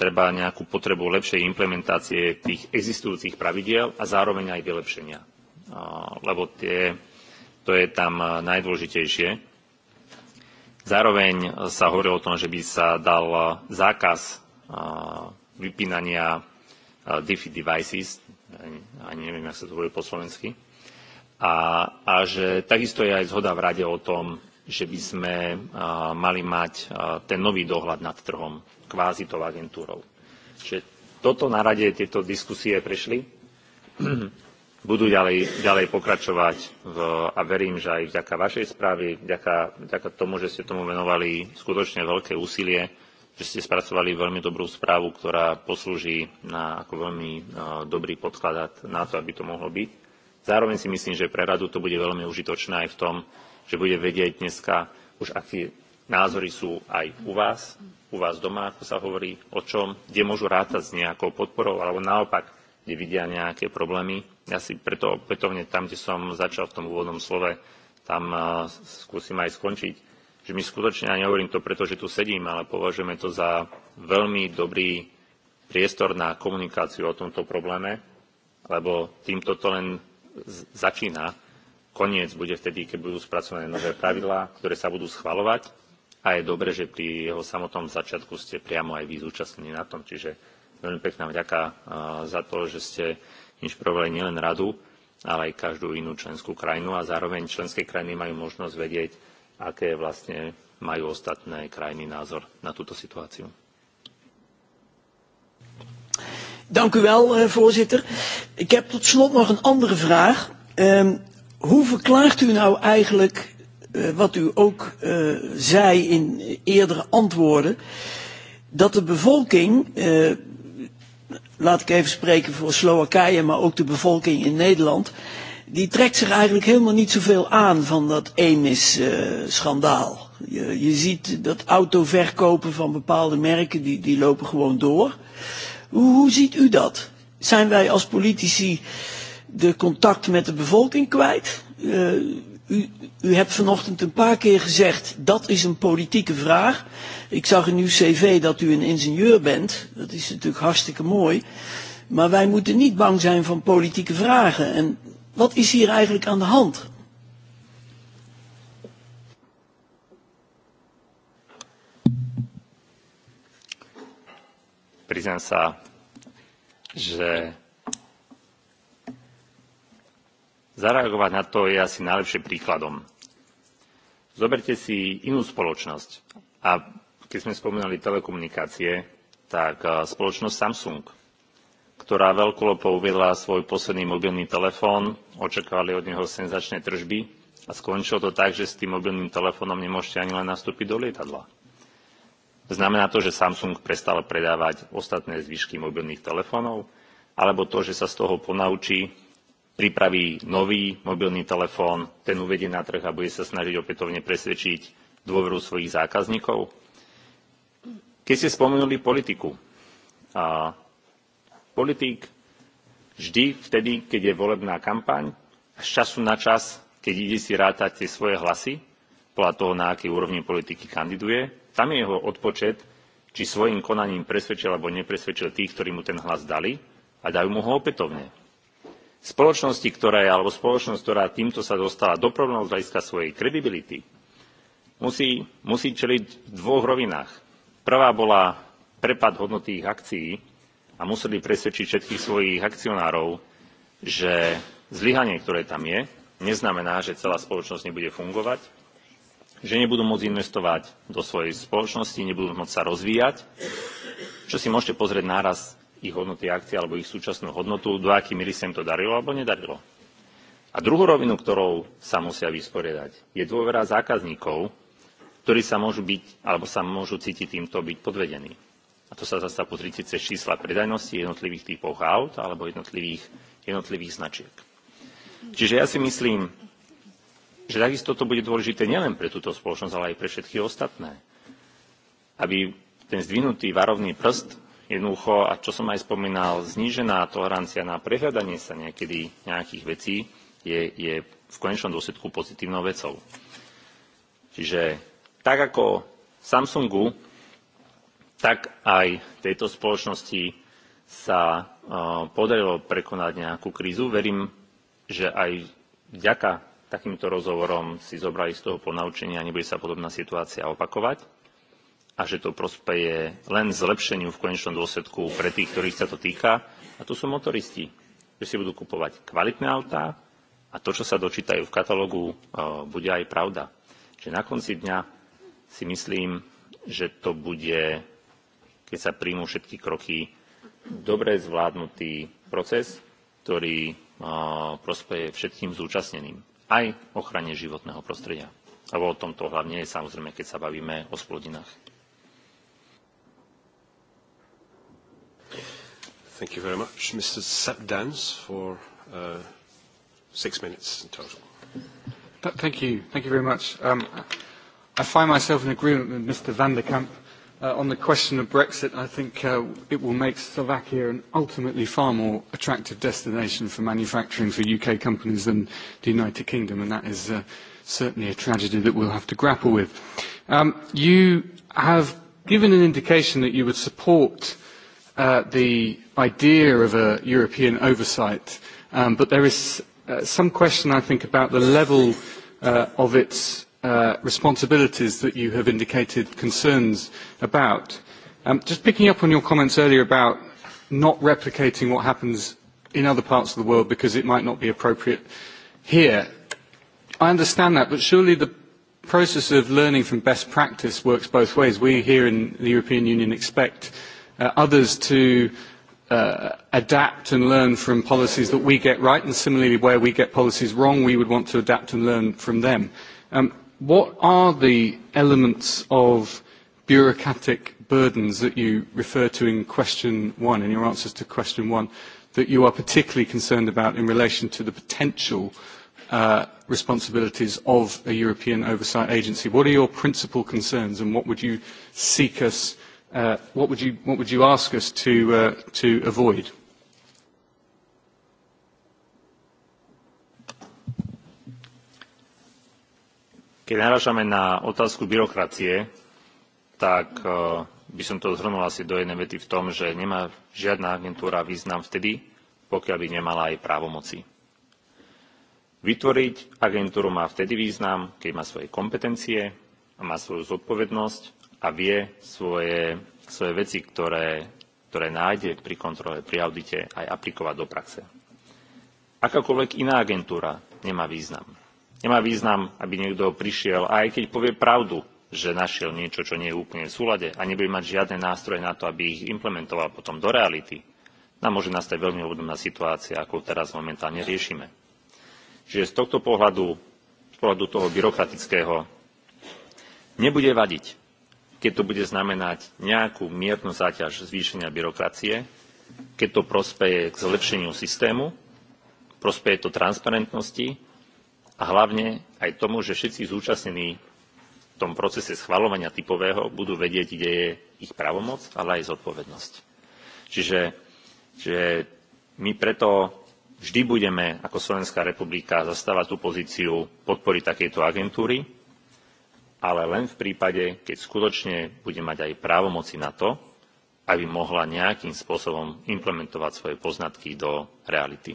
treba nejakú potrebu lepšej implementácie tých existujúcich pravidiel a zároveň aj vylepšenia. Lebo tie to je tam eh, najdôležitejšie. Zároveň eh, sa hovorí o tom, že by sa dal eh, zákaz vypínania DeFi devices, ani neviem, ako sa to hovorí po slovensky, a, a že takisto je aj zhoda v rade o tom, že by sme mali mať ten nový dohľad nad trhom, kvázi tou agentúrou. Čiže toto na rade tieto diskusie prešli budú ďalej, ďalej pokračovať v, a verím, že aj vďaka vašej správy, vďaka, vďaka tomu, že ste tomu venovali skutočne veľké úsilie, že ste spracovali veľmi dobrú správu, ktorá poslúži na ako veľmi uh, dobrý podklad na to, aby to mohlo byť. Zároveň si myslím, že pre radu to bude veľmi užitočné aj v tom, že bude vedieť dneska už aké názory sú aj u vás, u vás doma, ako sa hovorí, o čom, kde môžu rátať s nejakou podporou, alebo naopak, kde vidia nejaké problémy Ja si preto opätovne tam, kde som začal v tom úvodnom slove, tam eh, skúsim aj skončiť. Že my skutočne, ja nehovorím to preto, že tu sedím, ale považujeme to za veľmi dobrý priestor na komunikáciu o tomto probléme, lebo týmto to len začína. Koniec bude vtedy, keď budú spracované nové pravidlá, ktoré sa budú schvalovať a je dobre, že pri jeho samotnom začiatku ste priamo aj vy zúčastnení na tom. Čiže veľmi pekná vďaka eh, za to, že ste nič inšpirovali nielen radu, ale aj každú inú členskú krajinu a zároveň členské krajiny majú možnosť vedieť, aké vlastne majú ostatné krajiny názor na túto situáciu. Dank u wel, eh, voorzitter. Ik heb tot slot nog een andere vraag. Um, hoe verklaart u nou eigenlijk uh, wat u ook uh, zei in eerdere antwoorden, dat de bevolking uh, laat ik even spreken voor Slowakije, maar ook de bevolking in Nederland, die trekt zich eigenlijk helemaal niet zoveel aan van dat EMIS-schandaal. Uh, je, je ziet dat autoverkopen van bepaalde merken, die, die lopen gewoon door. Hoe, hoe ziet u dat? Zijn wij als politici de contact met de bevolking kwijt? Uh, U, u hebt vanochtend een paar keer gezegd, dat is een politieke vraag. Ik zag in uw cv dat u een ingenieur bent. Dat is natuurlijk hartstikke mooi. Maar wij moeten niet bang zijn van politieke vragen. En wat is hier eigenlijk aan de hand? Prezența, że Zareagovať na to je asi najlepším príkladom. Zoberte si inú spoločnosť. A keď sme spomínali telekomunikácie, tak eh, spoločnosť Samsung, ktorá veľkolopo uviedla svoj posledný mobilný telefón, očakávali od neho senzačné tržby a skončilo to tak, že s tým mobilným telefónom nemôžete ani len nastúpiť do lietadla. Znamená to, že Samsung prestal predávať ostatné zvyšky mobilných telefónov, alebo to, že sa z toho ponaučí pripraví nový mobilný telefón, ten uvedie na trh a bude sa snažiť opätovne presvedčiť dôveru svojich zákazníkov? Keď ste spomenuli politiku, a politik vždy vtedy, keď je volebná kampaň, z času na čas, keď ide si rátať tie svoje hlasy, podľa toho, na akej úrovni politiky kandiduje, tam je jeho odpočet, či svojim konaním presvedčil alebo nepresvedčil tých, ktorí mu ten hlas dali a dajú mu ho opätovne spoločnosti, ktorá je, alebo spoločnosť, ktorá týmto sa dostala do problémov z hľadiska svojej kredibility, musí, musí čeliť v dvoch rovinách. Prvá bola prepad hodnoty ich akcií a museli presvedčiť všetkých svojich akcionárov, že zlyhanie, ktoré tam je, neznamená, že celá spoločnosť nebude fungovať, že nebudú môcť investovať do svojej spoločnosti, nebudú môcť sa rozvíjať, čo si môžete pozrieť náraz ich hodnoty akcie alebo ich súčasnú hodnotu, do akej miery sa im to darilo alebo nedarilo. A druhú rovinu, ktorou sa musia vysporiadať, je dôvera zákazníkov, ktorí sa môžu byť, alebo sa môžu cítiť týmto byť podvedení. A to sa zase pozrite cez čísla predajnosti jednotlivých typov aut alebo jednotlivých, jednotlivých značiek. Čiže ja si myslím, že takisto to bude dôležité nielen pre túto spoločnosť, ale aj pre všetky ostatné. Aby ten zdvinutý varovný prst Jednoducho, a čo som aj spomínal, znížená tolerancia na prehľadanie sa niekedy nejakých vecí je, je v konečnom dôsledku pozitívnou vecou. Čiže tak ako Samsungu, tak aj tejto spoločnosti sa podarilo prekonať nejakú krízu. Verím, že aj vďaka takýmto rozhovorom si zobrali z toho ponaučenia a nebude sa podobná situácia opakovať a že to prospeje len zlepšeniu v konečnom dôsledku pre tých, ktorých sa to týka. A to sú motoristi, že si budú kupovať kvalitné autá a to, čo sa dočítajú v katalógu, bude aj pravda. Čiže na konci dňa si myslím, že to bude, keď sa príjmú všetky kroky, dobre zvládnutý proces, ktorý prospeje všetkým zúčastneným, aj ochrane životného prostredia. Lebo o tomto hlavne je samozrejme, keď sa bavíme o splodinách. Thank you very much. Mr. Sapdans for uh, six minutes in total. thank you. Thank you very much. Um, I find myself in agreement with Mr. Van der Kamp uh, on the question of Brexit. I think uh, it will make Slovakia an ultimately far more attractive destination for manufacturing for UK companies than the United Kingdom, and that is uh, certainly a tragedy that we'll have to grapple with. Um, you have given an indication that you would support uh, uh, the idea of a European oversight, um, but there is uh, some question, I think, about the level uh, of its uh, responsibilities that you have indicated concerns about. Um, just picking up on your comments earlier about not replicating what happens in other parts of the world because it might not be appropriate here. I understand that, but surely the process of learning from best practice works both ways. We here in the European Union expect Uh, others to uh, adapt and learn from policies that we get right, and similarly where we get policies wrong, we would want to adapt and learn from them. Um, what are the elements of bureaucratic burdens that you refer to in question one, in your answers to question one, that you are particularly concerned about in relation to the potential uh, responsibilities of a European oversight agency? What are your principal concerns and what would you seek us uh, what, would you, what would you ask us to, uh, to avoid? Keď narážame na otázku byrokracie, tak uh, by som to zhrnul asi do jednej vety v tom, že nemá žiadna agentúra význam vtedy, pokiaľ by nemala aj právomoci. Vytvoriť agentúru má vtedy význam, keď má svoje kompetencie a má svoju zodpovednosť a vie svoje, svoje veci, ktoré, ktoré nájde pri kontrole, pri audite, aj aplikovať do praxe. Akákoľvek iná agentúra nemá význam. Nemá význam, aby niekto prišiel aj keď povie pravdu, že našiel niečo, čo nie je úplne v súlade a nebude mať žiadne nástroje na to, aby ich implementoval potom do reality, nám môže nastať veľmi obdobná situácia, ako teraz momentálne riešime. Čiže z tohto pohľadu, z pohľadu toho byrokratického, nebude vadiť, keď to bude znamenať nejakú miernu záťaž zvýšenia byrokracie, keď to prospeje k zlepšeniu systému, prospeje to transparentnosti a hlavne aj tomu, že všetci zúčastnení v tom procese schvalovania typového budú vedieť, kde je ich právomoc, ale aj zodpovednosť. Čiže, že my preto vždy budeme ako Slovenská republika zastávať tú pozíciu podpory takejto agentúry, ale len v prípade, keď skutočne bude mať aj právomoci na to, aby mohla nejakým spôsobom implementovať svoje poznatky do reality.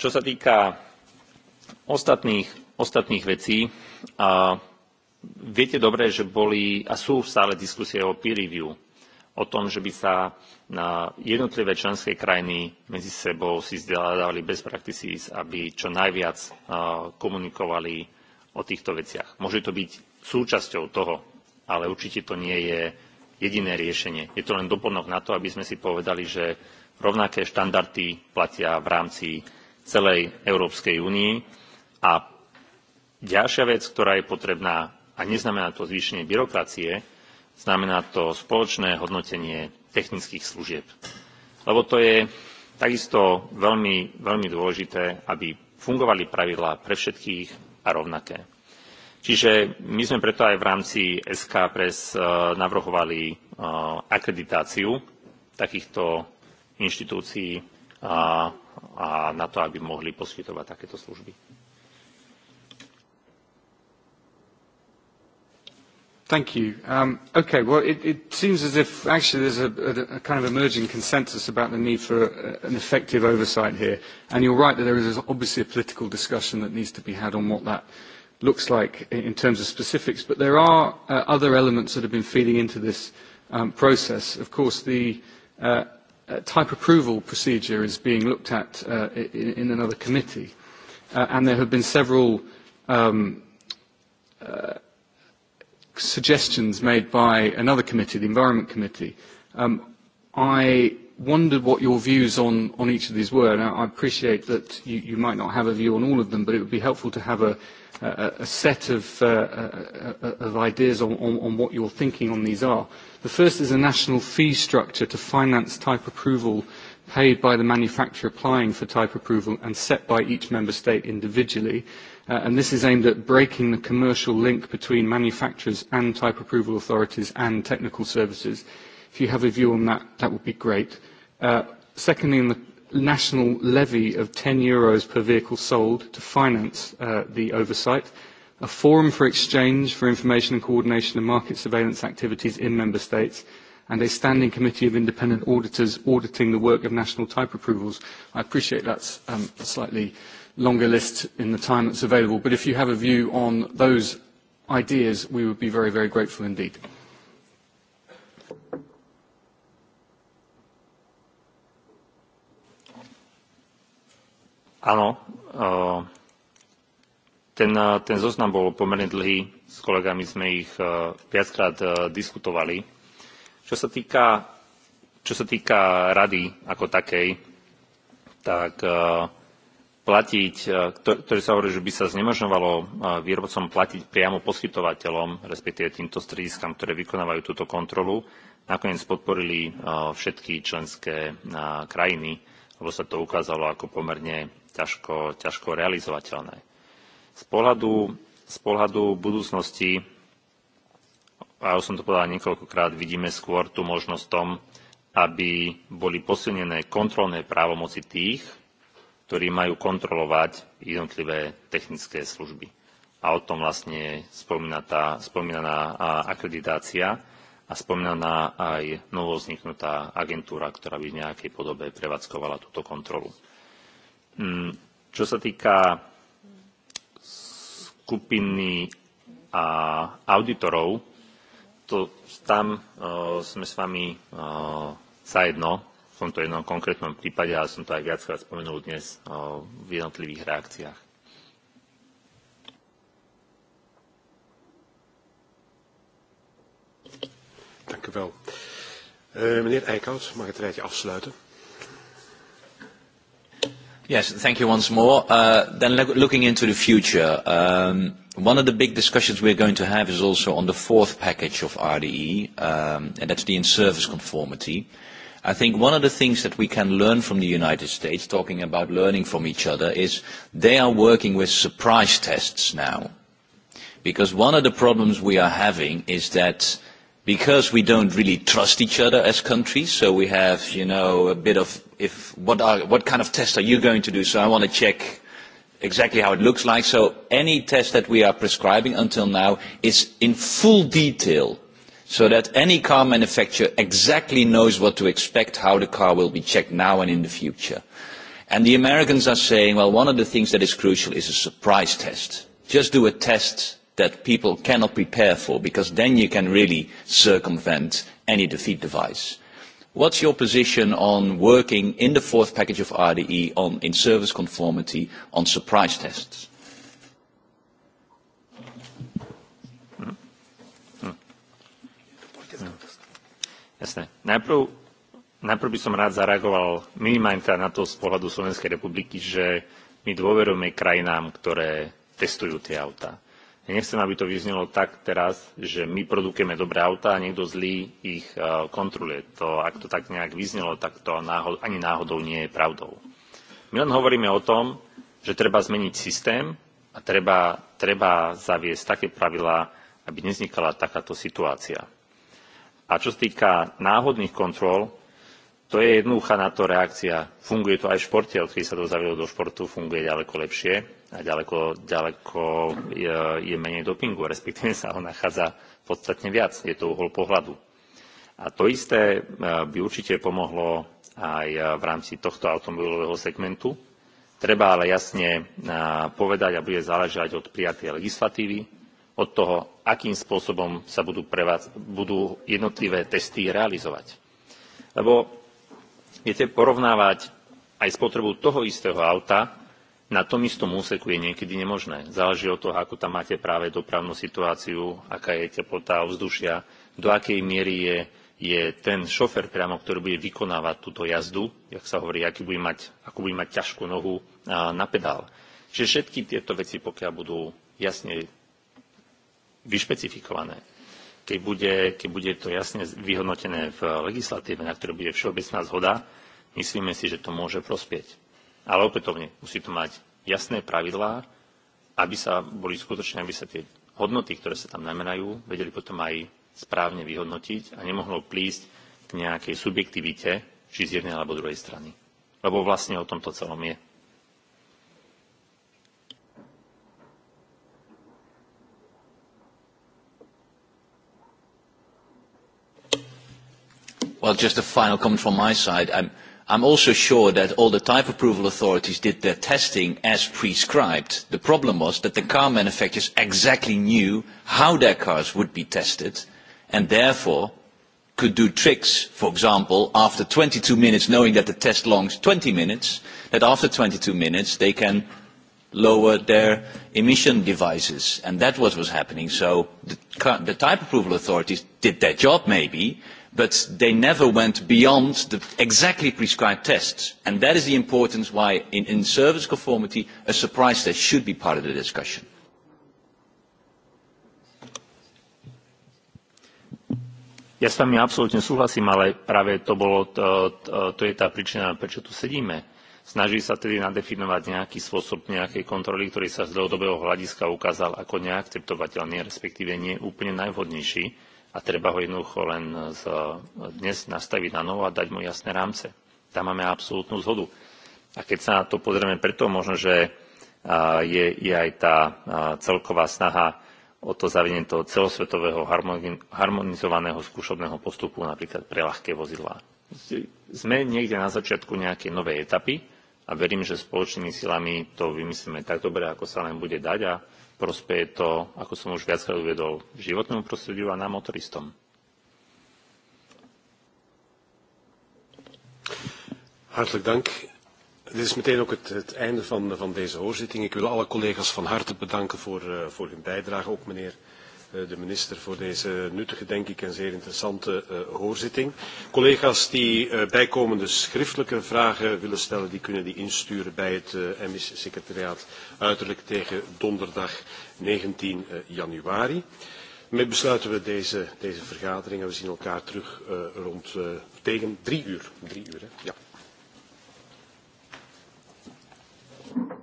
Čo sa týka ostatných, ostatných vecí, a viete dobre, že boli a sú stále diskusie o peer review, o tom, že by sa na jednotlivé členské krajiny medzi sebou si zdieľali best practices, aby čo najviac komunikovali o týchto veciach. Môže to byť súčasťou toho, ale určite to nie je jediné riešenie. Je to len doplnok na to, aby sme si povedali, že rovnaké štandardy platia v rámci celej Európskej únii. A ďalšia vec, ktorá je potrebná, a neznamená to zvýšenie byrokracie, znamená to spoločné hodnotenie technických služieb. Lebo to je takisto veľmi, veľmi dôležité, aby fungovali pravidlá pre všetkých a rovnaké. Čiže my sme preto aj v rámci SK Press eh, navrhovali eh, akreditáciu takýchto inštitúcií a, eh, a na to, aby mohli poskytovať takéto služby. Thank you. Um, okay, well, it, it seems as if actually there's a, a, a kind of emerging consensus about the need for a, an effective oversight here. And you're right that there is obviously a political discussion that needs to be had on what that looks like in terms of specifics. But there are uh, other elements that have been feeding into this um, process. Of course, the uh, uh type approval procedure is being looked at uh, in, in another committee. Uh, and there have been several um, uh, suggestions made by another committee, the Environment Committee. Um, I wondered what your views on, on each of these were. Now, I appreciate that you, you might not have a view on all of them, but it would be helpful to have a, a, a set of, uh, of ideas on, on, on what your thinking on these are. The first is a national fee structure to finance type approval paid by the manufacturer applying for type approval and set by each member state individually uh, and this is aimed at breaking the commercial link between manufacturers and type approval authorities and technical services. If you have a view on that, that would be great. Uh, secondly, in the national levy of 10 euros per vehicle sold to finance uh, the oversight, a forum for exchange for information and coordination of market surveillance activities in member states, and a standing committee of independent auditors auditing the work of national type approvals. I appreciate that's um, slightly longer list in the time that's available. But if you have a view on those ideas, we would be very, very grateful indeed. Áno, eh, ten, ten zoznam bol pomerne dlhý, s kolegami sme ich eh, viackrát eh, diskutovali. Čo sa týka, čo sa týka rady ako takej, tak platiť, ktorý sa hovorí, že by sa znemožňovalo výrobcom platiť priamo poskytovateľom, respektíve týmto strediskám, ktoré vykonávajú túto kontrolu, nakoniec podporili všetky členské krajiny, lebo sa to ukázalo ako pomerne ťažko, ťažko realizovateľné. Z pohľadu, z pohľadu budúcnosti, a už som to povedal niekoľkokrát, vidíme skôr tú možnosť v tom, aby boli posilnené kontrolné právomoci tých, ktorí majú kontrolovať jednotlivé technické služby. A o tom vlastne je tá, spomínaná akreditácia a spomínaná aj novovzniknutá agentúra, ktorá by v nejakej podobe prevádzkovala túto kontrolu. Mm, čo sa týka skupiny a auditorov, to tam uh, sme s vami uh, zajedno tomto jednom konkrétnom prípade, ale som to aj viackrát spomenul dnes eh, v jednotlivých reakciách. Dank u wel. Uh, meneer Eickhout, mag het rijtje afsluiten? Yes, thank you once more. Uh, then lo looking into the future, um, one of the big discussions we're going to have is also on the fourth package of RDE, um, and that's the in-service conformity. Uh, I think one of the things that we can learn from the United States, talking about learning from each other, is they are working with surprise tests now. Because one of the problems we are having is that because we don't really trust each other as countries, so we have, you know, a bit of, if, what, are, what kind of test are you going to do? So I want to check exactly how it looks like. So any test that we are prescribing until now is in full detail so that any car manufacturer exactly knows what to expect, how the car will be checked now and in the future. And the Americans are saying, well, one of the things that is crucial is a surprise test. Just do a test that people cannot prepare for, because then you can really circumvent any defeat device. What's your position on working in the fourth package of RDE on in-service conformity on surprise tests? Jasné. Najprv, najprv by som rád zareagoval minimálne teda na to z pohľadu Slovenskej republiky, že my dôverujeme krajinám, ktoré testujú tie autá. Ja nechcem, aby to vyznelo tak teraz, že my produkujeme dobré autá a niekto zlý ich kontroluje. To, ak to tak nejak vyznelo, tak to náhod, ani náhodou nie je pravdou. My len hovoríme o tom, že treba zmeniť systém a treba, treba zaviesť také pravidlá, aby nevznikala takáto situácia. A čo sa týka náhodných kontrol, to je jednoduchá na to reakcia. Funguje to aj v športe, odkedy sa to zavedlo do športu, funguje ďaleko lepšie a ďaleko, ďaleko je, je menej dopingu, respektíve sa ho nachádza podstatne viac. Je to uhol pohľadu. A to isté by určite pomohlo aj v rámci tohto automobilového segmentu. Treba ale jasne povedať a bude záležať od prijatej legislatívy, od toho, akým spôsobom sa budú, prevádz- budú jednotlivé testy realizovať. Lebo viete, porovnávať aj spotrebu toho istého auta na tom istom úseku je niekedy nemožné. Záleží od toho, ako tam máte práve dopravnú situáciu, aká je teplota ovzdušia, do akej miery je, je ten šofer priamo, ktorý bude vykonávať túto jazdu, jak sa hovorí, aký bude mať, ako bude mať ťažkú nohu na pedál. Čiže všetky tieto veci, pokiaľ budú jasne vyšpecifikované. Keď bude, keď bude to jasne vyhodnotené v legislatíve, na ktorej bude všeobecná zhoda, myslíme si, že to môže prospieť. Ale opätovne musí to mať jasné pravidlá, aby sa boli skutočne, aby sa tie hodnoty, ktoré sa tam namerajú, vedeli potom aj správne vyhodnotiť a nemohlo plísť k nejakej subjektivite, či z jednej alebo druhej strany. Lebo vlastne o tomto celom je. Well, just a final comment from my side. I'm, I'm also sure that all the type approval authorities did their testing as prescribed. The problem was that the car manufacturers exactly knew how their cars would be tested and therefore could do tricks, for example, after 22 minutes, knowing that the test longs 20 minutes, that after 22 minutes they can lower their emission devices. And that was what was happening. So the, the type approval authorities did their job maybe, but they never went beyond the exactly prescribed tests. And that is the importance why in, in service conformity, a surprise test should be part of the discussion. Ja s vami absolútne súhlasím, ale práve to, bolo, to, to, to je tá príčina, prečo tu sedíme. Snaží sa tedy nadefinovať nejaký spôsob nejakej kontroly, ktorý sa z dlhodobého hľadiska ukázal ako neakceptovateľný, respektíve nie úplne najvhodnejší a treba ho jednoducho len z, dnes nastaviť na novo a dať mu jasné rámce. Tam máme absolútnu zhodu. A keď sa na to pozrieme, preto možno, že je, je aj tá celková snaha o to zavedenie toho celosvetového harmonizovaného skúšobného postupu napríklad pre ľahké vozidlá. Sme niekde na začiatku nejakej novej etapy a verím, že spoločnými silami to vymyslíme tak dobre, ako sa len bude dať a prospeje to, ako som už viackrát uvedol, životnému prostrediu a nám motoristom. Hartelijk dank. Dit is meteen ook het, het einde van, van deze hoorzitting. Ik wil alle collega's van harte bedanken voor, uh, voor hun bijdrage, ook meneer Eh, de minister voor deze nuttige, denk ik, en zeer interessante eh, hoorzitting. Collega's die eh, bijkomende schriftelijke vragen willen stellen, die kunnen die insturen bij het MIS-secretariaat uiterlijk tegen donderdag 19 januari. Daarmee besluiten we deze, deze vergadering en we zien elkaar terug uh, rond uh, tegen drie uur. Drie uur, hè? Ja.